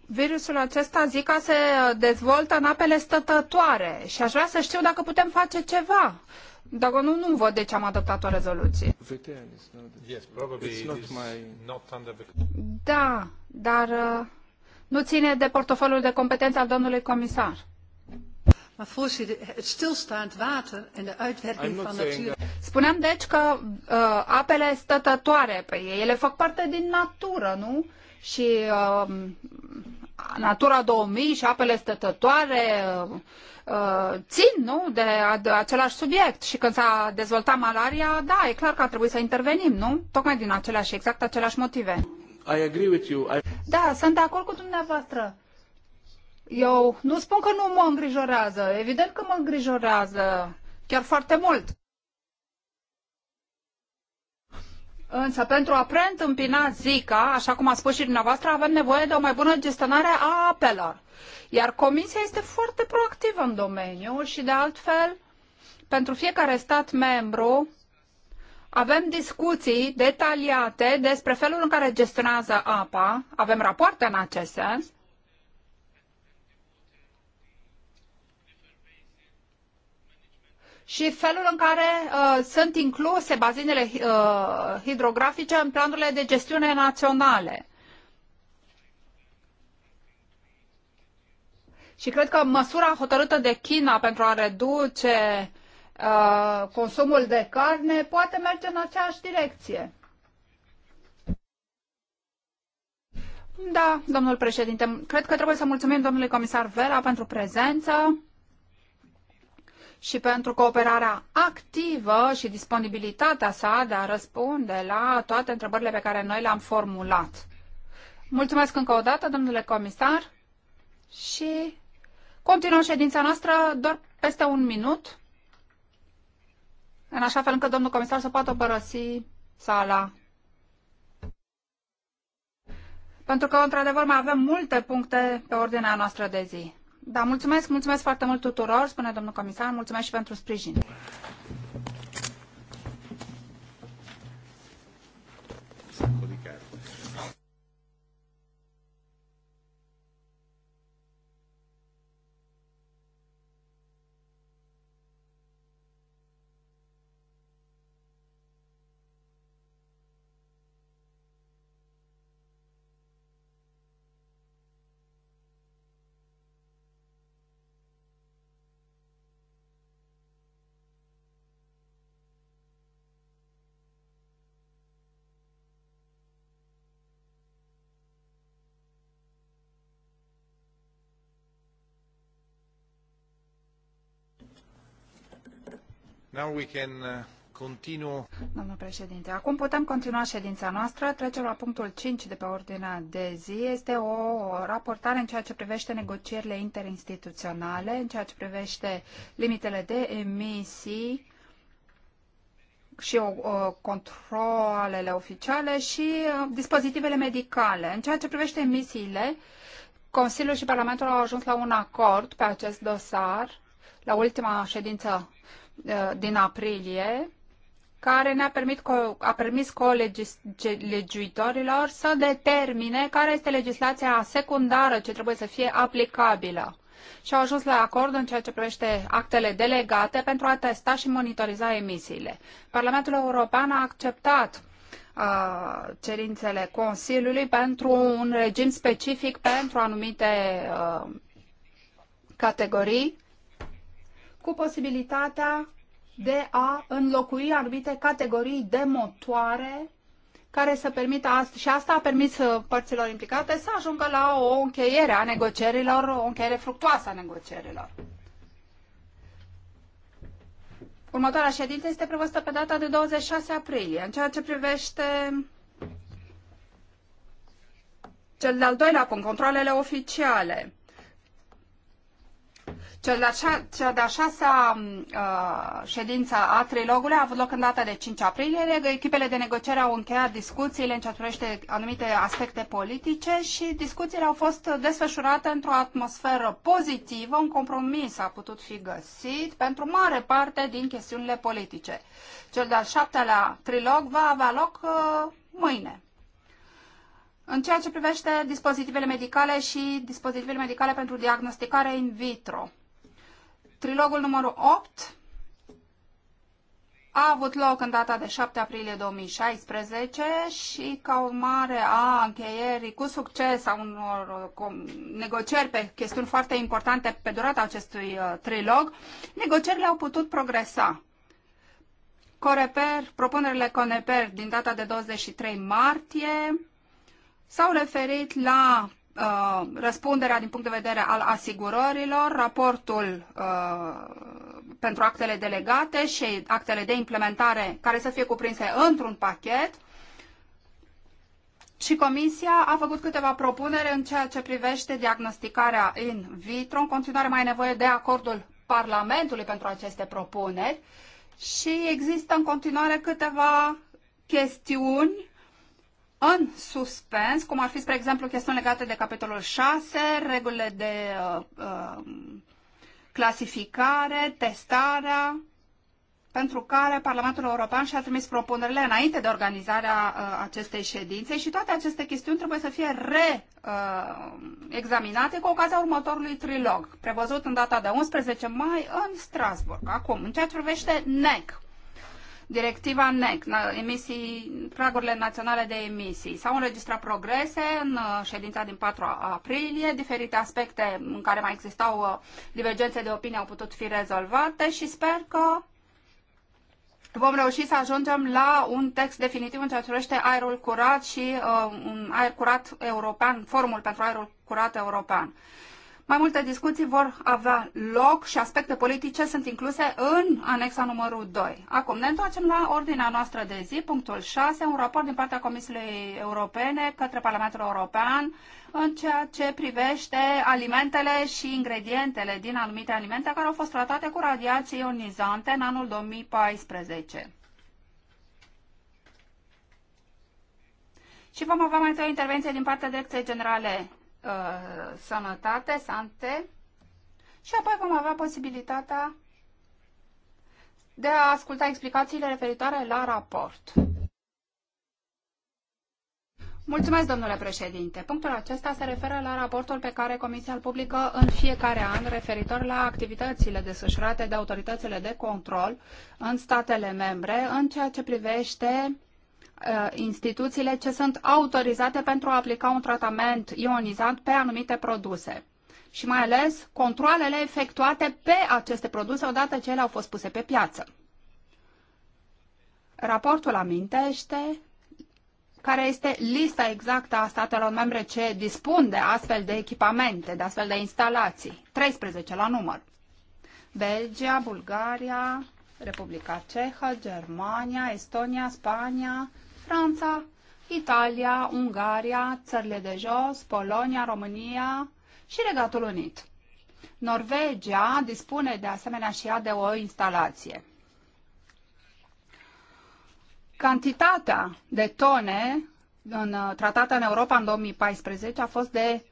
S3: virusul acesta, Zika, se uh, dezvoltă în apele stătătoare și aș vrea să știu dacă putem face ceva. Dacă nu, nu văd de ce am adoptat o rezoluție. Da, dar uh, nu ține de portofoliul de competență al domnului comisar. Maar voorzitter, het stilstaand water en de uitwerking van natuur. Spuneam deci că uh, apele stătătoare, pe păi ele fac parte din natură, nu? Și uh, Natura 2000 și apele stătătoare uh, uh, țin, nu, de, de același subiect. Și când s-a dezvoltat malaria, da, e clar că a trebuit să intervenim, nu? Tocmai din aceleași, exact aceleași motive. I agree with you. I... Da, sunt de acord cu dumneavoastră. Eu nu spun că nu mă îngrijorează. Evident că mă îngrijorează. Chiar foarte mult. Însă pentru a preîntâmpina Zika, așa cum a spus și dumneavoastră, avem nevoie de o mai bună gestionare a apelor. Iar comisia este foarte proactivă în domeniu și de altfel, pentru fiecare stat membru, avem discuții detaliate despre felul în care gestionează apa, avem rapoarte în acest sens și felul în care uh, sunt incluse bazinele uh, hidrografice în planurile de gestiune naționale. Și cred că măsura hotărâtă de China pentru a reduce uh, consumul de carne poate merge în aceeași direcție. Da, domnul președinte, cred că trebuie să mulțumim domnului comisar Vela pentru prezență și pentru cooperarea activă și disponibilitatea sa de a răspunde la toate întrebările pe care noi le-am formulat. Mulțumesc încă o dată, domnule comisar, și continuăm ședința noastră doar peste un minut, în așa fel încât domnul comisar să poată părăsi sala. Pentru că, într-adevăr, mai avem multe puncte pe ordinea noastră de zi. Da, mulțumesc, mulțumesc foarte mult tuturor, spune domnul comisar, mulțumesc și pentru sprijin.
S1: Now we can uh, continue.
S3: Domnul președinte, acum putem continua ședința noastră. Trecem la punctul 5 de pe ordinea de zi. Este o raportare în ceea ce privește negocierile interinstituționale, în ceea ce privește limitele de emisii și o, controlele oficiale și uh, dispozitivele medicale. În ceea ce privește emisiile, Consiliul și Parlamentul au ajuns la un acord pe acest dosar la ultima ședință Uh, din aprilie, care ne-a permis, a permis colegiuitorilor să determine care este legislația secundară ce trebuie să fie aplicabilă. Și au ajuns la acord în ceea ce privește actele delegate pentru a testa și monitoriza emisiile. Parlamentul European a acceptat uh, cerințele Consiliului pentru un regim specific pentru anumite uh, categorii cu posibilitatea de a înlocui anumite categorii de motoare care să permită asta, și asta a permis uh, părților implicate să ajungă la o încheiere a negocierilor, o încheiere fructuoasă a negocierilor. Următoarea ședință este prevăzută pe data de 26 aprilie. În ceea ce privește cel de-al doilea punct, controlele oficiale. Cea de-a șasea mm, uh, ședință a trilogului a avut loc în data de 5 aprilie. Echipele de negociere au încheiat discuțiile în ceea ce privește anumite aspecte politice și discuțiile au fost desfășurate într-o atmosferă pozitivă. Un compromis a putut fi găsit pentru mare parte din chestiunile politice. Cel de-al șaptelea trilog va avea loc uh, mâine. În ceea ce privește dispozitivele medicale și dispozitivele medicale pentru diagnosticare in vitro, Trilogul numărul 8 a avut loc în data de 7 aprilie 2016 și ca urmare a încheierii cu succes a unor negocieri pe chestiuni foarte importante pe durata acestui uh, trilog, negocierile au putut progresa. Coreper, propunerile Coreper din data de 23 martie s-au referit la Uh, răspunderea din punct de vedere al asigurărilor, raportul uh, pentru actele delegate și actele de implementare care să fie cuprinse într-un pachet. Și Comisia a făcut câteva propuneri în ceea ce privește diagnosticarea in vitro. În continuare mai e nevoie de acordul Parlamentului pentru aceste propuneri și există în continuare câteva chestiuni în suspens, cum ar fi, spre exemplu, chestiuni legate de capitolul 6, regulile de uh, uh, clasificare, testarea, pentru care Parlamentul European și-a trimis propunerile înainte de organizarea uh, acestei ședințe și toate aceste chestiuni trebuie să fie reexaminate uh, cu ocazia următorului trilog, prevăzut în data de 11 mai în Strasburg. Acum, în ceea ce privește NEC, directiva NEC, emisii, pragurile naționale de emisii. S-au înregistrat progrese în uh, ședința din 4 aprilie, diferite aspecte în care mai existau uh, divergențe de opinie au putut fi rezolvate și sper că vom reuși să ajungem la un text definitiv în ceea ce privește aerul curat și uh, un aer curat european, formul pentru aerul curat european. Mai multe discuții vor avea loc și aspecte politice sunt incluse în anexa numărul 2. Acum ne întoarcem la ordinea noastră de zi, punctul 6, un raport din partea Comisiei Europene către Parlamentul European în ceea ce privește alimentele și ingredientele din anumite alimente care au fost tratate cu radiații ionizante în anul 2014. Și vom avea mai întâi o intervenție din partea Direcției Generale Uh, sănătate, sante, și apoi vom avea posibilitatea de a asculta explicațiile referitoare la raport. Mulțumesc, domnule președinte. Punctul acesta se referă la raportul pe care Comisia îl publică în fiecare an referitor la activitățile desfășurate de autoritățile de control în statele membre în ceea ce privește Uh, instituțiile ce sunt autorizate pentru a aplica un tratament ionizant pe anumite produse și mai ales controlele efectuate pe aceste produse odată ce ele au fost puse pe piață. Raportul amintește care este lista exactă a statelor membre ce dispun de astfel de echipamente, de astfel de instalații, 13 la număr. Belgia, Bulgaria, Republica Cehă, Germania, Estonia, Spania, Franța, Italia, Ungaria, țările de jos, Polonia, România și Regatul Unit. Norvegia dispune de asemenea și ea de o instalație. Cantitatea de tone în, uh, tratată în Europa în 2014 a fost de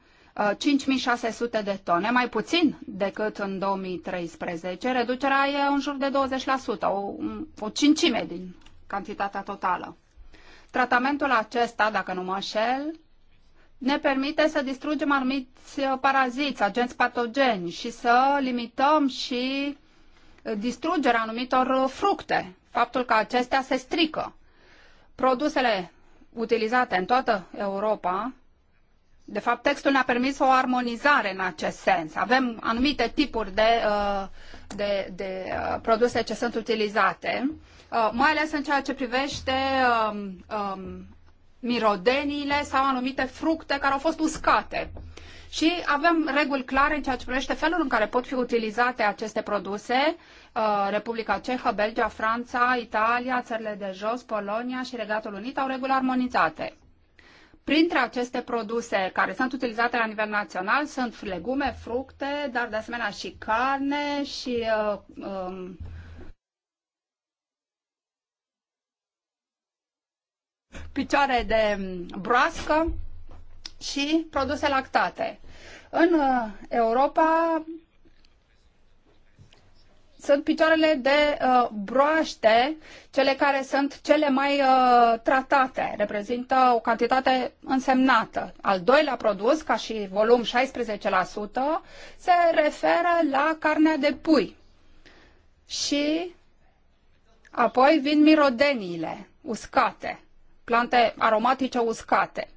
S3: 5600 uh, de tone, mai puțin decât în 2013. Reducerea e în jur de 20%, o, o cincime din cantitatea totală. Tratamentul acesta, dacă nu mă înșel, ne permite să distrugem anumiți uh, paraziți, agenți patogeni și să limităm și uh, distrugerea anumitor uh, fructe, faptul că acestea se strică. Produsele utilizate în toată Europa, de fapt textul ne-a permis o armonizare în acest sens. Avem anumite tipuri de, de, de produse ce sunt utilizate Uh, mai ales în ceea ce privește um, um, mirodeniile sau anumite fructe care au fost uscate. Și avem reguli clare în ceea ce privește felul în care pot fi utilizate aceste produse. Uh, Republica Cehă, Belgia, Franța, Italia, țările de jos, Polonia și Regatul Unit au reguli armonizate. Printre aceste produse care sunt utilizate la nivel național sunt legume, fructe, dar de asemenea și carne și uh, uh, picioare de broască și produse lactate. În uh, Europa sunt picioarele de uh, broaște, cele care sunt cele mai uh, tratate, reprezintă o cantitate însemnată. Al doilea produs, ca și volum 16%, se referă la carnea de pui. Și apoi vin mirodeniile uscate plante aromatice uscate.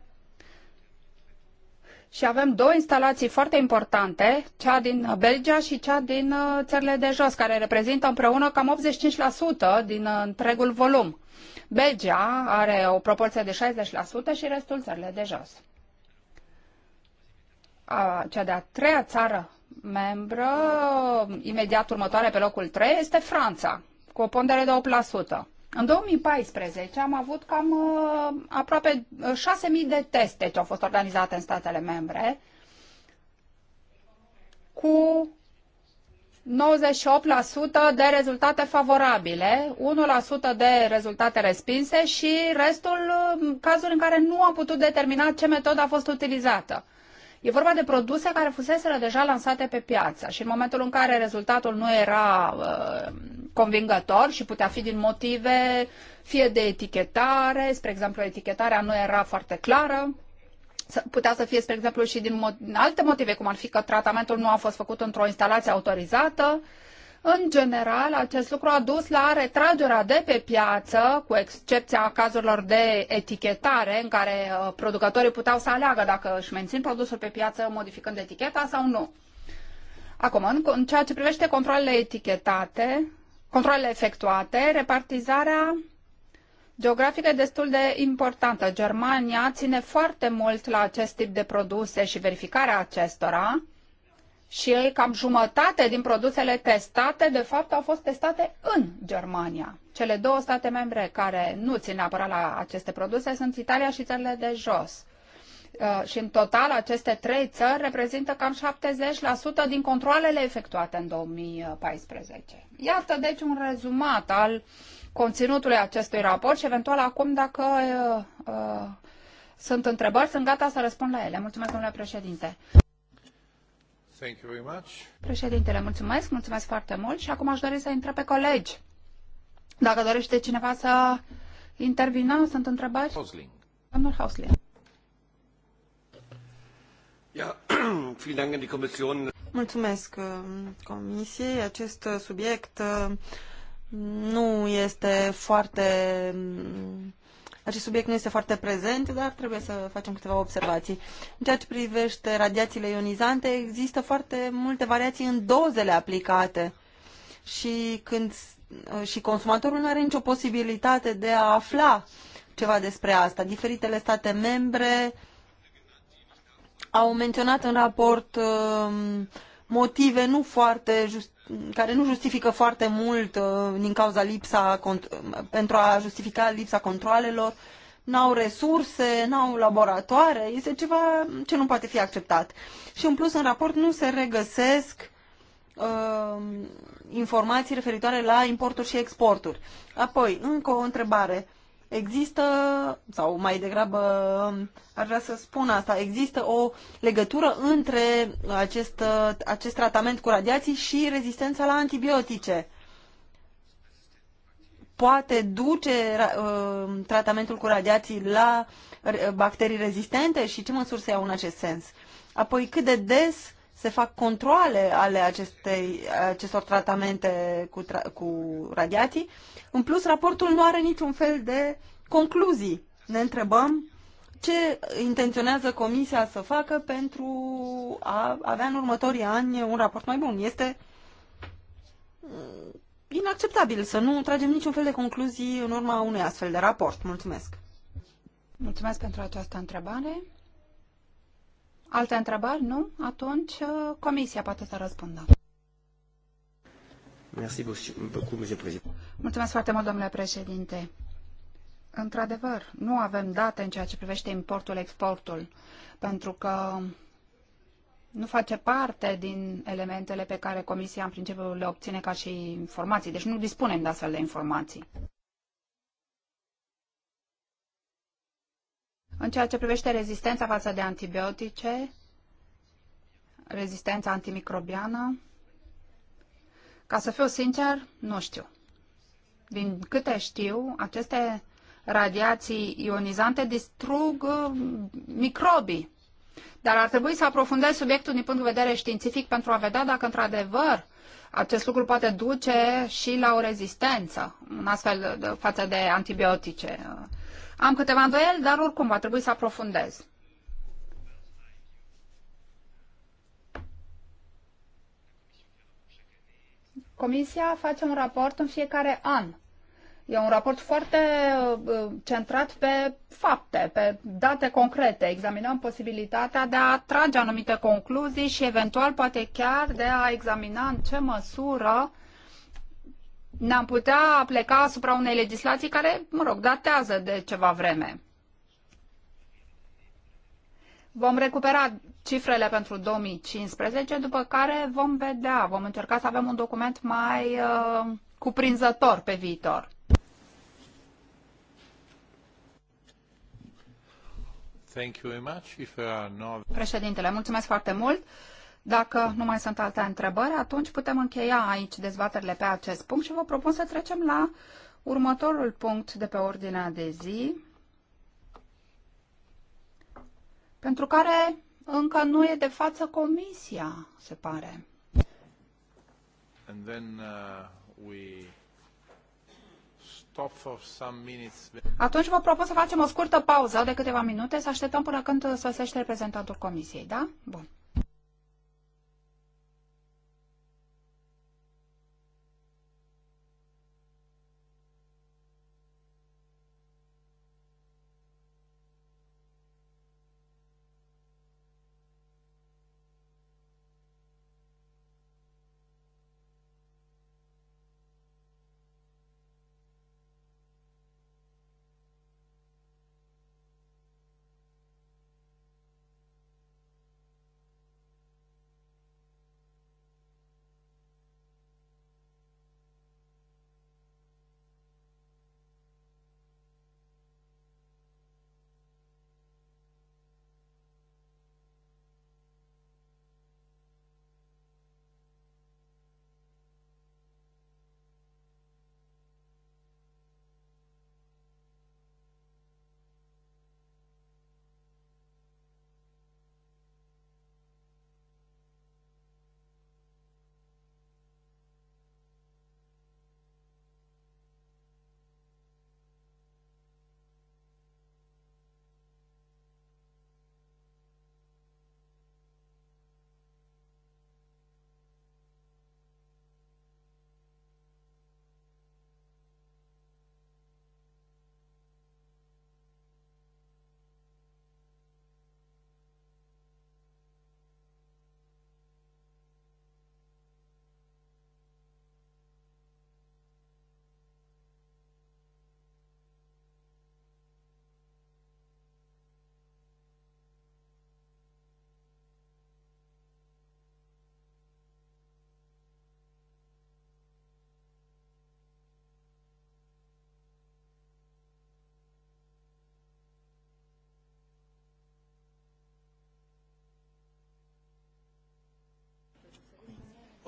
S3: Și avem două instalații foarte importante, cea din Belgia și cea din uh, țările de jos, care reprezintă împreună cam 85% din uh, întregul volum. Belgia are o proporție de 60% și restul țările de jos. A, cea de-a treia țară membră, uh, imediat următoare pe locul 3, este Franța, cu o pondere de 8%. În 2014 am avut cam uh, aproape 6.000 uh, de teste ce au fost organizate în statele membre cu 98% de rezultate favorabile, 1% de rezultate respinse și restul uh, cazuri în care nu am putut determina ce metodă a fost utilizată. E vorba de produse care fuseseră deja lansate pe piață și în momentul în care rezultatul nu era uh, convingător și putea fi din motive fie de etichetare, spre exemplu etichetarea nu era foarte clară, putea să fie, spre exemplu, și din, mo din alte motive, cum ar fi că tratamentul nu a fost făcut într-o instalație autorizată, uh, în general, acest lucru a dus la retragerea de pe piață, cu excepția cazurilor de etichetare, în care uh, producătorii puteau să aleagă dacă își mențin produsul pe piață modificând eticheta sau nu. Acum, în ceea ce privește controlele etichetate, controlele efectuate, repartizarea geografică e destul de importantă. Germania ține foarte mult la acest tip de produse și verificarea acestora și cam jumătate din produsele testate, de fapt, au fost testate în Germania. Cele două state membre care nu țin neapărat la aceste produse sunt Italia și țările de jos. Uh, și în total aceste trei țări reprezintă cam 70% din controlele efectuate în 2014. Iată deci un rezumat al conținutului acestui raport și eventual acum dacă uh, uh, sunt întrebări, sunt gata să răspund la ele. Mulțumesc, domnule președinte. Președintele, mulțumesc, mulțumesc foarte mult și acum aș dori să intre pe colegi. Dacă dorește cineva să intervină, sunt întrebări? Hausling.
S1: Domnul Hausling.
S3: [CLEARS THROAT]
S1: Mulțumesc uh, Comisiei. Acest subiect uh, nu este foarte acest subiect nu este foarte prezent, dar trebuie să facem câteva observații. În ceea ce privește radiațiile ionizante, există foarte multe variații în dozele aplicate și, când, și consumatorul nu are nicio posibilitate de a afla ceva despre asta. Diferitele state membre au menționat în raport um, motive nu foarte just, care nu justifică foarte mult uh, din cauza lipsa, pentru a justifica lipsa controalelor, n-au resurse, n-au laboratoare, este ceva ce nu poate fi acceptat. Și în plus în raport nu se regăsesc uh, informații referitoare la importuri și exporturi. Apoi, încă o întrebare. Există, sau mai degrabă ar vrea să spun asta, există o legătură între acest, acest tratament cu radiații și rezistența la antibiotice. Poate duce uh, tratamentul cu radiații la bacterii rezistente și ce măsuri se iau în acest sens? Apoi, cât de des se fac controle ale acestei, acestor tratamente cu, tra- cu radiații. În plus, raportul nu are niciun fel de concluzii. Ne întrebăm ce intenționează Comisia să facă pentru a avea în următorii ani un raport mai bun. Este inacceptabil să nu tragem niciun fel de concluzii în urma unui astfel de raport. Mulțumesc! Mulțumesc
S3: pentru această întrebare. Alte întrebări? Nu? Atunci uh, comisia poate să răspundă. Mulțumesc foarte mult, domnule președinte. Într-adevăr, nu avem date în ceea ce privește importul-exportul, pentru că nu face parte din elementele pe care Comisia în principiu le obține ca și informații, deci nu dispunem de astfel de informații. În ceea ce privește rezistența față de antibiotice, rezistența antimicrobiană, ca să fiu sincer, nu știu. Din câte știu, aceste radiații ionizante distrug uh, microbii. Dar ar trebui să aprofundez subiectul din punct de vedere științific pentru a vedea dacă, într-adevăr, acest lucru poate duce și la o rezistență în astfel față de antibiotice. Am câteva îndoieli, dar oricum va trebui să aprofundez. Comisia face un raport în fiecare an. E un raport foarte uh, uh, centrat pe fapte, pe date concrete. Examinăm posibilitatea de a trage anumite concluzii și eventual poate chiar de a examina în ce măsură uh, ne-am putea pleca asupra unei legislații care, mă rog, datează de ceva vreme. Vom recupera cifrele pentru 2015, după care vom vedea, vom încerca să avem un document mai uh, cuprinzător pe viitor.
S1: Thank you very much. If there are no... Președintele,
S3: mulțumesc foarte mult. Dacă nu mai sunt alte întrebări, atunci putem încheia aici dezbaterile pe acest punct și vă propun să trecem la următorul punct de pe ordinea de zi, pentru care încă nu e de față comisia, se pare. And then, uh, we stop for some minutes. Atunci vă propun să facem o scurtă pauză de câteva minute, să așteptăm până când sosește reprezentantul comisiei, da?
S2: Bun.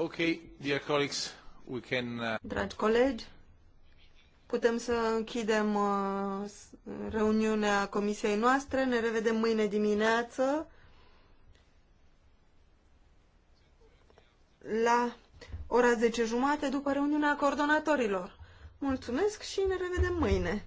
S1: Okay, dear colleagues, we can... Uh, Dragi colegi, putem să închidem uh, reuniunea comisiei noastre. Ne revedem mâine dimineață la ora 10 jumate după reuniunea coordonatorilor. Mulțumesc și ne revedem mâine!